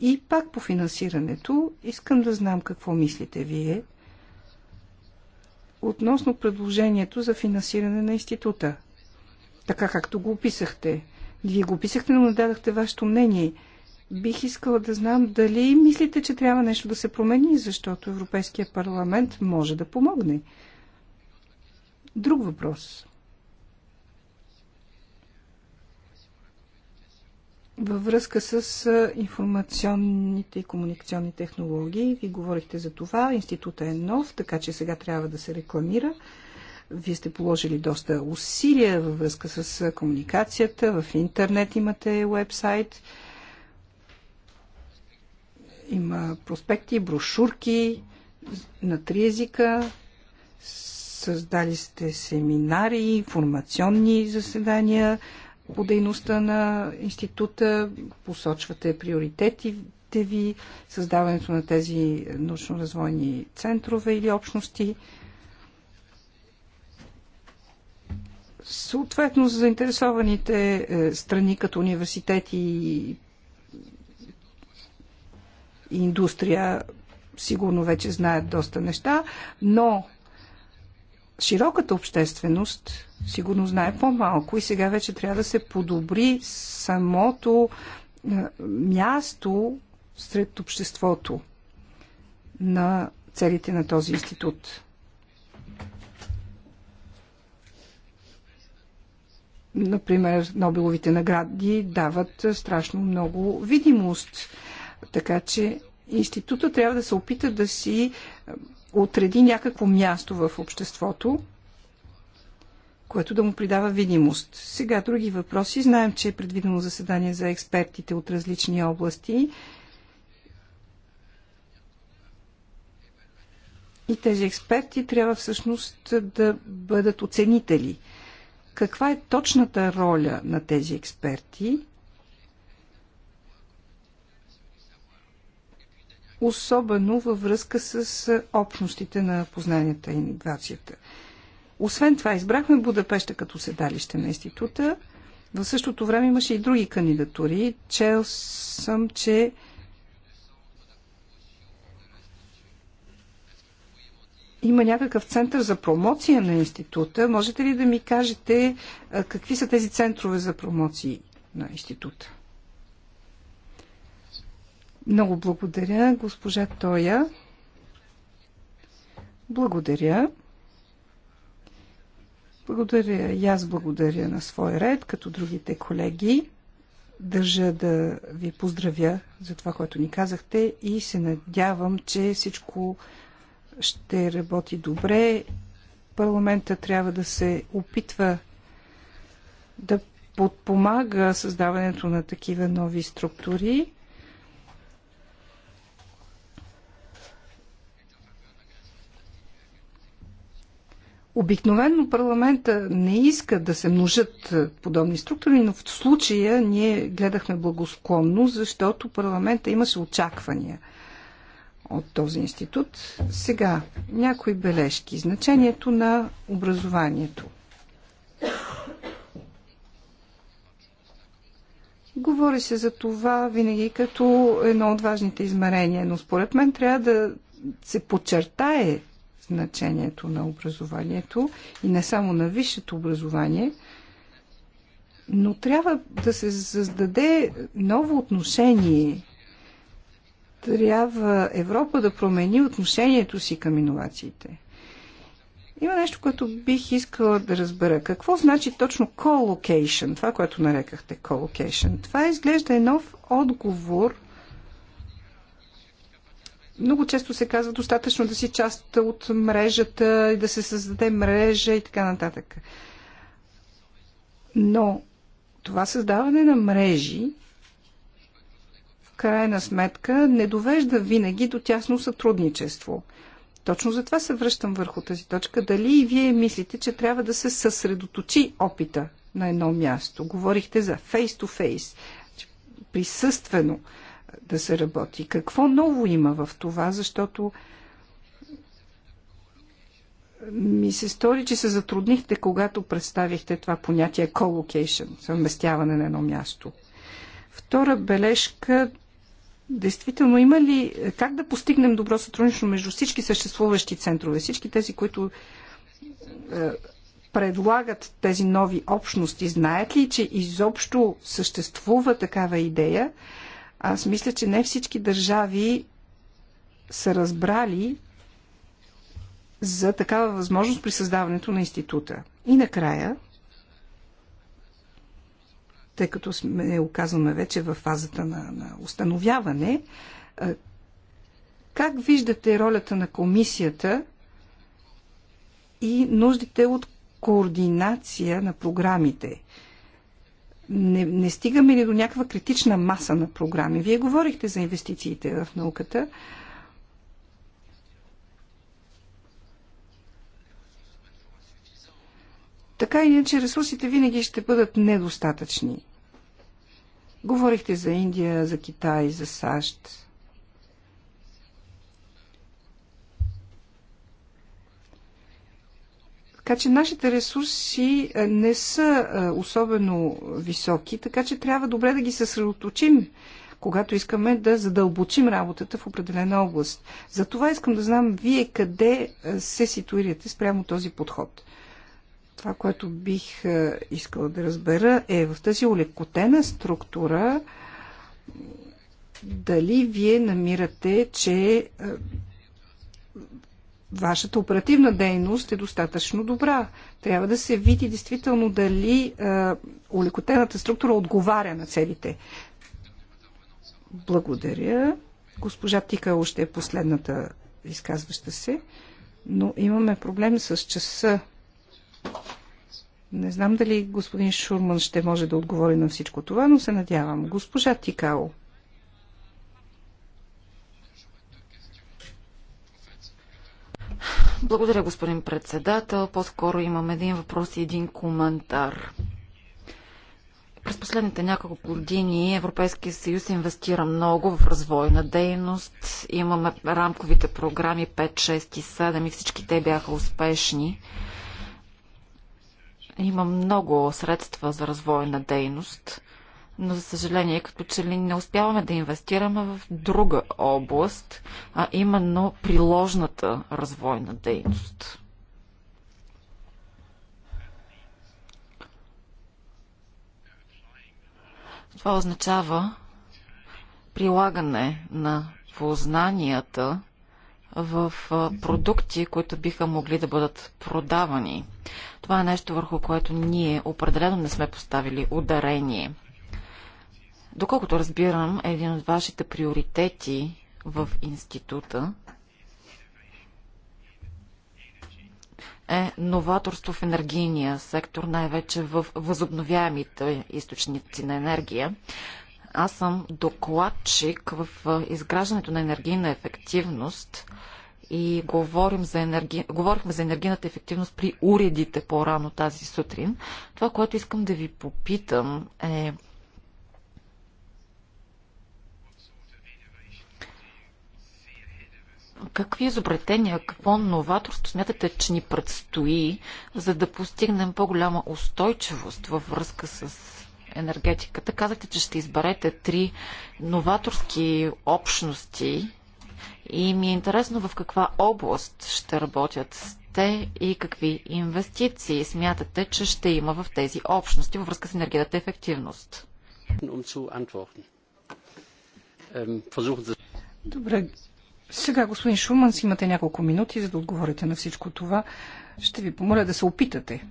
И пак по финансирането искам да знам какво мислите вие относно предложението за финансиране на института. Така както го описахте. Вие го описахте, но не дадахте вашето мнение – Бих искала да знам дали мислите, че трябва нещо да се промени, защото Европейския парламент може да помогне. Друг въпрос. Във връзка с информационните и комуникационни технологии, ви говорихте за това, института е нов, така че сега трябва да се рекламира. Вие сте положили доста усилия във връзка с комуникацията, в интернет имате уебсайт. сайт има проспекти, брошурки на три езика. Създали сте семинари, информационни заседания по дейността на института. Посочвате приоритетите ви, създаването на тези научно-развойни центрове или общности. Съответно, заинтересованите е, страни като университети и и индустрия сигурно вече знаят доста неща, но широката общественост сигурно знае по-малко и сега вече трябва да се подобри самото е, място сред обществото на целите на този институт. Например, Нобеловите награди дават страшно много видимост така че института трябва да се опита да си е, отреди някакво място в обществото, което да му придава видимост. Сега други въпроси. Знаем, че е предвидено заседание за експертите от различни области. И тези експерти трябва всъщност да бъдат оценители. Каква е точната роля на тези експерти? особено във връзка с общностите на познанията и иновацията. Освен това, избрахме Будапеща като седалище на института. В същото време имаше и други кандидатури. Чел съм, че има някакъв център за промоция на института. Можете ли да ми кажете какви са тези центрове за промоции на института? Много благодаря, госпожа Тоя. Благодаря. Благодаря и аз благодаря на свой ред, като другите колеги. Държа да ви поздравя за това, което ни казахте и се надявам, че всичко ще работи добре. Парламента трябва да се опитва да подпомага създаването на такива нови структури. Обикновено парламента не иска да се множат е, подобни структури, но в случая ние гледахме благосклонно, защото парламента имаше очаквания от този институт. Сега някои бележки. Значението на образованието. Говори се за това винаги като едно от важните измерения, но според мен трябва да се подчертае значението на образованието и не само на висшето образование, но трябва да се създаде ново отношение. Трябва Европа да промени отношението си към иновациите. Има нещо, което бих искала да разбера. Какво значи точно collocation? Това, което нарекахте collocation. Това изглежда е нов отговор много често се казва достатъчно да си част от мрежата и да се създаде мрежа и така нататък. Но това създаване на мрежи в крайна сметка не довежда винаги до тясно сътрудничество. Точно затова се връщам върху тази точка. Дали и вие мислите, че трябва да се съсредоточи опита на едно място? Говорихте за face-to-face, -face, присъствено да се работи. Какво ново има в това, защото ми се стори, че се затруднихте, когато представихте това понятие колокейшн, съвместяване на едно място. Втора бележка, действително има ли, как да постигнем добро сътрудничество между всички съществуващи центрове, всички тези, които е, предлагат тези нови общности, знаят ли, че изобщо съществува такава идея? Аз мисля, че не всички държави са разбрали за такава възможност при създаването на института. И накрая, тъй като сме оказваме вече в фазата на, на установяване, как виждате ролята на комисията и нуждите от координация на програмите? не, не стигаме ли до някаква критична маса на програми? Вие говорихте за инвестициите в науката. Така или иначе ресурсите винаги ще бъдат недостатъчни. Говорихте за Индия, за Китай, за САЩ. Така че нашите ресурси е, не са е, особено високи, така че трябва добре да ги съсредоточим, когато искаме да задълбочим работата в определена област. За това искам да знам вие къде е, се ситуирате спрямо този подход. Това, което бих искала да разбера е в тази улекотена структура дали вие намирате, че вашата оперативна дейност е достатъчно добра. Трябва да се види действително дали а, е, улекотената структура отговаря на целите. Благодаря. Госпожа Тика още е последната изказваща се, но имаме проблем с часа. Не знам дали господин Шурман ще може да отговори на всичко това, но се надявам. Госпожа Тикао. Благодаря, господин председател. По-скоро имам един въпрос и един коментар. През последните няколко години Европейския съюз инвестира много в развойна дейност. Имаме рамковите програми 5, 6 и 7 и всички те бяха успешни. Има много средства за развойна дейност но за съжаление като че ли не успяваме да инвестираме в друга област, а именно приложната развойна дейност. Това означава прилагане на познанията в продукти, които биха могли да бъдат продавани. Това е нещо върху което ние определено не сме поставили ударение – Доколкото разбирам, е един от вашите приоритети в института е новаторство в енергийния сектор, най-вече в възобновяемите източници на енергия. Аз съм докладчик в изграждането на енергийна ефективност и говорим за енерги... говорихме за енергийната ефективност при уредите по-рано тази сутрин. Това, което искам да ви попитам е Какви изобретения, какво новаторство смятате, че ни предстои, за да постигнем по-голяма устойчивост във връзка с енергетиката? Казахте, че ще изберете три новаторски общности и ми е интересно в каква област ще работят те и какви инвестиции смятате, че ще има в тези общности във връзка с енергията ефективност? Добре, сега, господин Шуман, имате няколко минути, за да отговорите на всичко това. Ще ви помоля да се опитате.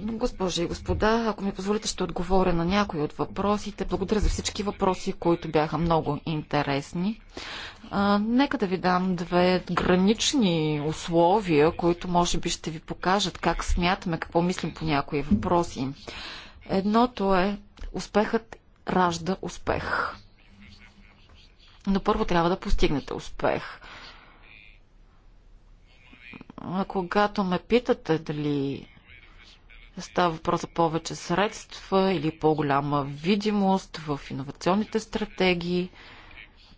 Госпожи и господа, ако ми позволите, ще отговоря на някои от въпросите. Благодаря за всички въпроси, които бяха много интересни. А, нека да ви дам две гранични условия, които може би ще ви покажат как смятаме, какво мислим по някои въпроси. Едното е успехът ражда успех но първо трябва да постигнете успех. А когато ме питате дали става въпрос за повече средства или по-голяма видимост в иновационните стратегии,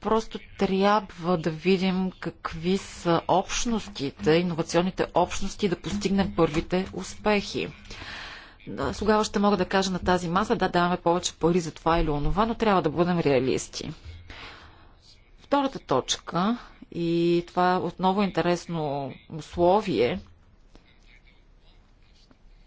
просто трябва да видим какви са общностите, иновационните общности да постигнем първите успехи. Тогава ще мога да кажа на тази маса, да, даваме повече пари за това или онова, но трябва да бъдем реалисти. Втората точка и това е отново интересно условие,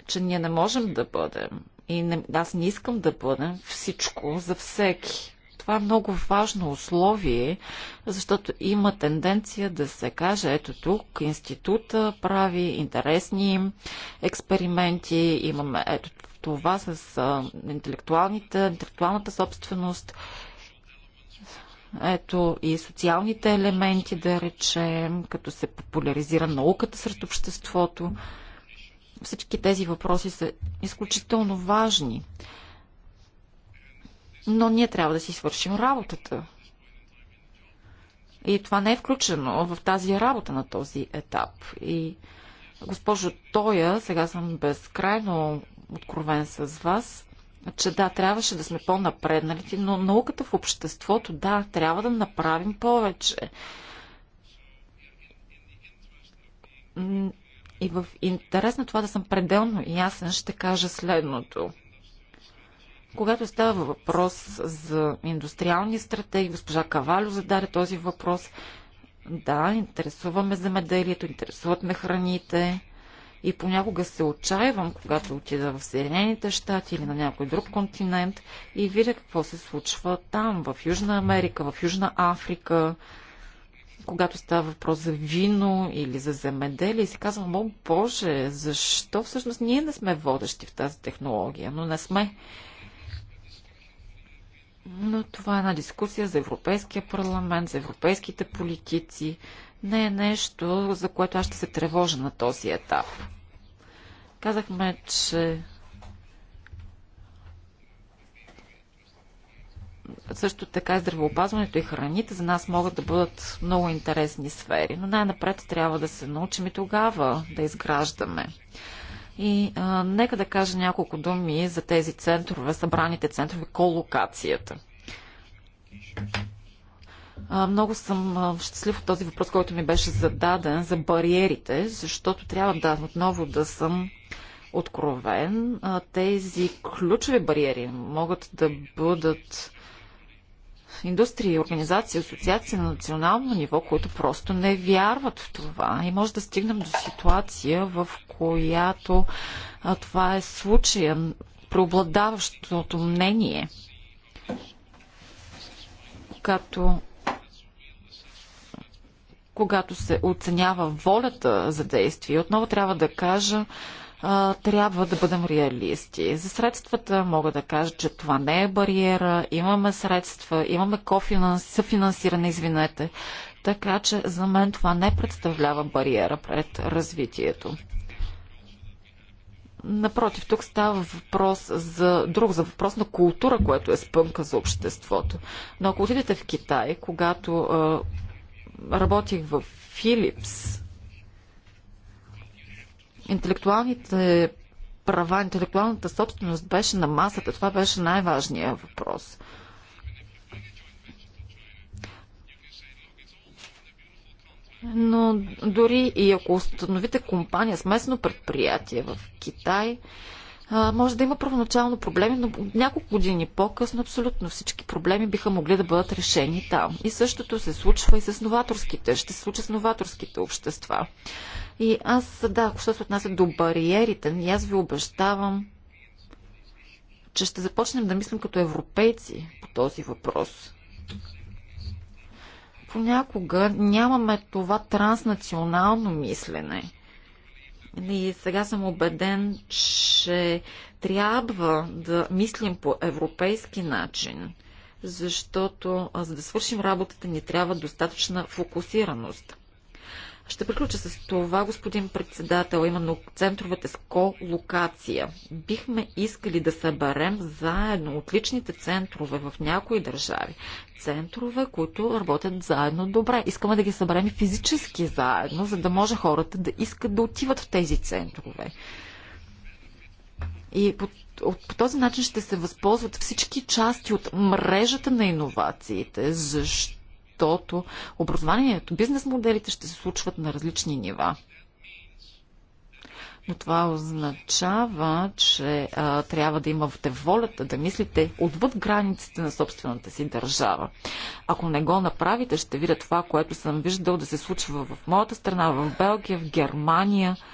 че ние не можем да бъдем и не, аз не искам да бъдем всичко за всеки. Това е много важно условие, защото има тенденция да се каже, ето тук института прави интересни експерименти, имаме ето това с интелектуалната собственост ето и социалните елементи, да речем, като се популяризира науката сред обществото. Всички тези въпроси са изключително важни. Но ние трябва да си свършим работата. И това не е включено в тази работа на този етап. И госпожо Тоя, сега съм безкрайно откровен с вас че значи, да, трябваше да сме по напреднали но науката в обществото, да, трябва да направим повече. И в интерес на това да съм пределно ясен, ще кажа следното. Когато става въпрос за индустриални стратегии, госпожа Кавалю зададе този въпрос. Да, интересуваме земеделието, интересуват ме храните. И понякога се отчаявам, когато отида в Съединените щати или на някой друг континент и видя какво се случва там, в Южна Америка, в Южна Африка, когато става въпрос за вино или за земеделие. И си казвам, о Боже, защо всъщност ние не сме водещи в тази технология, но не сме. Но това е една дискусия за Европейския парламент, за европейските политици не е нещо, за което аз ще се тревожа на този етап. Казахме, че също така и здравеопазването и храните за нас могат да бъдат много интересни сфери, но най-напред трябва да се научим и тогава да изграждаме. И а, нека да кажа няколко думи за тези центрове, събраните центрове, колокацията. Много съм щастлив от този въпрос, който ми беше зададен за бариерите, защото трябва да отново да съм откровен. Тези ключови бариери могат да бъдат индустрии, организации, асоциации на национално ниво, които просто не вярват в това. И може да стигнем до ситуация, в която това е случая, преобладаващото мнение, като когато се оценява волята за действие, отново трябва да кажа, трябва да бъдем реалисти. За средствата мога да кажа, че това не е бариера. Имаме средства, имаме кофинанс, съфинансиране, извинете. Така че за мен това не представлява бариера пред развитието. Напротив, тук става въпрос за друг, за въпрос на култура, което е спънка за обществото. Но ако отидете в Китай, когато работих в Филипс, интелектуалните права, интелектуалната собственост беше на масата. Това беше най-важният въпрос. Но дори и ако установите компания с местно предприятие в Китай, а, може да има първоначално проблеми, но няколко години по-късно абсолютно всички проблеми биха могли да бъдат решени там. И същото се случва и с новаторските, ще се случи с новаторските общества. И аз, да, ако ще се отнася до бариерите, и аз ви обещавам, че ще започнем да мислим като европейци по този въпрос понякога нямаме това транснационално мислене. И сега съм убеден, че трябва да мислим по европейски начин, защото за да свършим работата ни трябва достатъчна фокусираност. Ще приключа с това, господин председател, именно центровете с колокация. Бихме искали да съберем заедно отличните центрове в някои държави. Центрове, които работят заедно добре. Искаме да ги съберем физически заедно, за да може хората да искат да отиват в тези центрове. И по, от, по този начин ще се възползват всички части от мрежата на иновациите, защото защото образованието, бизнес моделите ще се случват на различни нива. Но това означава, че а, трябва да имате волята да мислите отвъд границите на собствената си държава. Ако не го направите, ще видя това, което съм виждал да се случва в моята страна, в Белгия, в Германия –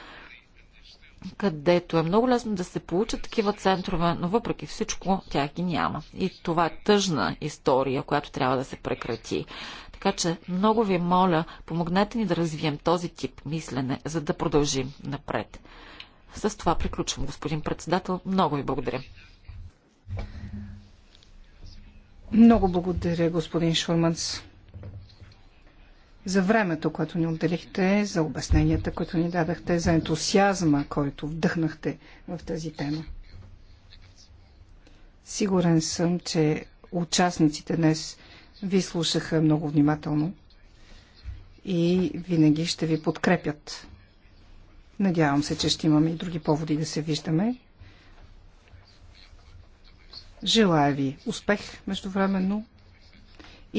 където е много лесно да се получат такива центрове, но въпреки всичко тя ги няма. И това е тъжна история, която трябва да се прекрати. Така че много ви моля, помогнете ни да развием този тип мислене, за да продължим напред. С това приключвам, господин председател. Много ви благодаря. Много благодаря, господин Шурманс за времето, което ни отделихте, за обясненията, които ни дадахте, за ентусиазма, който вдъхнахте в тази тема. Сигурен съм, че участниците днес ви слушаха много внимателно и винаги ще ви подкрепят. Надявам се, че ще имаме и други поводи да се виждаме. Желая ви успех междувременно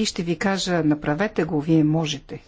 и ще ви кажа, направете го, вие можете.